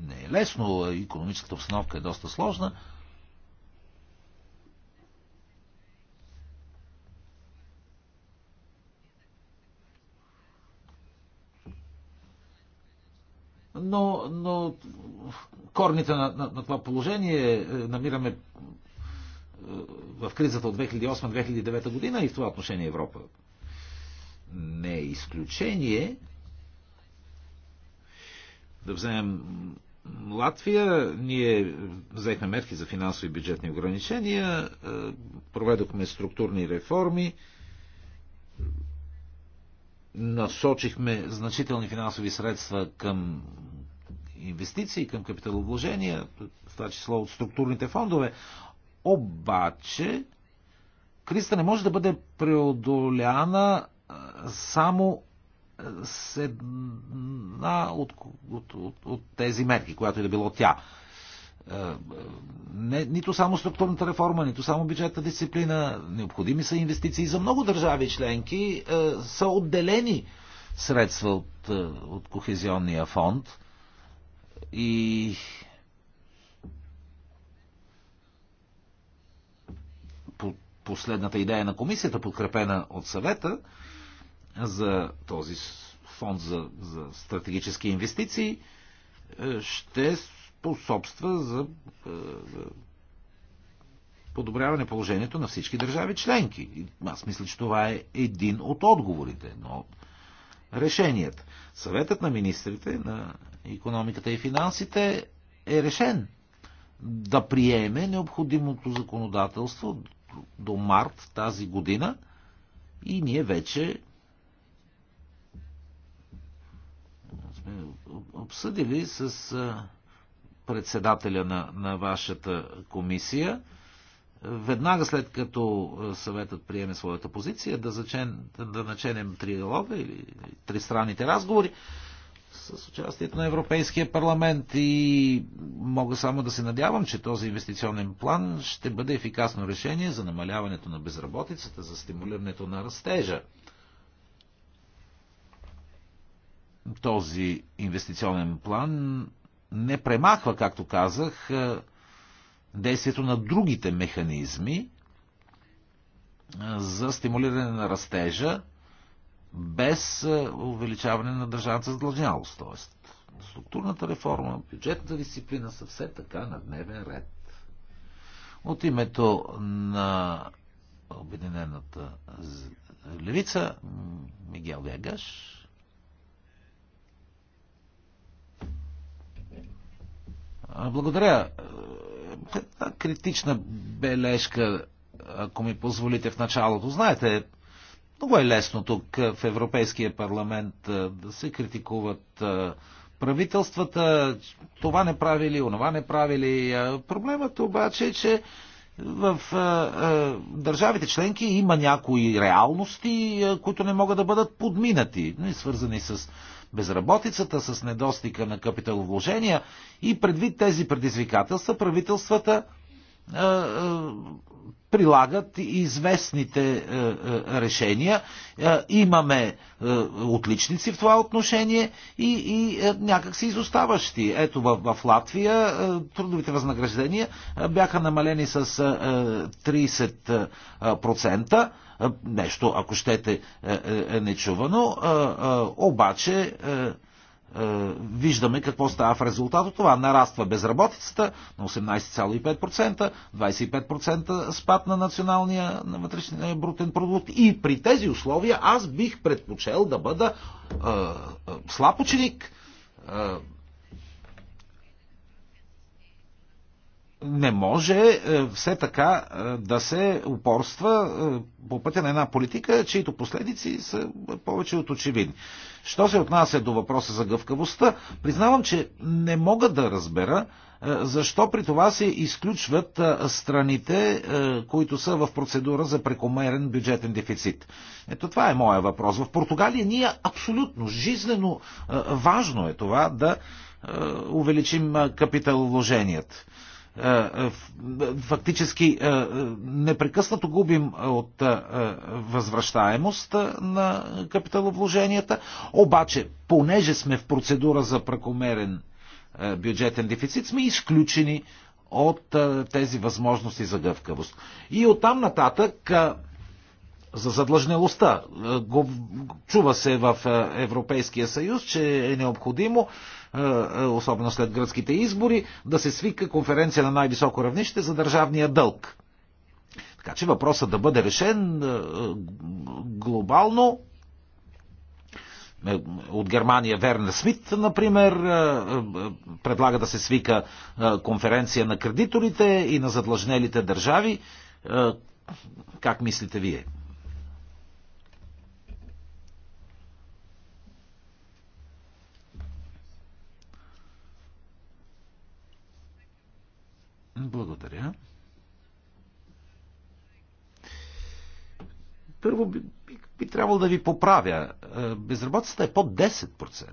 не е лесно, економическата обстановка е доста сложна. но, но корните на, на, на това положение е, намираме в кризата от 2008-2009 година и в това отношение Европа не е изключение. Да вземем Латвия, ние взехме мерки за финансови и бюджетни ограничения, е, проведохме структурни реформи, насочихме значителни финансови средства към инвестиции, към капиталовложения, в това число от структурните фондове. Обаче, кризата не може да бъде преодоляна само с една от, от, от, от тези мерки, която и е да било тя. Е, не, нито само структурната реформа, нито само бюджетна дисциплина, необходими са инвестиции за много държави членки, е, са отделени средства от, е, от кохезионния фонд и последната идея на комисията, подкрепена от съвета, за този фонд за, за стратегически инвестиции е, ще способства е, за подобряване положението на всички държави членки. аз мисля, че това е един от отговорите, но решението. Съветът на министрите на економиката и финансите е решен да приеме необходимото законодателство до март тази година и ние вече обсъдили с председателя на, на вашата комисия, веднага след като съветът приеме своята позиция, да, зачен, да наченем триалога или тристранните разговори с участието на Европейския парламент и мога само да се надявам, че този инвестиционен план ще бъде ефикасно решение за намаляването на безработицата, за стимулирането на растежа. Този инвестиционен план не премахва, както казах, е, действието на другите механизми е, за стимулиране на растежа без е, увеличаване на държавната задължнялост. Тоест, структурната реформа, бюджетната дисциплина са все така на дневен ред. От името на Обединената левица Мигел Вегаш Благодаря. Една критична бележка, ако ми позволите в началото. Знаете, много е лесно тук в Европейския парламент да се критикуват правителствата, това не правили, онова не правили. Проблемът обаче е, че в е, е, държавите членки има някои реалности, е, които не могат да бъдат подминати, свързани с безработицата, с недостига на капиталовложения и предвид тези предизвикателства правителствата е, е прилагат известните е, е, решения. Е, имаме е, отличници в това отношение и, и е, някакси изоставащи. Ето в, в Латвия е, трудовите възнаграждения е, бяха намалени с е, 30%. Е, нещо, ако щете, е, е, е, нечувано. Е, е, обаче. Е, е, виждаме какво става в резултат от това. Нараства безработицата на 18,5%, 25% спад на националния на вътрешния брутен продукт. И при тези условия аз бих предпочел да бъда е, е, слаб ученик, е, не може е, все така е, да се упорства е, по пътя на една политика, чието последици са повече от очевидни. Що се отнася до въпроса за гъвкавостта, признавам, че не мога да разбера защо при това се изключват страните, които са в процедура за прекомерен бюджетен дефицит. Ето това е моя въпрос. В Португалия ние абсолютно, жизнено важно е това да увеличим капиталовложенията. Е, е, е, фактически непрекъснато губим от възвръщаемост на капиталовложенията, обаче понеже сме в процедура за прекомерен бюджетен дефицит, сме изключени от тези възможности за гъвкавост. И оттам нататък за задлъжнелостта. Чува се в Европейския съюз, че е необходимо е, е, особено след гръцките избори, да се свика конференция на най-високо равнище за държавния дълг. Така че въпросът да бъде решен е, глобално. От Германия Вернер Смит, например, предлага да се свика конференция на кредиторите и на задлъжнелите държави. Как мислите вие? Благодаря. Първо би, би, би трябвало да ви поправя. Е, безработицата е под 10%.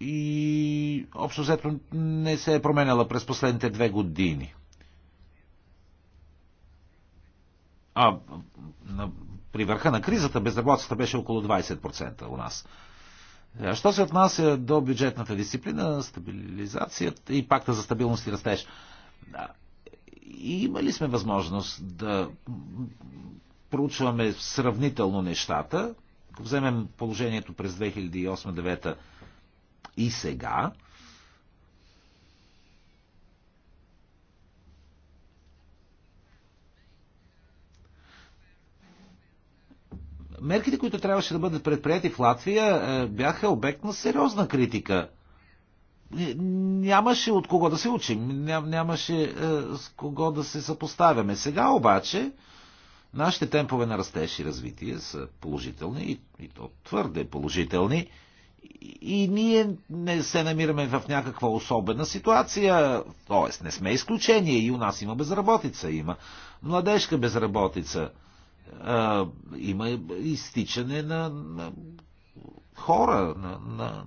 И общо взето не се е променяла през последните две години. А на, при върха на кризата безработицата беше около 20% у нас. А е, що се отнася до бюджетната дисциплина, стабилизацията и пакта за стабилност и растеж? Имали сме възможност да проучваме сравнително нещата, ако вземем положението през 2008-2009 и сега, мерките, които трябваше да бъдат предприяти в Латвия, е, бяха обект на сериозна критика. Е, нямаше от кого да се учим, нямаше е, с кого да се съпоставяме. Сега обаче нашите темпове на растеж и развитие са положителни и, и то твърде положителни. И ние не се намираме в някаква особена ситуация, т.е. не сме изключение. И у нас има безработица, има младежка безработица – а, има изтичане на, на хора, на, на,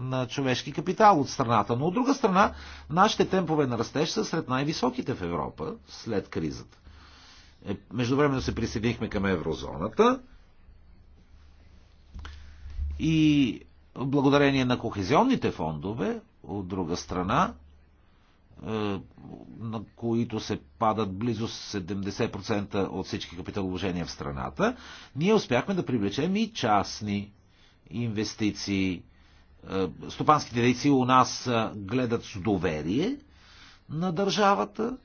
на човешки капитал от страната. Но от друга страна, нашите темпове на растеж са сред най-високите в Европа след кризата. Е, време се присъединихме към еврозоната и благодарение на кохезионните фондове, от друга страна, е, на които се падат близо 70% от всички капиталовложения в страната, ние успяхме да привлечем и частни инвестиции. Е, стопанските дейци у нас е, гледат с доверие на държавата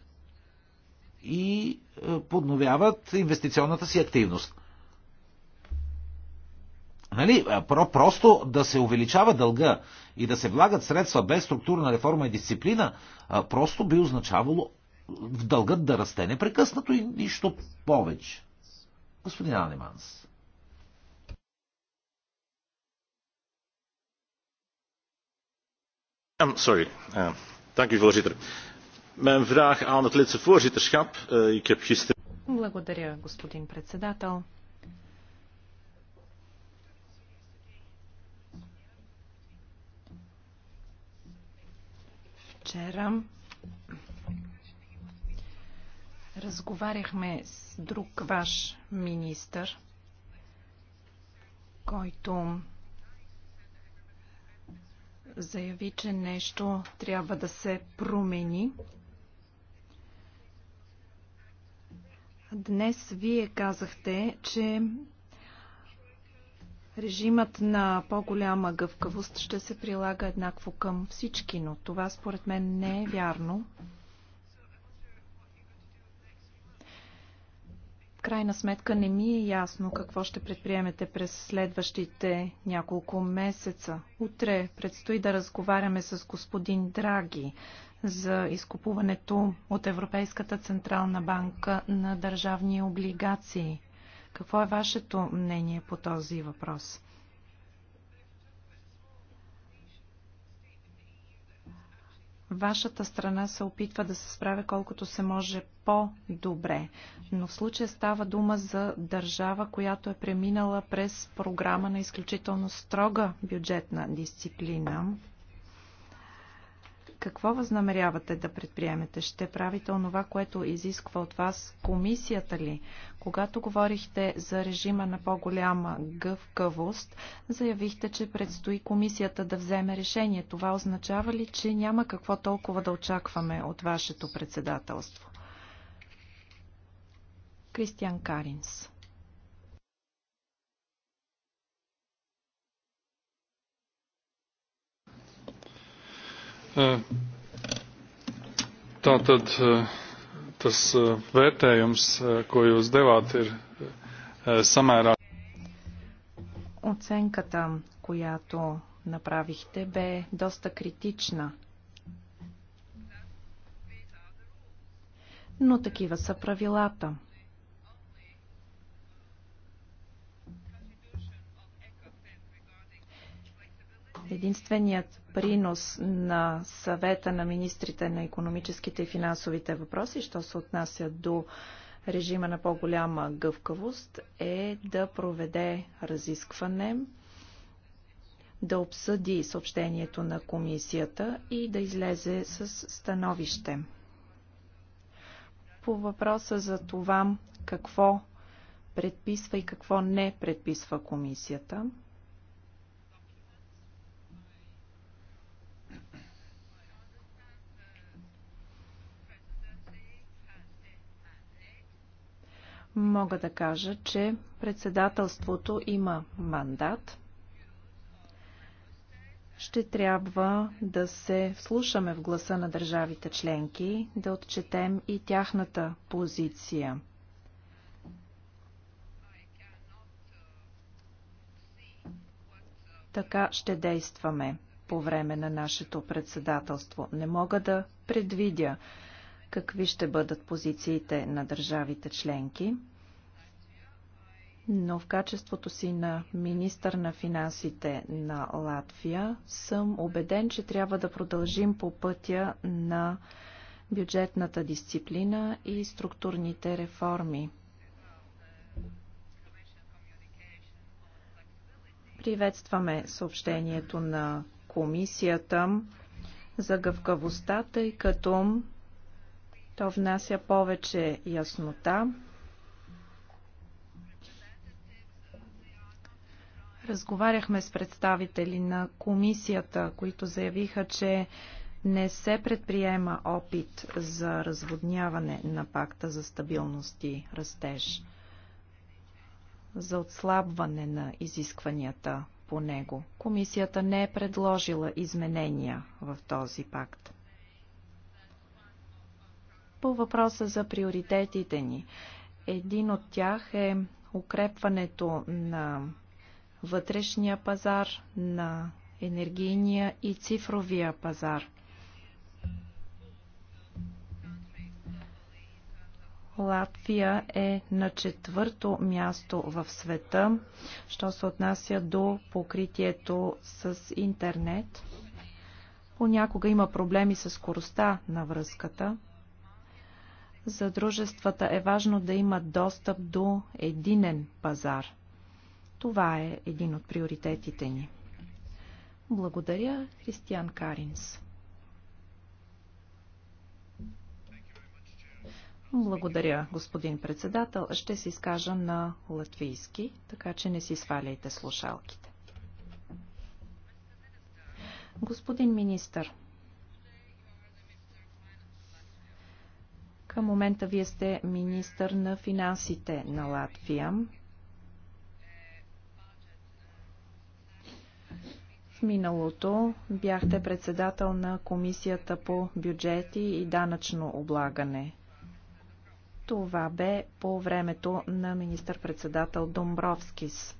и подновяват инвестиционната си активност. Нали? Просто да се увеличава дълга и да се влагат средства без структурна реформа и дисциплина, просто би означавало в дългът да расте непрекъснато и нищо повече. Господин Анеманс. voorzitter. Mijn vraag aan het Litse voorzitterschap. Eh, ik heb gisteren. Благодаря, господин председател. Вчера разговаряхме с друг ваш министър, който заяви, че нещо трябва да се промени. Днес вие казахте, че Режимът на по-голяма гъвкавост ще се прилага еднакво към всички, но това според мен не е вярно. В крайна сметка не ми е ясно какво ще предприемете през следващите няколко месеца. Утре предстои да разговаряме с господин Драги за изкупуването от Европейската Централна банка на държавни облигации – какво е вашето мнение по този въпрос? Вашата страна се опитва да се справя колкото се може по-добре, но в случая става дума за държава, която е преминала през програма на изключително строга бюджетна дисциплина. Какво възнамерявате да предприемете? Ще правите онова, което изисква от вас комисията ли? Когато говорихте за режима на по-голяма гъвкавост, заявихте, че предстои комисията да вземе решение. Това означава ли, че няма какво толкова да очакваме от вашето председателство? Кристиан Каринс Е, tātad е, tas е, vērtējums, ko jūs devāt, ir e, samērā. Оценката, която направихте, бе доста критична. Но такива са правилата. Единственият принос на съвета на министрите на економическите и финансовите въпроси, що се отнася до режима на по-голяма гъвкавост, е да проведе разискване, да обсъди съобщението на комисията и да излезе с становище. По въпроса за това какво предписва и какво не предписва комисията, мога да кажа, че председателството има мандат. Ще трябва да се вслушаме в гласа на държавите членки, да отчетем и тяхната позиция. Така ще действаме по време на нашето председателство. Не мога да предвидя какви ще бъдат позициите на държавите членки, но в качеството си на министър на финансите на Латвия съм убеден, че трябва да продължим по пътя на бюджетната дисциплина и структурните реформи. Приветстваме съобщението на комисията за гъвкавостта, тъй като то внася повече яснота. Разговаряхме с представители на комисията, които заявиха, че не се предприема опит за разводняване на пакта за стабилност и растеж, за отслабване на изискванията по него. Комисията не е предложила изменения в този пакт. По въпроса за приоритетите ни. Един от тях е укрепването на вътрешния пазар, на енергийния и цифровия пазар. Латвия е на четвърто място в света, що се отнася до покритието с интернет. Понякога има проблеми с скоростта на връзката. За дружествата е важно да имат достъп до единен пазар. Това е един от приоритетите ни. Благодаря, Християн Каринс. Благодаря, господин председател. Ще се изкажа на латвийски, така че не си сваляйте слушалките. Господин министър, Към момента вие сте министър на финансите на Латвия. В миналото бяхте председател на Комисията по бюджети и данъчно облагане. Това бе по времето на министър-председател Домбровскис.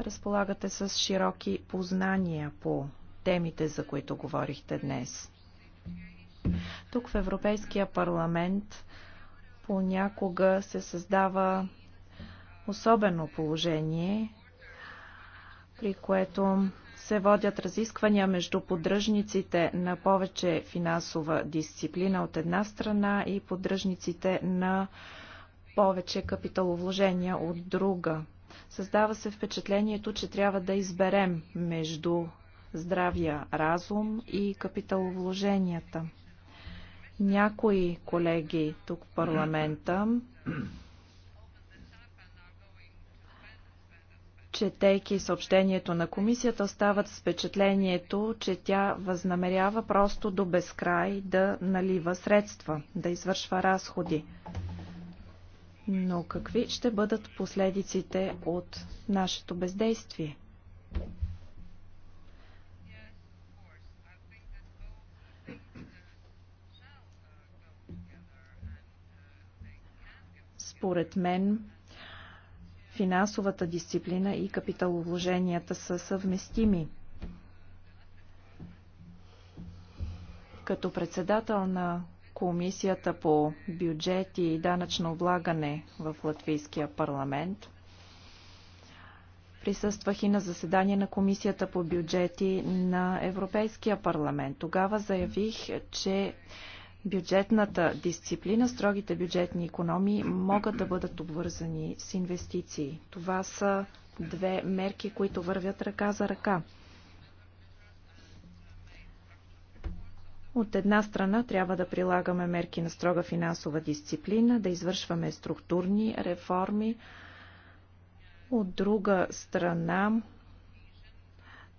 Разполагате с широки познания по темите, за които говорихте днес. Тук в Европейския парламент понякога се създава особено положение, при което се водят разисквания между поддръжниците на повече финансова дисциплина от една страна и поддръжниците на повече капиталовложения от друга. Създава се впечатлението, че трябва да изберем между здравия разум и капиталовложенията. Някои колеги тук в парламента, четейки съобщението на комисията, стават с впечатлението, че тя възнамерява просто до безкрай да налива средства, да извършва разходи. Но какви ще бъдат последиците от нашето бездействие? Според мен финансовата дисциплина и капиталовложенията са съвместими. Като председател на Комисията по бюджет и данъчно облагане в Латвийския парламент, присъствах и на заседание на Комисията по бюджети на Европейския парламент. Тогава заявих, че бюджетната дисциплина, строгите бюджетни економии могат да бъдат обвързани с инвестиции. Това са две мерки, които вървят ръка за ръка. От една страна трябва да прилагаме мерки на строга финансова дисциплина, да извършваме структурни реформи. От друга страна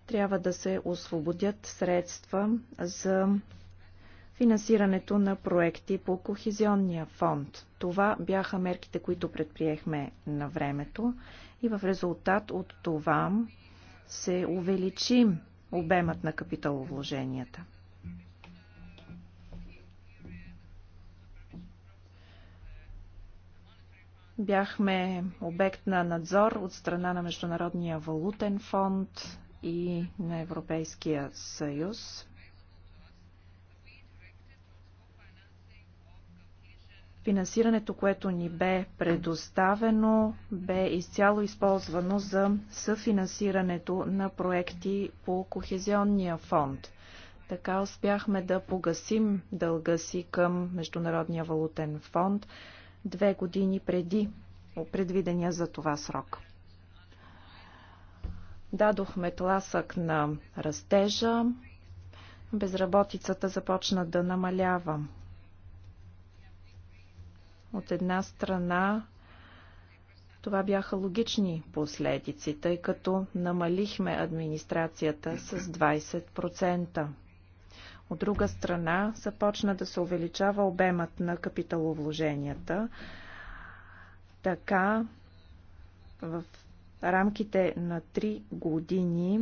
трябва да се освободят средства за финансирането на проекти по Кохизионния фонд. Това бяха мерките, които предприехме на времето и в резултат от това се увеличи обемът на капиталовложенията. Бяхме обект на надзор от страна на Международния валутен фонд и на Европейския съюз. Финансирането, което ни бе предоставено, бе изцяло използвано за съфинансирането на проекти по Кохезионния фонд. Така успяхме да погасим дълга си към Международния валутен фонд две години преди предвидения за това срок. Дадохме тласък на растежа, безработицата започна да намалява. От една страна, това бяха логични последици, тъй като намалихме администрацията с 20%. От друга страна, започна да се увеличава обемът на капиталовложенията. Така, в рамките на 3 години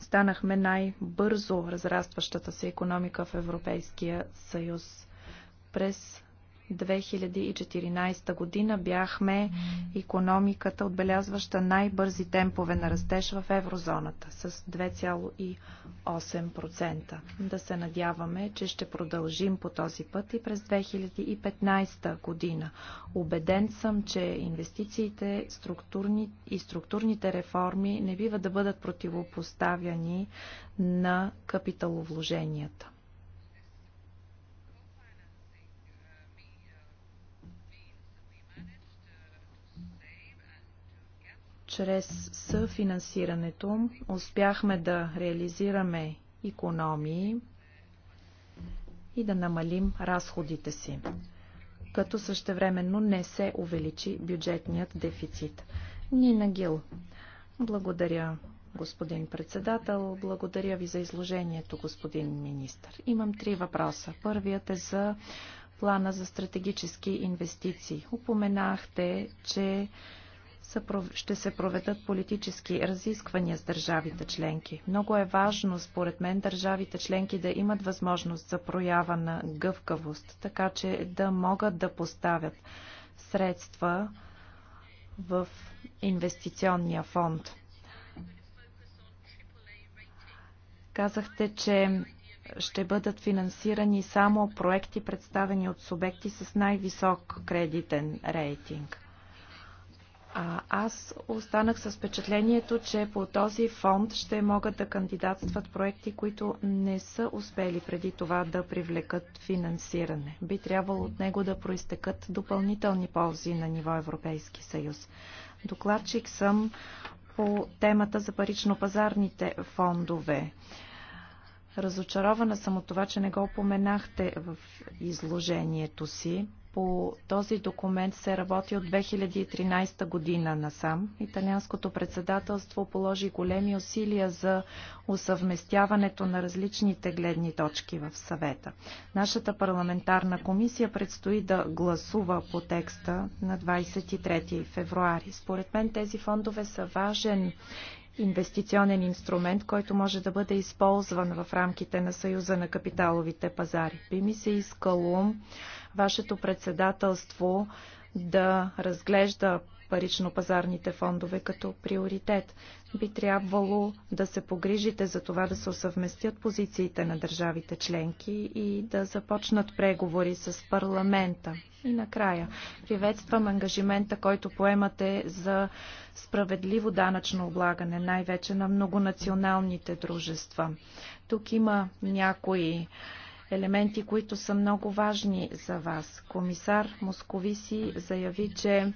станахме най-бързо разрастващата се економика в Европейския съюз. През 2014 година бяхме економиката, отбелязваща най-бързи темпове на растеж в еврозоната с 2,8%. Да се надяваме, че ще продължим по този път и през 2015 година. Обеден съм, че инвестициите структурни и структурните реформи не бива да бъдат противопоставяни на капиталовложенията. Чрез съфинансирането успяхме да реализираме економии и да намалим разходите си, като същевременно не се увеличи бюджетният дефицит. Нина Гил. Благодаря, господин председател. Благодаря ви за изложението, господин министр. Имам три въпроса. Първият е за плана за стратегически инвестиции. Упоменахте, че ще се проведат политически разисквания с държавите членки. Много е важно, според мен, държавите членки да имат възможност за проява на гъвкавост, така че да могат да поставят средства в инвестиционния фонд. Казахте, че ще бъдат финансирани само проекти, представени от субекти с най-висок кредитен рейтинг. А аз останах с впечатлението, че по този фонд ще могат да кандидатстват проекти, които не са успели преди това да привлекат финансиране. Би трябвало от него да проистекат допълнителни ползи на ниво Европейски съюз. Докладчик съм по темата за парично-пазарните фондове. Разочарована съм от това, че не го упоменахте в изложението си. По този документ се работи от 2013 година насам. Италианското председателство положи големи усилия за усъвместяването на различните гледни точки в съвета. Нашата парламентарна комисия предстои да гласува по текста на 23 февруари. Според мен тези фондове са важен инвестиционен инструмент, който може да бъде използван в рамките на Съюза на капиталовите пазари. Би ми се искало вашето председателство да разглежда парично-пазарните фондове като приоритет. Би трябвало да се погрижите за това да се съвместят позициите на държавите членки и да започнат преговори с парламента. И накрая, приветствам ангажимента, който поемате за справедливо данъчно облагане, най-вече на многонационалните дружества. Тук има някои елементи, които са много важни за вас. Комисар Московиси заяви, че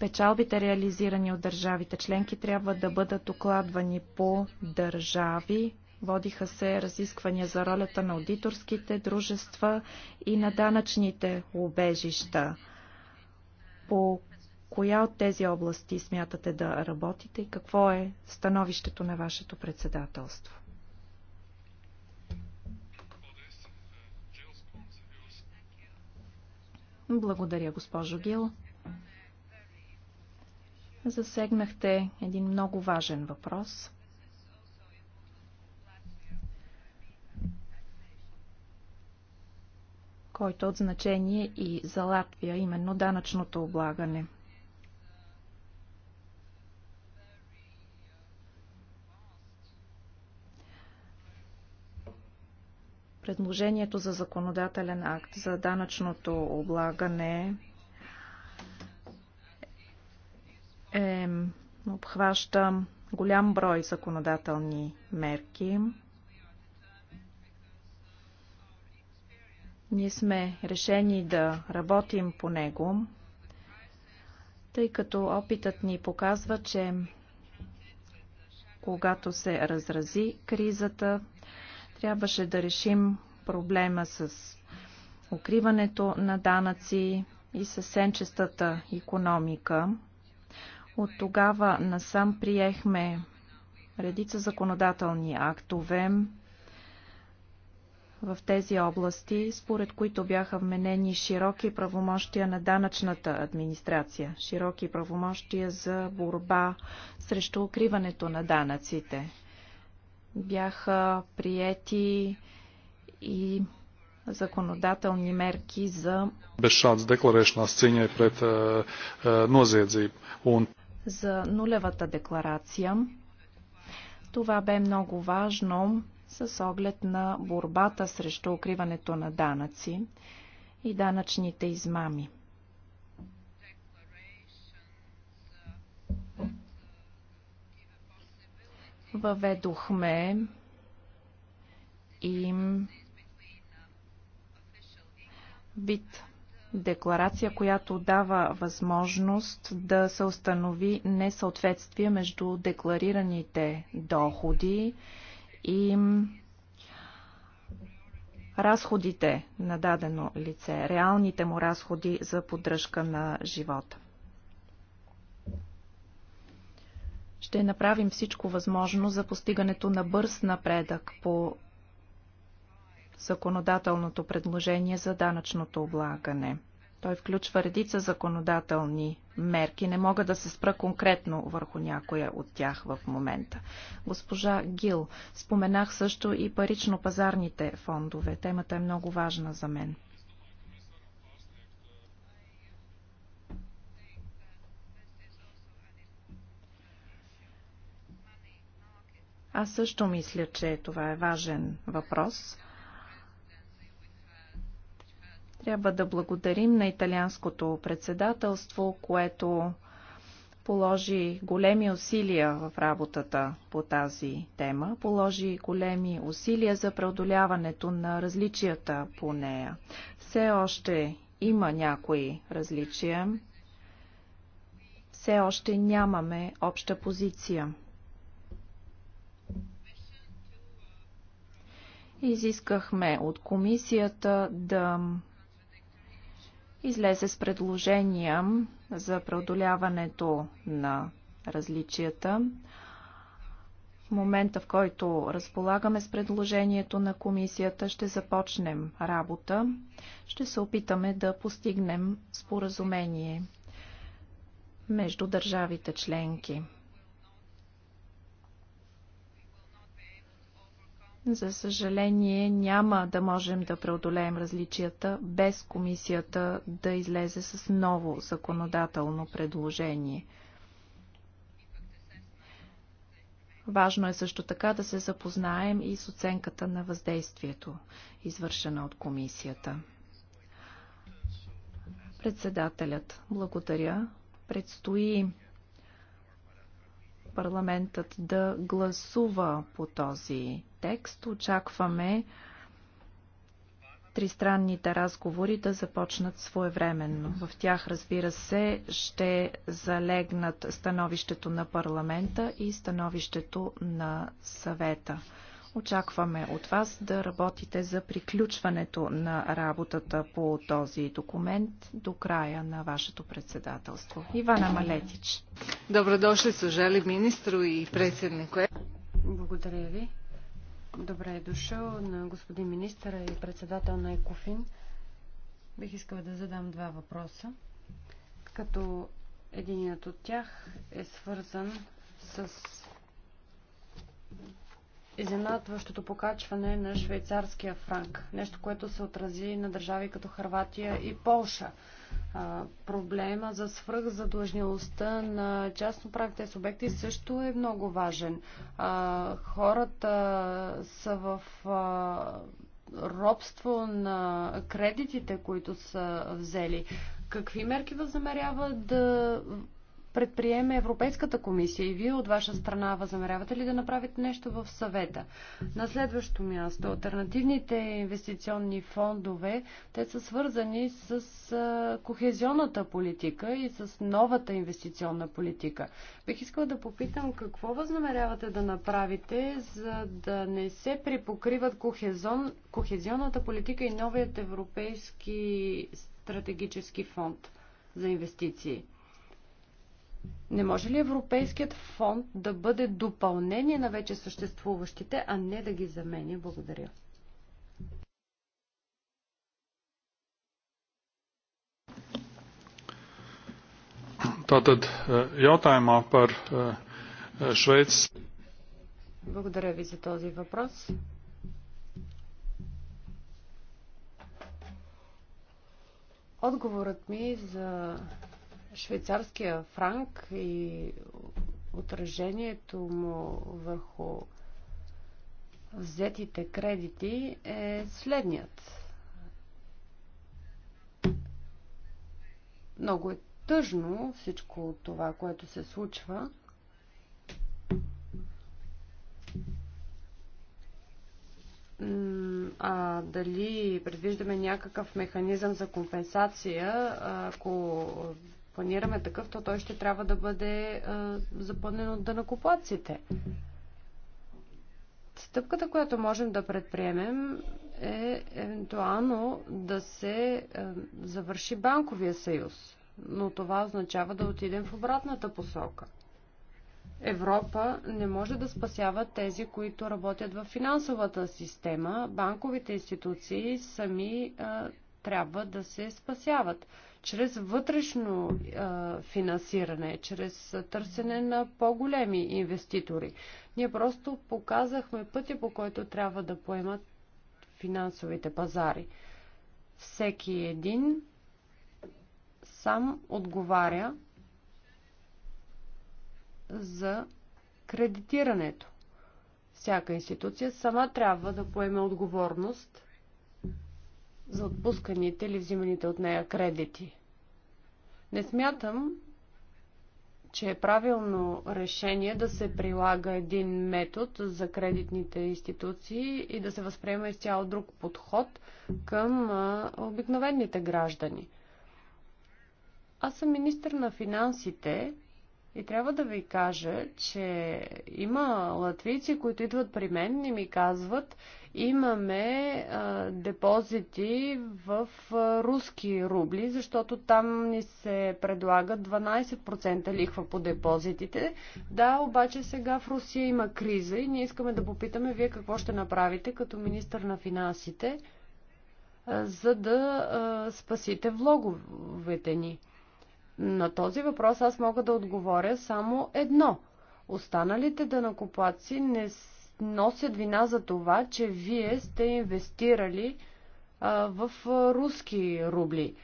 печалбите реализирани от държавите членки трябва да бъдат докладвани по държави. Водиха се разисквания за ролята на аудиторските дружества и на данъчните убежища. По коя от тези области смятате да работите и какво е становището на вашето председателство? Благодаря, госпожо Гил. Засегнахте един много важен въпрос. който е от значение и за Латвия, именно данъчното облагане – Предложението за законодателен акт за данъчното облагане е, обхваща голям брой законодателни мерки. Ние сме решени да работим по него, тъй като опитът ни показва, че когато се разрази кризата, Трябваше да решим проблема с укриването на данъци и с сенчестата економика. От тогава насам приехме редица законодателни актове в тези области, според които бяха вменени широки правомощия на данъчната администрация, широки правомощия за борба срещу укриването на данъците бяха приети и законодателни мерки за е, е, За нулевата декларация. Това бе много важно с оглед на борбата срещу укриването на данъци и данъчните измами. Въведохме им вид декларация, която дава възможност да се установи несъответствие между декларираните доходи и разходите на дадено лице, реалните му разходи за поддръжка на живота. Ще направим всичко възможно за постигането на бърз напредък по законодателното предложение за данъчното облагане. Той включва редица законодателни мерки. Не мога да се спра конкретно върху някоя от тях в момента. Госпожа Гил, споменах също и парично-пазарните фондове. Темата е много важна за мен. Аз също мисля, че това е важен въпрос. Трябва да благодарим на италианското председателство, което положи големи усилия в работата по тази тема, положи големи усилия за преодоляването на различията по нея. Все още има някои различия, все още нямаме обща позиция. Изискахме от комисията да излезе с предложения за преодоляването на различията. В момента, в който разполагаме с предложението на комисията, ще започнем работа. Ще се опитаме да постигнем споразумение между държавите членки. За съжаление няма да можем да преодолеем различията без комисията да излезе с ново законодателно предложение. Важно е също така да се запознаем и с оценката на въздействието, извършена от комисията. Председателят, благодаря. Предстои парламентът да гласува по този текст. Очакваме тристранните разговори да започнат своевременно. В тях, разбира се, ще залегнат становището на парламента и становището на съвета. Очакваме от вас да работите за приключването на работата по този документ до края на вашето председателство. Ивана Малетич. Добро дошли, съжали министру и председнику. Благодаря ви. Добре е дошъл на господин министър и председател на ЕКОФИН. Бих искала да задам два въпроса, като единият от тях е свързан с изненадващото покачване на швейцарския франк. Нещо, което се отрази на държави като Харватия и Полша проблема за свръхзадлъжнилостта на частно правите субекти също е много важен. Хората са в робство на кредитите, които са взели. Какви мерки възнамерява да предприеме Европейската комисия и вие от ваша страна възнамерявате ли да направите нещо в съвета? На следващо място, альтернативните инвестиционни фондове, те са свързани с кохезионната политика и с новата инвестиционна политика. Бих искала да попитам какво възнамерявате да направите, за да не се припокриват кохезон, кохезионната политика и новият европейски стратегически фонд за инвестиции. Не може ли Европейският фонд да бъде допълнение на вече съществуващите, а не да ги замени? Благодаря. Eh, eh, Благодаря ви за този въпрос. Отговорът ми за швейцарския франк и отражението му върху взетите кредити е следният. Много е тъжно всичко това, което се случва. А дали предвиждаме някакъв механизъм за компенсация, ако планираме такъв, то той ще трябва да бъде а, запълнен от дънакоплаците. Стъпката, която можем да предприемем е евентуално да се а, завърши банковия съюз. Но това означава да отидем в обратната посока. Европа не може да спасява тези, които работят в финансовата система. Банковите институции сами а, трябва да се спасяват чрез вътрешно а, е, финансиране, чрез търсене на по-големи инвеститори. Ние просто показахме пътя, по който трябва да поемат финансовите пазари. Всеки един сам отговаря за кредитирането. Всяка институция сама трябва да поеме отговорност за отпусканите или взиманите от нея кредити. Не смятам, че е правилно решение да се прилага един метод за кредитните институции и да се възприема изцяло друг подход към обикновените граждани. Аз съм министр на финансите и трябва да ви кажа, че има латвийци, които идват при мен и ми казват, имаме а, депозити в а, руски рубли, защото там ни се предлага 12% лихва по депозитите. Да, обаче сега в Русия има криза и ние искаме да попитаме вие какво ще направите като министр на финансите, а, за да а, спасите влоговете ни. На този въпрос аз мога да отговоря само едно. Останалите дънакоплаци не носят вина за това, че вие сте инвестирали а, в руски рубли.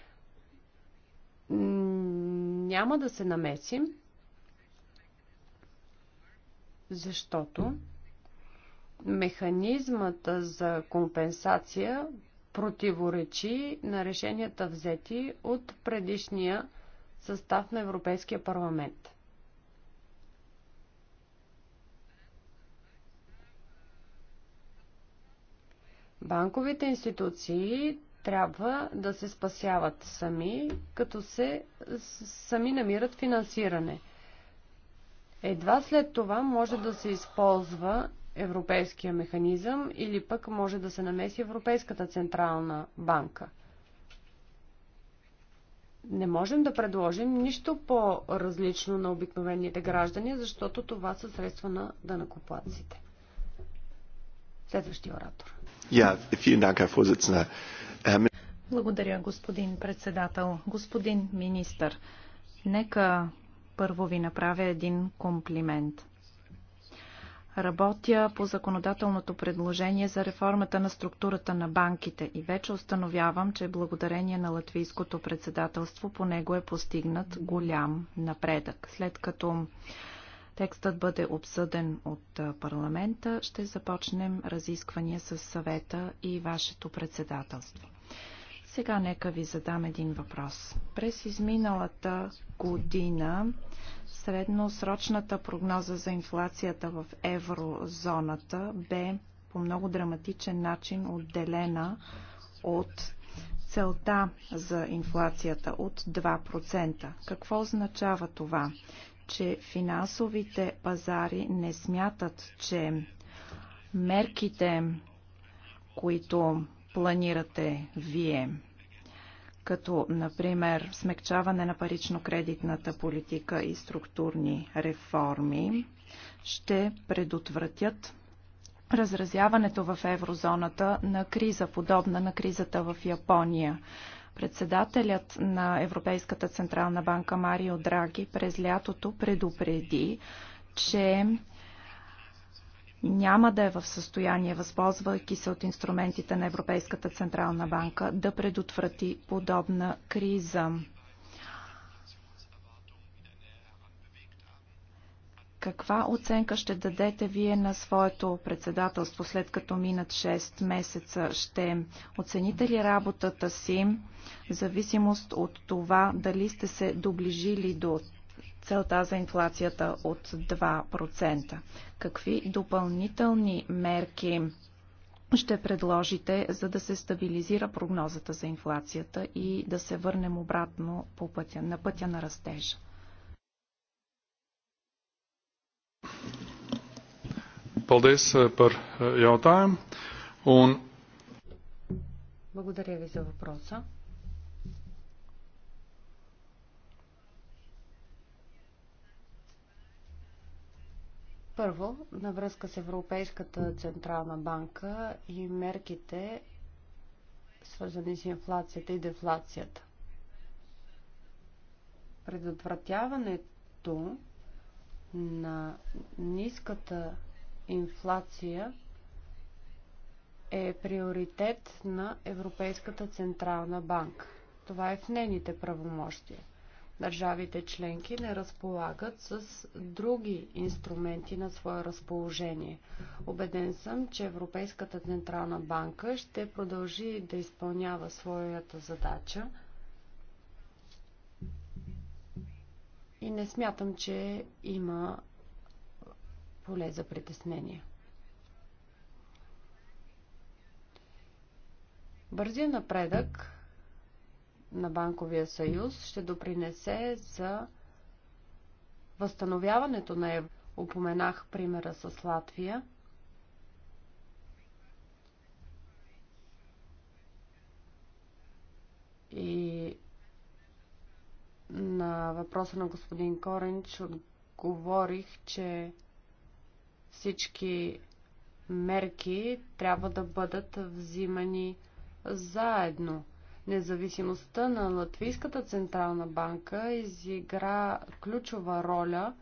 Няма да се намесим, защото механизмът за компенсация противоречи на решенията взети от предишния състав на Европейския парламент. Банковите институции трябва да се спасяват сами, като се сами намират финансиране. Едва след това може да се използва европейския механизъм или пък може да се намеси Европейската централна банка – не можем да предложим нищо по-различно на обикновените граждани, защото това са средства на данакоплаците. Следващия оратор. Благодаря, господин председател. Господин министър, нека първо ви направя един комплимент. Работя по законодателното предложение за реформата на структурата на банките и вече установявам, че благодарение на латвийското председателство по него е постигнат голям напредък. След като текстът бъде обсъден от парламента, ще започнем разисквания с съвета и вашето председателство. Сега нека ви задам един въпрос. През изминалата година Средносрочната прогноза за инфлацията в еврозоната бе по много драматичен начин отделена от целта за инфлацията от 2%. Какво означава това? Че финансовите пазари не смятат, че мерките, които планирате вие, като например смекчаване на парично-кредитната политика и структурни реформи, ще предотвратят разразяването в еврозоната на криза, подобна на кризата в Япония. Председателят на Европейската Централна банка Марио Драги през лятото предупреди, че няма да е в състояние, възползвайки се от инструментите на Европейската Централна банка, да предотврати подобна криза. каква оценка ще дадете вие на своето председателство, след като минат 6 месеца? Ще оцените ли работата си в зависимост от това дали сте се доближили до целта за инфлацията от 2%. Какви допълнителни мерки ще предложите, за да се стабилизира прогнозата за инфлацията и да се върнем обратно по пътя, на пътя на растежа? Paldies э, par э, jautājumu. Un... Благодаря ви за въпроса. Първо, на връзка с Европейската Централна банка и мерките, свързани с инфлацията и дефлацията. Предотвратяването на ниската инфлация е приоритет на Европейската Централна банка. Това е в нейните правомощия. Държавите членки не разполагат с други инструменти на свое разположение. Обеден съм, че Европейската централна банка ще продължи да изпълнява своята задача и не смятам, че има поле за притеснение. Бързия напредък на Банковия съюз ще допринесе за възстановяването на евро. Упоменах примера с Латвия. И на въпроса на господин Коренч отговорих, че всички мерки трябва да бъдат взимани заедно. Независимостта на Латвийската централна банка изигра ключова роля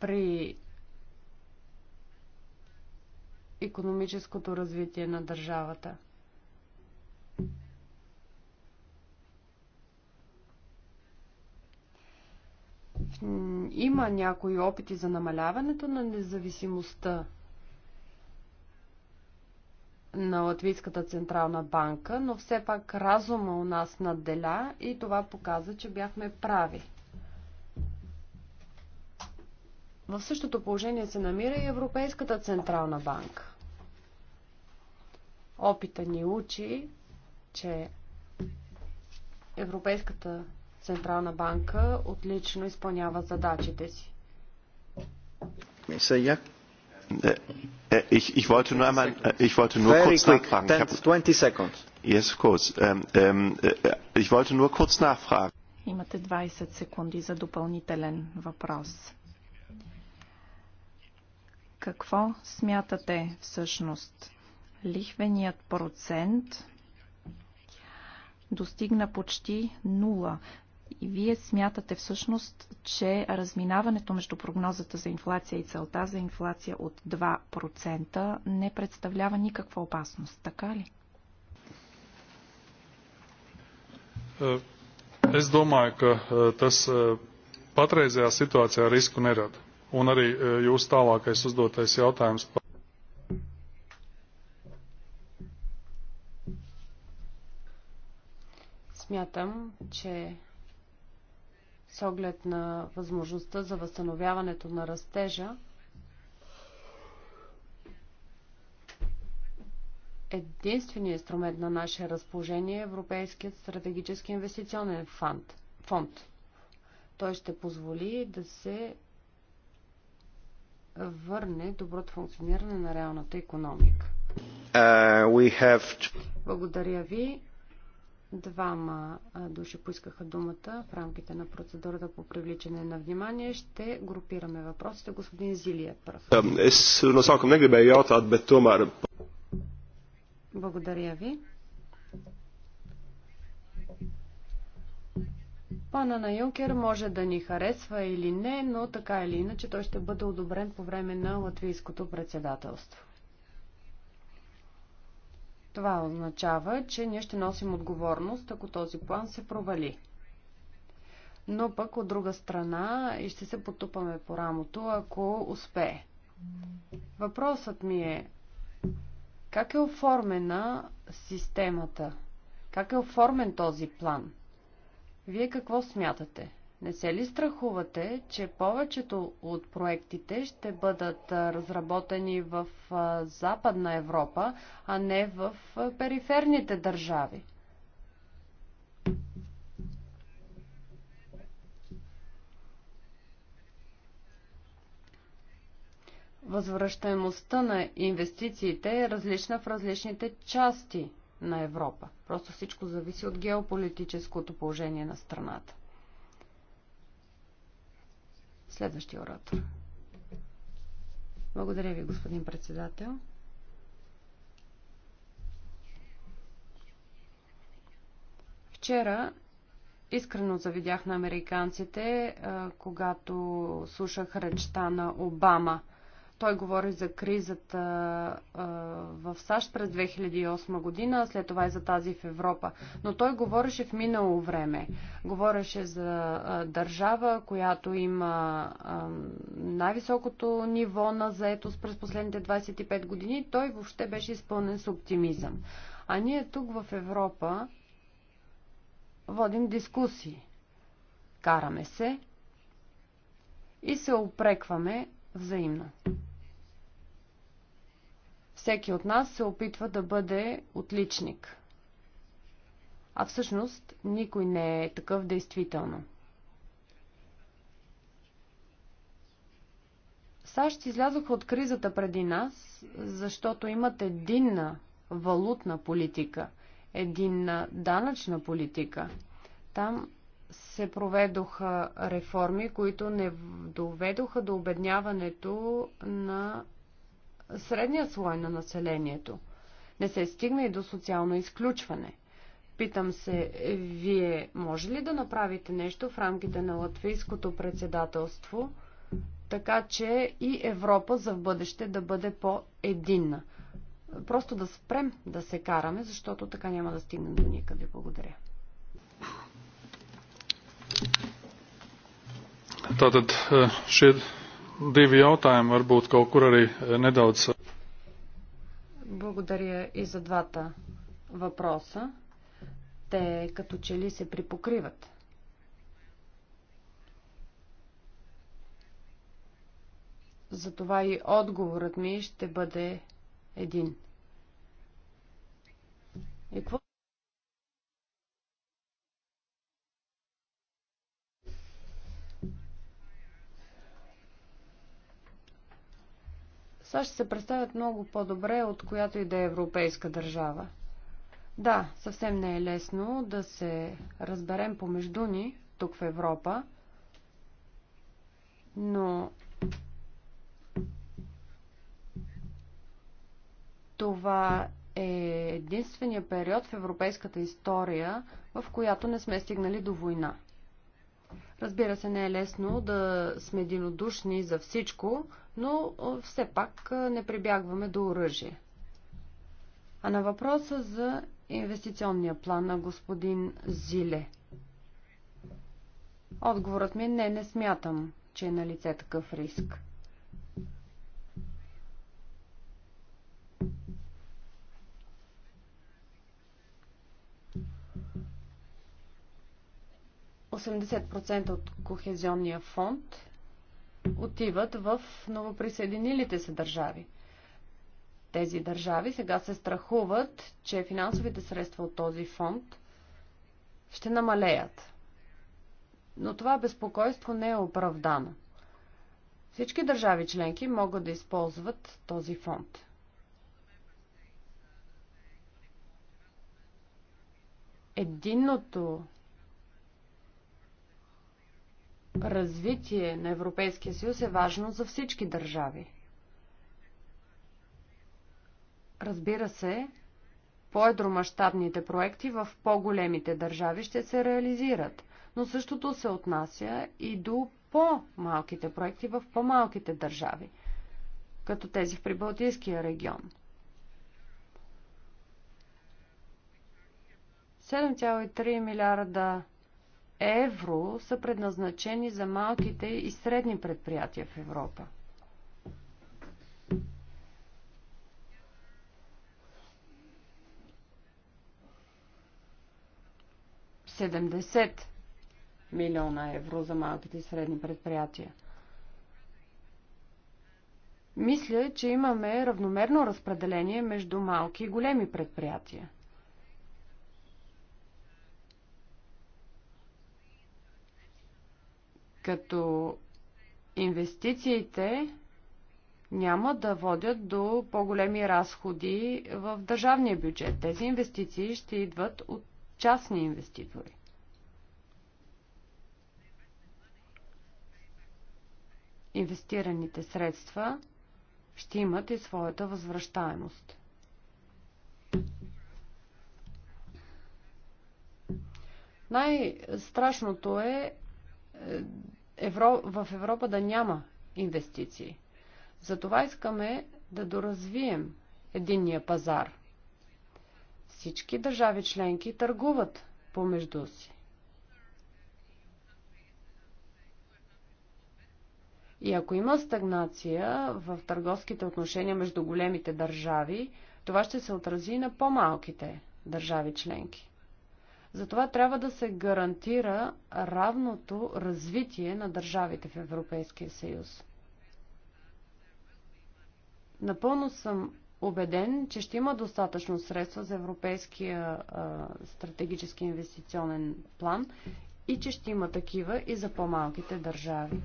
при економическото развитие на държавата. Има някои опити за намаляването на независимостта на Латвийската централна банка, но все пак разума у нас надделя и това показа, че бяхме прави. В същото положение се намира и Европейската централна банка. Опита ни учи, че Европейската централна банка отлично изпълнява задачите си. Мисля, як Äh, äh, ich, ich wollte nur einmal, äh, ich wollte nur kurz nachfragen. Yes, of course. Ähm, ähm, ich wollte nur kurz nachfragen. Имате 20 секунди за допълнителен въпрос. Какво смятате всъщност? Лихвеният процент достигна почти нула. И вие смятате всъщност, че разминаването между прогнозата за инфлация и целта за инфлация от 2% не представлява никаква опасност, така ли? Es domāju, ka tas patreizajā situācijā risku nerada. Un arī jūs tālākais uzdotais jautājums par. Смятам, че с оглед на възможността за възстановяването на растежа, единственият инструмент на наше разположение е Европейският стратегически инвестиционен фонд. фонд. Той ще позволи да се върне доброто функциониране на реалната економика. Uh, have... Благодаря ви. Двама души поискаха думата в рамките на процедурата по привличане на внимание. Ще групираме въпросите. Господин Зилия е пръв. Е Благодаря ви. Пана на Юнкер може да ни харесва или не, но така или иначе той ще бъде одобрен по време на латвийското председателство. Това означава, че ние ще носим отговорност, ако този план се провали. Но пък от друга страна и ще се потупаме по рамото, ако успее. Въпросът ми е как е оформена системата? Как е оформен този план? Вие какво смятате? Не се ли страхувате, че повечето от проектите ще бъдат разработени в Западна Европа, а не в периферните държави? Възвръщаемостта на инвестициите е различна в различните части на Европа. Просто всичко зависи от геополитическото положение на страната. Следващия оратор. Благодаря ви, господин председател. Вчера искрено завидях на американците, когато слушах речта на Обама – той говори за кризата в САЩ през 2008 година, след това и за тази в Европа. Но той говореше в минало време. Говореше за държава, която има най-високото ниво на заетост през последните 25 години. Той въобще беше изпълнен с оптимизъм. А ние тук в Европа водим дискусии. Караме се и се опрекваме, взаимно. Всеки от нас се опитва да бъде отличник. А всъщност никой не е такъв действително. САЩ излязоха от кризата преди нас, защото имат единна валутна политика, единна данъчна политика. Там се проведоха реформи, които не доведоха до обедняването на средния слой на населението. Не се стигна и до социално изключване. Питам се, вие може ли да направите нещо в рамките на латвийското председателство, така че и Европа за в бъдеще да бъде по-единна? Просто да спрем да се караме, защото така няма да стигнем до никъде. Благодаря. Tātad e, šie divi jautājumi varbūt kaut kur arī e, nedaudz. E, Благодаря и за двата въпроса. Те като че ли се припокриват. Затова и отговорът ми ще бъде един. И какво? САЩ се представят много по-добре от която и да е европейска държава. Да, съвсем не е лесно да се разберем помежду ни тук в Европа, но това е единствения период в европейската история, в която не сме стигнали до война. Разбира се, не е лесно да сме единодушни за всичко, но все пак не прибягваме до оръжие. А на въпроса за инвестиционния план на господин Зиле. Отговорът ми е, не, не смятам, че е на лице такъв риск. 80% от кохезионния фонд отиват в новоприсъединилите се държави. Тези държави сега се страхуват, че финансовите средства от този фонд ще намалеят. Но това безпокойство не е оправдано. Всички държави членки могат да използват този фонд. Единното развитие на Европейския съюз е важно за всички държави. Разбира се, по-едромащабните проекти в по-големите държави ще се реализират, но същото се отнася и до по-малките проекти в по-малките държави, като тези в Прибалтийския регион. 7,3 милиарда евро са предназначени за малките и средни предприятия в Европа. Седемдесет милиона евро за малките и средни предприятия. Мисля, че имаме равномерно разпределение между малки и големи предприятия. като инвестициите няма да водят до по-големи разходи в държавния бюджет. Тези инвестиции ще идват от частни инвеститори. Инвестираните средства ще имат и своята възвръщаемост. Най-страшното е е, Евро... в Европа да няма инвестиции. Затова искаме да доразвием единния пазар. Всички държави членки търгуват помежду си. И ако има стагнация в търговските отношения между големите държави, това ще се отрази на по-малките държави членки. Затова трябва да се гарантира равното развитие на държавите в Европейския съюз. Напълно съм убеден, че ще има достатъчно средства за Европейския а, стратегически инвестиционен план и че ще има такива и за по-малките държави.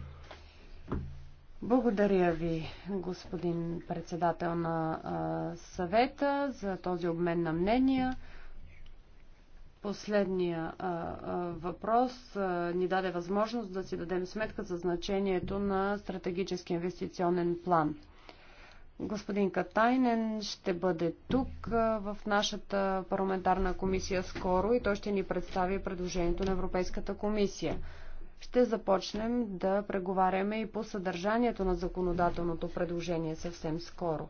Благодаря ви, господин председател на а, съвета, за този обмен на мнения. Последния а, а, въпрос а, ни даде възможност да си дадем сметка за значението на стратегически инвестиционен план. Господин Катайнен ще бъде тук в нашата парламентарна комисия скоро и той ще ни представи предложението на Европейската комисия. Ще започнем да преговаряме и по съдържанието на законодателното предложение съвсем скоро.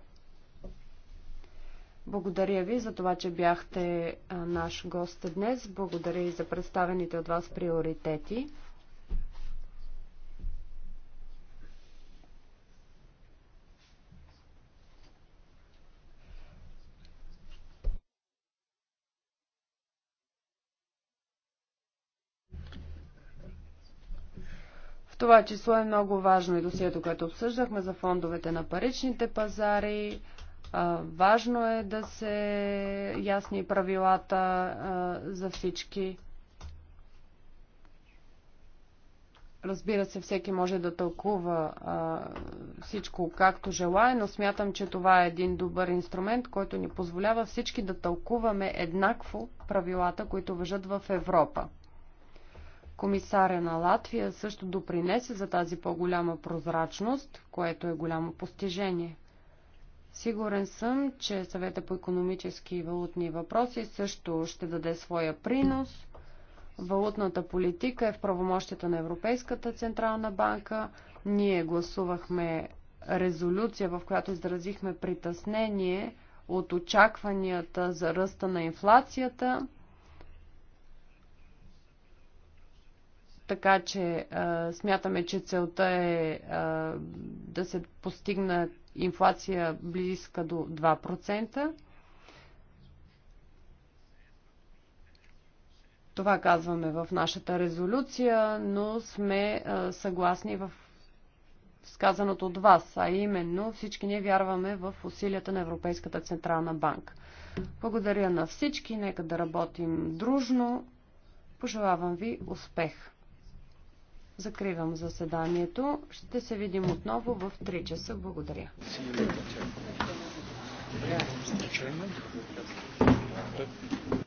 Благодаря ви за това, че бяхте наш гост днес. Благодаря и за представените от вас приоритети. това число е много важно и досието, което обсъждахме за фондовете на паричните пазари, Важно е да се ясни правилата за всички. Разбира се, всеки може да тълкува а, всичко както желая, но смятам, че това е един добър инструмент, който ни позволява всички да тълкуваме еднакво правилата, които въжат в Европа. Комисаря на Латвия също допринесе за тази по-голяма прозрачност, което е голямо постижение. Сигурен съм, че съвета по економически и валутни въпроси също ще даде своя принос. Валутната политика е в правомощията на Европейската централна банка. Ние гласувахме резолюция, в която изразихме притъснение от очакванията за ръста на инфлацията. Така че а, смятаме, че целта е а, да се постигна инфлация близка до 2%. Това казваме в нашата резолюция, но сме а, съгласни в сказаното от вас, а именно всички ние вярваме в усилията на Европейската Централна банка. Благодаря на всички, нека да работим дружно. Пожелавам ви успех! Закривам заседанието. Ще се видим отново в 3 часа. Благодаря. Yeah.